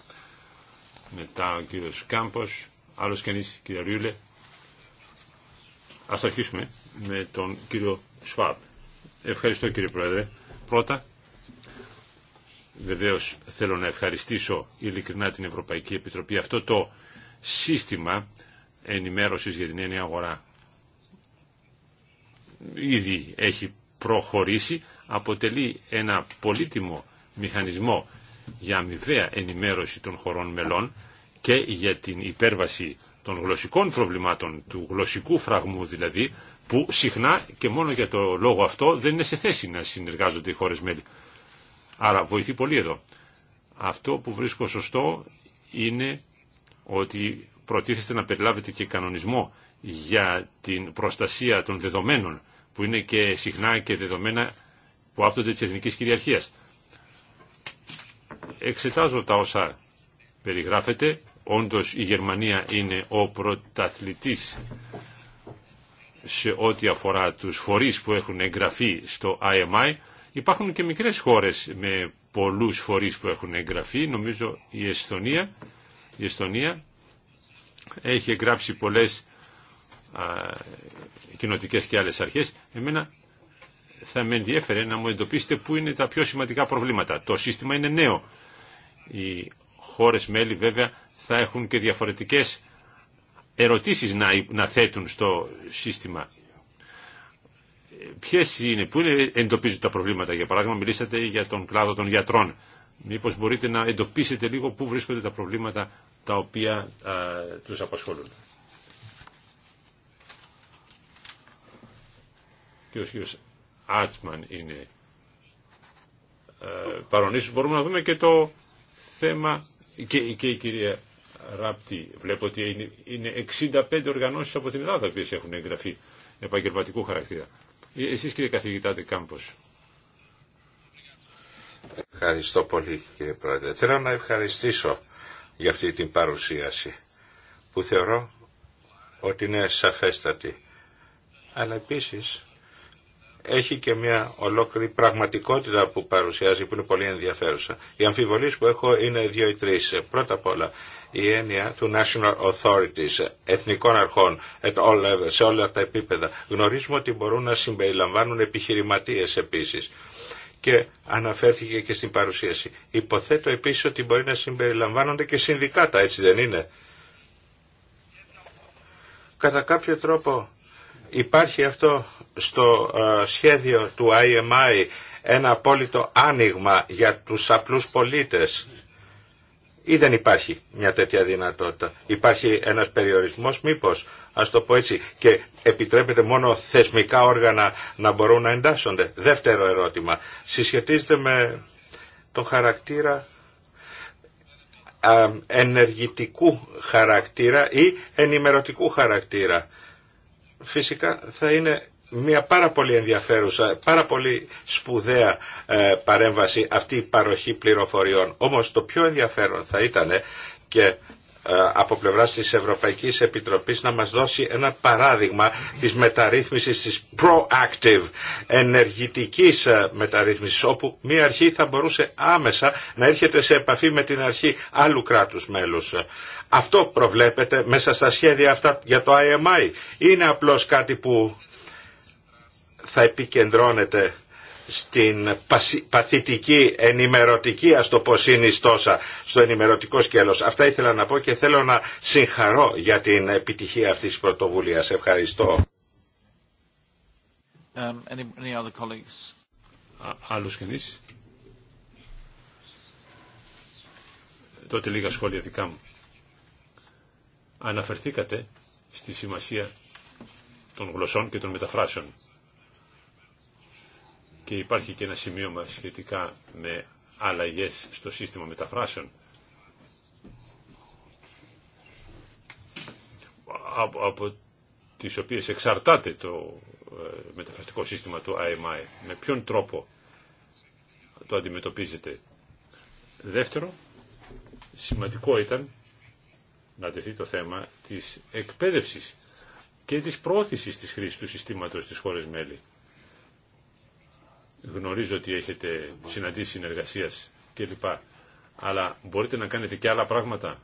Μετά ο κ. Κάμπος, άλλο κανείς, κ. Ριούλε. Α αρχίσουμε με τον κύριο Σφαμπ. Ευχαριστώ κύριε Πρόεδρε. Πρώτα, βεβαίω θέλω να ευχαριστήσω ειλικρινά την Ευρωπαϊκή Επιτροπή αυτό το σύστημα ενημέρωση για την έννοια αγορά ήδη έχει προχωρήσει, αποτελεί ένα πολύτιμο μηχανισμό για αμοιβαία ενημέρωση των χωρών μελών και για την υπέρβαση των γλωσσικών προβλημάτων, του γλωσσικού φραγμού δηλαδή, που συχνά και μόνο για το λόγο αυτό δεν είναι σε θέση να συνεργάζονται οι χώρες μέλη. Άρα βοηθεί πολύ εδώ. Αυτό που βρίσκω σωστό είναι ότι προτίθεστε να περιλάβετε και κανονισμό για την προστασία των δεδομένων που είναι και συχνά και δεδομένα που άπτονται της εθνικής κυριαρχίας. Εξετάζω τα όσα περιγράφεται. Όντως η Γερμανία είναι ο πρωταθλητής σε ό,τι αφορά τους φορείς που έχουν εγγραφεί στο IMI. Υπάρχουν και μικρές χώρες με πολλούς φορείς που έχουν εγγραφεί. Νομίζω η Εστονία, η Εστονία έχει εγγράψει πολλές κοινοτικέ και άλλε αρχές, εμένα θα με ενδιέφερε να μου εντοπίσετε πού είναι τα πιο σημαντικά προβλήματα. Το σύστημα είναι νέο. Οι χώρες μέλη βέβαια θα έχουν και διαφορετικές ερωτήσεις να, να θέτουν στο σύστημα. Ποιε είναι, πού είναι, εντοπίζουν τα προβλήματα. Για παράδειγμα μιλήσατε για τον κλάδο των γιατρών. μήπω μπορείτε να εντοπίσετε λίγο πού βρίσκονται τα προβλήματα τα οποία του τους απασχολούν. και ο κύριος Άτσμαν είναι ε, μπορούμε να δούμε και το θέμα και, και η κυρία Ράπτη. Βλέπω ότι είναι 65 οργανώσεις από την Ελλάδα που έχουν εγγραφεί επαγγελματικού χαρακτήρα. Ε, εσείς κύριε καθηγητάτε Κάμπος. Ευχαριστώ πολύ κύριε Πρόεδρε. Θέλω να ευχαριστήσω για αυτή την παρουσίαση που θεωρώ ότι είναι σαφέστατη. Αλλά επίσης έχει και μια ολόκληρη πραγματικότητα που παρουσιάζει που είναι πολύ ενδιαφέρουσα. Οι αμφιβολίες που έχω είναι δύο ή τρεις. Πρώτα απ' όλα η έννοια του National Authorities, εθνικών αρχών at all levels, σε όλα τα επίπεδα. Γνωρίζουμε ότι μπορούν να συμπεριλαμβάνουν επιχειρηματίες επίσης και αναφέρθηκε και στην παρουσίαση. Υποθέτω επίσης ότι μπορεί να συμπεριλαμβάνονται και συνδικάτα, έτσι δεν είναι. Κατά κάποιο τρόπο Υπάρχει αυτό στο ε, σχέδιο του IMI ένα απόλυτο άνοιγμα για τους απλούς πολίτες ή δεν υπάρχει μια τέτοια δυνατότητα. Υπάρχει ένας περιορισμός μήπως, ας το πω έτσι, και επιτρέπεται μόνο θεσμικά όργανα να μπορούν να εντάσσονται. Δεύτερο ερώτημα, συσχετίζεται με τον χαρακτήρα ενεργητικού χαρακτήρα ή ενημερωτικού χαρακτήρα φυσικά θα είναι μια πάρα πολύ ενδιαφέρουσα, πάρα πολύ σπουδαία ε, παρέμβαση αυτή η παροχή πληροφοριών. Όμως το πιο ενδιαφέρον θα ήταν και ε, από πλευράς της Ευρωπαϊκής Επιτροπής να μας δώσει ένα παράδειγμα της μεταρρύθμισης της proactive ενεργητικής ε, μεταρρύθμισης όπου μία αρχή θα μπορούσε άμεσα να έρχεται σε επαφή με την αρχή άλλου κράτους μέλους. Αυτό προβλέπεται μέσα στα σχέδια αυτά για το IMI. Είναι απλώς κάτι που θα επικεντρώνεται στην παθητική ενημερωτική ας το πω συνιστόσα στο ενημερωτικό σκέλος. Αυτά ήθελα να πω και θέλω να συγχαρώ για την επιτυχία αυτής της πρωτοβουλίας. Ευχαριστώ. Um, any, other colleagues? Τότε λίγα σχόλια δικά μου. Αναφερθήκατε στη σημασία των γλωσσών και των μεταφράσεων και υπάρχει και ένα σημείωμα σχετικά με αλλαγές στο σύστημα μεταφράσεων. Από, από τις οποίες εξαρτάται το ε, μεταφραστικό σύστημα του IMI. Με ποιον τρόπο το αντιμετωπίζετε. Δεύτερο, σημαντικό ήταν να τεθεί το θέμα της εκπαίδευσης και της πρόθεσης της χρήσης του συστήματος στις χώρες μέλη. Γνωρίζω ότι έχετε συναντήσει συνεργασία κλπ. Αλλά μπορείτε να κάνετε και άλλα πράγματα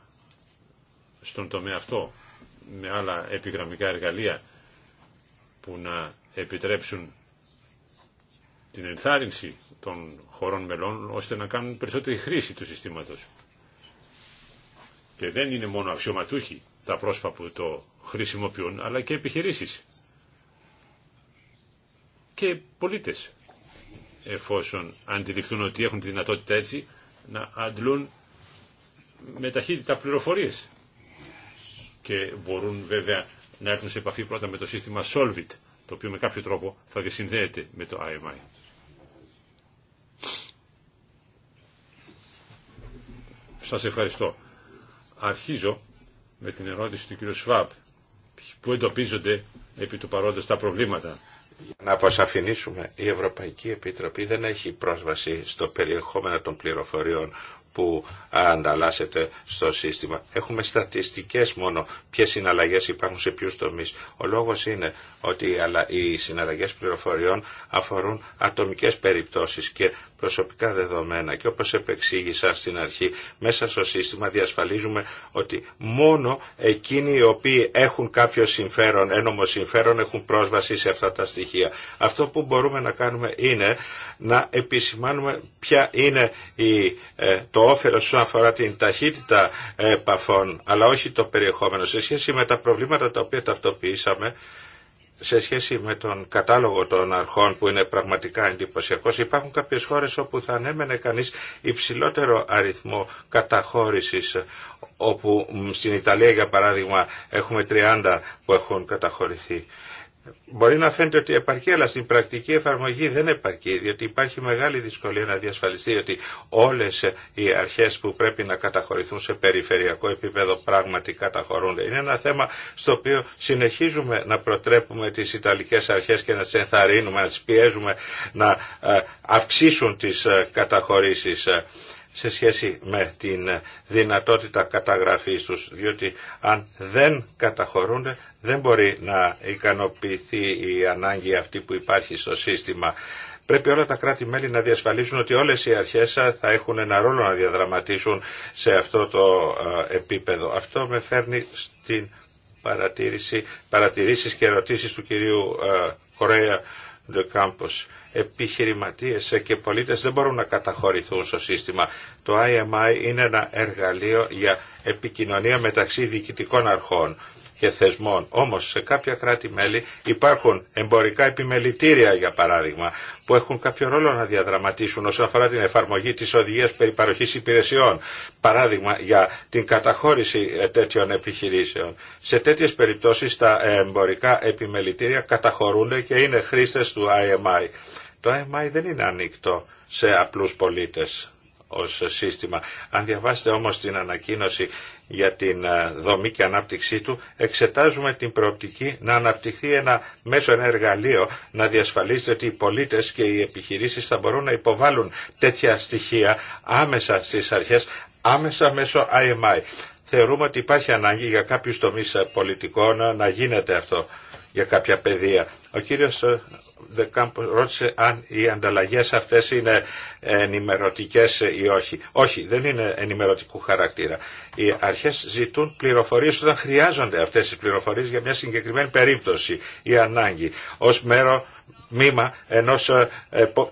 στον τομέα αυτό με άλλα επιγραμμικά εργαλεία που να επιτρέψουν την ενθάρρυνση των χωρών μελών ώστε να κάνουν περισσότερη χρήση του συστήματος. Και δεν είναι μόνο αξιωματούχοι τα πρόσφατα που το χρησιμοποιούν, αλλά και επιχειρήσεις και πολίτες εφόσον αντιληφθούν ότι έχουν τη δυνατότητα έτσι να αντλούν με ταχύτητα πληροφορίες και μπορούν βέβαια να έρθουν σε επαφή πρώτα με το σύστημα Solvit το οποίο με κάποιο τρόπο θα διασυνδέεται με το IMI. Σας ευχαριστώ. Αρχίζω με την ερώτηση του κ. Σφάπ που εντοπίζονται επί του παρόντος τα προβλήματα να αποσαφηνίσουμε, η Ευρωπαϊκή Επιτροπή δεν έχει πρόσβαση στο περιεχόμενο των πληροφοριών που ανταλλάσσεται στο σύστημα. Έχουμε στατιστικές μόνο ποιε συναλλαγές υπάρχουν σε ποιους τομείς. Ο λόγος είναι ότι οι συναλλαγές πληροφοριών αφορούν ατομικές περιπτώσεις και προσωπικά δεδομένα και όπως επεξήγησα στην αρχή μέσα στο σύστημα διασφαλίζουμε ότι μόνο εκείνοι οι οποίοι έχουν κάποιο συμφέρον, ένομο συμφέρον έχουν πρόσβαση σε αυτά τα στοιχεία. Αυτό που μπορούμε να κάνουμε είναι να επισημάνουμε ποια είναι η, ε, το όφελος όσον αφορά την ταχύτητα επαφών αλλά όχι το περιεχόμενο σε σχέση με τα προβλήματα τα οποία ταυτοποιήσαμε σε σχέση με τον κατάλογο των αρχών που είναι πραγματικά εντυπωσιακός υπάρχουν κάποιες χώρες όπου θα ανέμενε κανείς υψηλότερο αριθμό καταχώρησης όπου στην Ιταλία για παράδειγμα έχουμε 30 που έχουν καταχωρηθεί. Μπορεί να φαίνεται ότι επαρκεί, αλλά στην πρακτική εφαρμογή δεν επαρκεί, διότι υπάρχει μεγάλη δυσκολία να διασφαλιστεί ότι όλε οι αρχέ που πρέπει να καταχωρηθούν σε περιφερειακό επίπεδο πράγματι καταχωρούνται. Είναι ένα θέμα στο οποίο συνεχίζουμε να προτρέπουμε τι Ιταλικέ αρχέ και να τι ενθαρρύνουμε, να τι πιέζουμε να ε, αυξήσουν τι ε, καταχωρήσει σε σχέση με την δυνατότητα καταγραφής τους, διότι αν δεν καταχωρούνται δεν μπορεί να ικανοποιηθεί η ανάγκη αυτή που υπάρχει στο σύστημα. Πρέπει όλα τα κράτη-μέλη να διασφαλίσουν ότι όλες οι αρχές θα έχουν ένα ρόλο να διαδραματίσουν σε αυτό το ε, επίπεδο. Αυτό με φέρνει στην παρατήρηση, παρατηρήσεις και ερωτήσεις του κυρίου Κορέα ε, Ντεκάμπος επιχειρηματίες και πολίτες δεν μπορούν να καταχωρηθούν στο σύστημα. Το IMI είναι ένα εργαλείο για επικοινωνία μεταξύ διοικητικών αρχών και θεσμών. Όμως σε κάποια κράτη-μέλη υπάρχουν εμπορικά επιμελητήρια για παράδειγμα που έχουν κάποιο ρόλο να διαδραματίσουν όσον αφορά την εφαρμογή της οδηγίας περί υπηρεσιών. Παράδειγμα για την καταχώρηση ε, τέτοιων επιχειρήσεων. Σε τέτοιες περιπτώσεις τα ε, εμπορικά επιμελητήρια καταχωρούνται και είναι χρήστες του IMI. Το IMI δεν είναι ανοιχτό σε απλούς πολίτες ως σύστημα. Αν διαβάσετε όμως την ανακοίνωση για την ε, δομή και ανάπτυξή του, εξετάζουμε την προοπτική να αναπτυχθεί ένα μέσο, ένα εργαλείο, να διασφαλίσει ότι οι πολίτες και οι επιχειρήσεις θα μπορούν να υποβάλουν τέτοια στοιχεία άμεσα στις αρχές, άμεσα μέσω IMI. Θεωρούμε ότι υπάρχει ανάγκη για κάποιους τομείς πολιτικών να γίνεται αυτό για κάποια πεδία. Ο κύριος ε, Δεκάμπ ρώτησε αν οι ανταλλαγές αυτές είναι ενημερωτικές ή όχι. Όχι, δεν είναι ενημερωτικού χαρακτήρα. Οι αρχές ζητούν πληροφορίες όταν χρειάζονται αυτές τις πληροφορίες για μια συγκεκριμένη περίπτωση ή ανάγκη ως μέρο μήμα ενός, ε,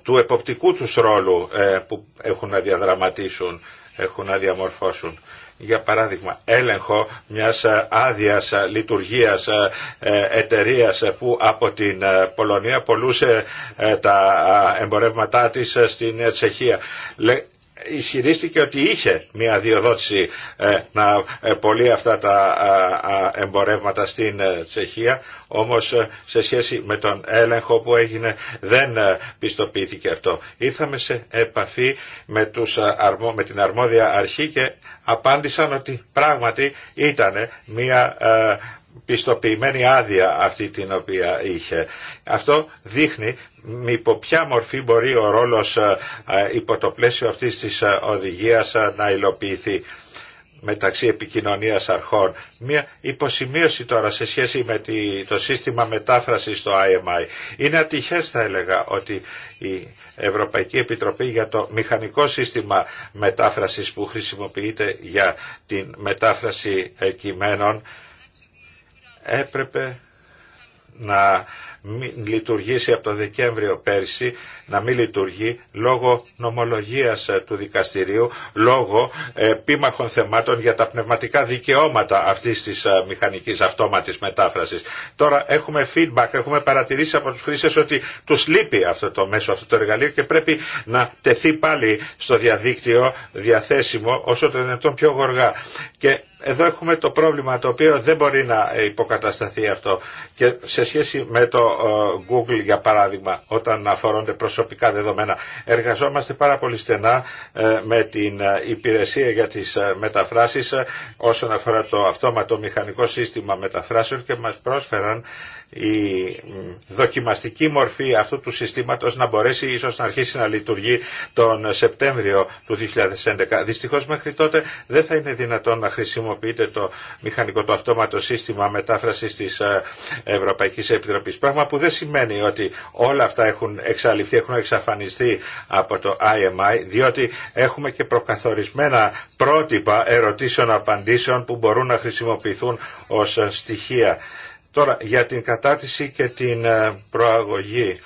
του εποπτικού τους ρόλου ε, που έχουν να διαδραματίσουν, έχουν να διαμορφώσουν για παράδειγμα έλεγχο μιας ε, άδεια ε, λειτουργίας ε, εταιρεία που από την Πολωνία πολλούσε τα εμπορεύματά της στην Τσεχία ισχυρίστηκε ότι είχε μια διοδότηση ε, να ε, πολύ αυτά τα εμπορεύματα στην ε, Τσεχία όμως σε σχέση με τον έλεγχο που έγινε δεν πιστοποιήθηκε αυτό. Ήρθαμε σε επαφή με, τους, με την αρμόδια αρχή και απάντησαν ότι πράγματι ήταν μια πιστοποιημένη άδεια αυτή την οποία είχε. Αυτό δείχνει με υπό ποια μορφή μπορεί ο ρόλος ε, ε, υπό το πλαίσιο αυτής της ε, οδηγίας να υλοποιηθεί μεταξύ επικοινωνίας αρχών. Μια υποσημείωση τώρα σε σχέση με το σύστημα μετάφρασης στο IMI. Είναι ατυχές θα έλεγα ότι η Ευρωπαϊκή Επιτροπή για το μηχανικό σύστημα μετάφρασης που χρησιμοποιείται για την μετάφραση κειμένων έπρεπε να μην λειτουργήσει από το Δεκέμβριο πέρσι, να μην λειτουργεί λόγω νομολογίας ε, του δικαστηρίου, λόγω επίμαχων θεμάτων για τα πνευματικά δικαιώματα αυτής της ε, μηχανικής αυτόματης μετάφρασης. Τώρα έχουμε feedback, έχουμε παρατηρήσει από τους χρήστες ότι τους λείπει αυτό το μέσο, αυτό το εργαλείο και πρέπει να τεθεί πάλι στο διαδίκτυο διαθέσιμο όσο το δυνατόν πιο γοργά. Και εδώ έχουμε το πρόβλημα το οποίο δεν μπορεί να υποκατασταθεί αυτό και σε σχέση με το ε, Google για παράδειγμα όταν αφορώνται προσωπικά δεδομένα εργαζόμαστε πάρα πολύ στενά ε, με την ε, υπηρεσία για τις μεταφράσεις όσον αφορά το αυτόματο μηχανικό σύστημα μεταφράσεων και μας πρόσφεραν η δοκιμαστική μορφή αυτού του συστήματος να μπορέσει ίσως να αρχίσει να λειτουργεί τον Σεπτέμβριο του 2011. Δυστυχώς μέχρι τότε δεν θα είναι δυνατόν να χρησιμοποιείται το μηχανικό το αυτόματο σύστημα μετάφρασης της ε, Ευρωπαϊκής Επιτροπής. Πράγμα που δεν σημαίνει ότι όλα αυτά έχουν εξαλειφθεί, έχουν εξαφανιστεί από το IMI, διότι έχουμε και προκαθορισμένα πρότυπα ερωτήσεων-απαντήσεων που μπορούν να χρησιμοποιηθούν ως στοιχεία Τώρα για την κατάρτιση και την ε, προαγωγή,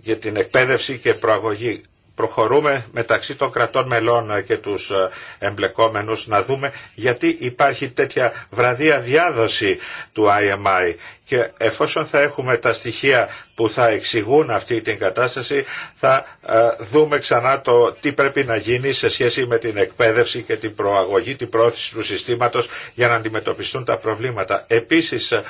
για την εκπαίδευση και προαγωγή προχωρούμε μεταξύ των κρατών μελών και τους ε, εμπλεκόμενους να δούμε γιατί υπάρχει τέτοια βραδία διάδοση του IMI και εφόσον θα έχουμε τα στοιχεία που θα εξηγούν αυτή την κατάσταση θα ε, δούμε ξανά το τι πρέπει να γίνει σε σχέση με την εκπαίδευση και την προαγωγή, την πρόθεση του συστήματος για να αντιμετωπιστούν τα προβλήματα. Επίσης ε,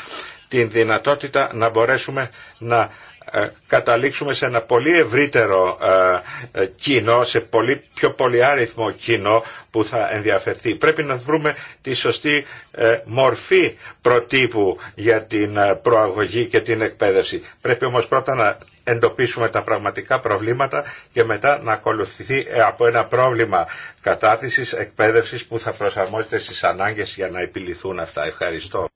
την δυνατότητα να μπορέσουμε να ε, καταλήξουμε σε ένα πολύ ευρύτερο ε, ε, κοινό, σε πολύ πιο πολυάριθμο κοινό που θα ενδιαφερθεί. Πρέπει να βρούμε τη σωστή μορφή προτύπου για την προαγωγή και την εκπαίδευση. Πρέπει όμως πρώτα να εντοπίσουμε τα πραγματικά προβλήματα και μετά να ακολουθηθεί από ένα πρόβλημα κατάρτισης, εκπαίδευσης που θα προσαρμόζεται στις ανάγκες για να επιληθούν αυτά. Ευχαριστώ.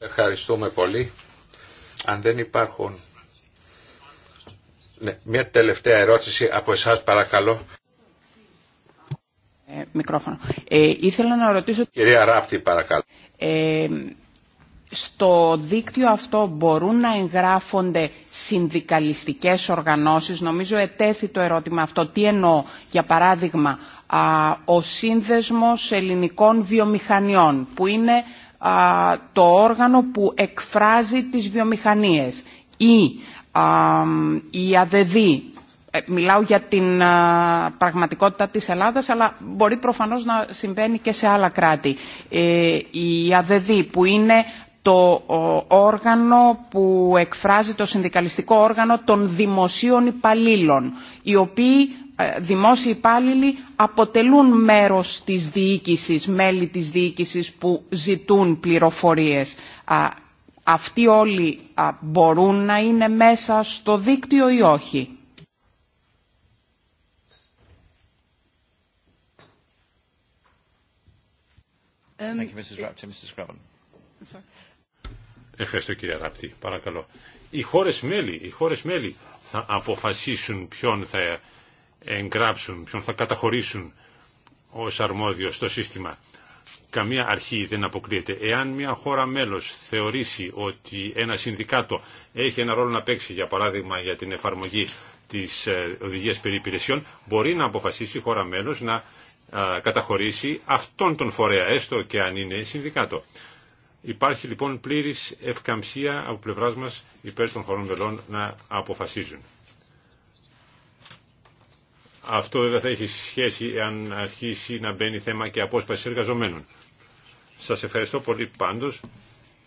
Ευχαριστούμε πολύ αν δεν υπάρχουν... Ναι, μια τελευταία ερώτηση από εσάς παρακαλώ. Ε, μικρόφωνο. Ε, ήθελα να ρωτήσω... Κυρία Ράπτη παρακαλώ. Ε, στο δίκτυο αυτό μπορούν να εγγράφονται συνδικαλιστικές οργανώσεις. Νομίζω ετέθη το ερώτημα αυτό. Τι εννοώ, για παράδειγμα, ο Σύνδεσμος Ελληνικών Βιομηχανιών, που είναι το όργανο που εκφράζει τις βιομηχανίες ή η ΑΔΕΔΗ. Ε, μιλάω για την πραγματικότητα της Ελλάδας, αλλά μπορεί προφανώς να συμβαίνει και σε άλλα κράτη. Ε, η ΑΔΕΔΗ που είναι το όργανο που εκφράζει το συνδικαλιστικό όργανο των δημοσίων υπαλλήλων, οι οποίοι ε, δημόσιοι υπάλληλοι αποτελούν μέρος της διοίκησης, μέλη της διοίκησης που ζητούν πληροφορίες. Αυτοί όλοι μπορούν να είναι μέσα στο δίκτυο ή όχι. Um, Ευχαριστώ κύριε Ράπτη. Παρακαλώ. Οι χώρες μέλη, οι χώρες μέλη θα αποφασίσουν ποιον θα εγγράψουν, ποιον θα καταχωρήσουν ως αρμόδιο στο σύστημα. Καμία αρχή δεν αποκλείεται. Εάν μια χώρα μέλος θεωρήσει ότι ένα συνδικάτο έχει ένα ρόλο να παίξει, για παράδειγμα για την εφαρμογή της ε, οδηγίας περί μπορεί να αποφασίσει η χώρα μέλος να καταχωρήσει αυτόν τον φορέα, έστω και αν είναι συνδικάτο. Υπάρχει λοιπόν πλήρης ευκαμψία από πλευράς μας υπέρ των χωρών μελών να αποφασίζουν. Αυτό βέβαια θα έχει σχέση αν αρχίσει να μπαίνει θέμα και απόσπαση εργαζομένων. Σας ευχαριστώ πολύ πάντως,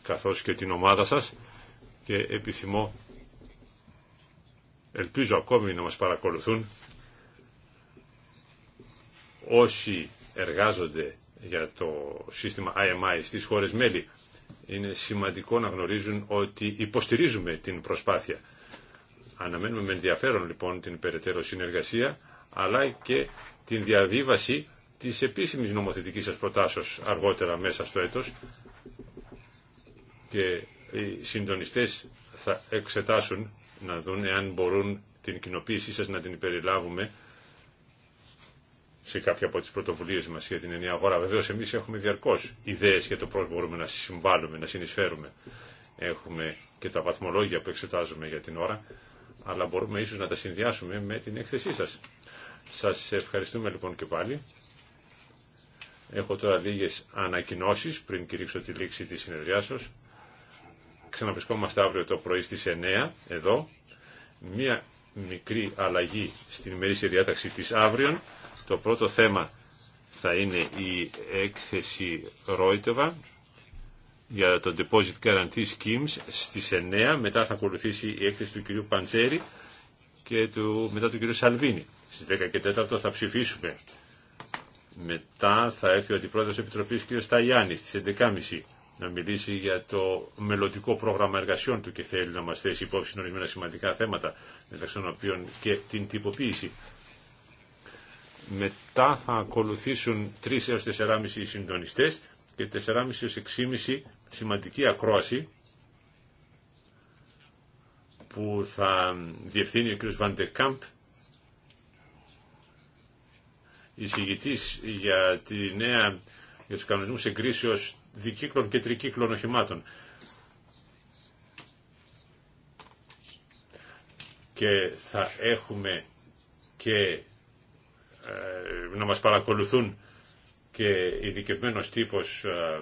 καθώς και την ομάδα σας και επιθυμώ, ελπίζω ακόμη να μας παρακολουθούν όσοι εργάζονται για το σύστημα IMI στις χώρες μέλη. Είναι σημαντικό να γνωρίζουν ότι υποστηρίζουμε την προσπάθεια. Αναμένουμε με ενδιαφέρον λοιπόν την περαιτέρω συνεργασία αλλά και την διαβίβαση της επίσημης νομοθετικής σας προτάσεως αργότερα μέσα στο έτος και οι συντονιστές θα εξετάσουν να δουν εάν μπορούν την κοινοποίησή σας να την περιλάβουμε σε κάποια από τις πρωτοβουλίες μας για την ενιαία αγορά. Βεβαίως εμείς έχουμε διαρκώς ιδέες για το πώς μπορούμε να συμβάλλουμε, να συνεισφέρουμε. Έχουμε και τα βαθμολόγια που εξετάζουμε για την ώρα, αλλά μπορούμε ίσως να τα συνδυάσουμε με την έκθεσή σας. Σας ευχαριστούμε λοιπόν και πάλι. Έχω τώρα λίγες ανακοινώσεις πριν κηρύξω τη λήξη της σας. Ξαναβρισκόμαστε αύριο το πρωί στις 9 εδώ. Μία μικρή αλλαγή στην ημερήσια διάταξη της αύριο. Το πρώτο θέμα θα είναι η έκθεση Ρόιτεβα για το Deposit Guarantee Schemes στις 9. Μετά θα ακολουθήσει η έκθεση του κυρίου Παντζέρη και του, μετά του κυρίου Σαλβίνη στις 10 και 4 θα ψηφίσουμε. Μετά θα έρθει ο Αντιπρόεδρος Επιτροπής κ. Σταγιάννη στις 11.30 να μιλήσει για το μελλοντικό πρόγραμμα εργασιών του και θέλει να μας θέσει υπόψη ορισμένα σημαντικά θέματα, μεταξύ των οποίων και την τυποποίηση. Μετά θα ακολουθήσουν 3 έως 4.30 συντονιστές και 4.30 έως 6.30 σημαντική ακρόαση που θα διευθύνει ο κ. Βαντεκάμπ εισηγητή για, τη νέα, για τους κανονισμούς εγκρίσεως δικύκλων και τρικύκλων οχημάτων. Και θα έχουμε και ε, να μας παρακολουθούν και ειδικευμένος τύπος ε, ε,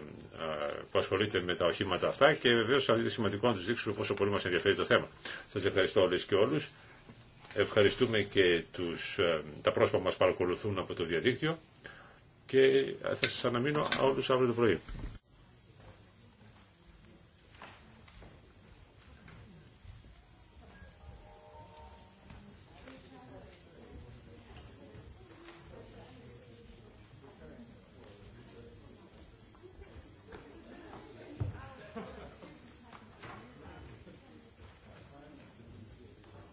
που ασχολείται με τα οχήματα αυτά και βεβαίως θα είναι σημαντικό να τους δείξουμε πόσο πολύ μας ενδιαφέρει το θέμα. Σας ευχαριστώ όλες και όλους. Ευχαριστούμε και τους, ε, τα πρόσωπα που μας παρακολουθούν από το διαδίκτυο και θα σας αναμείνω όλους αύριο το πρωί.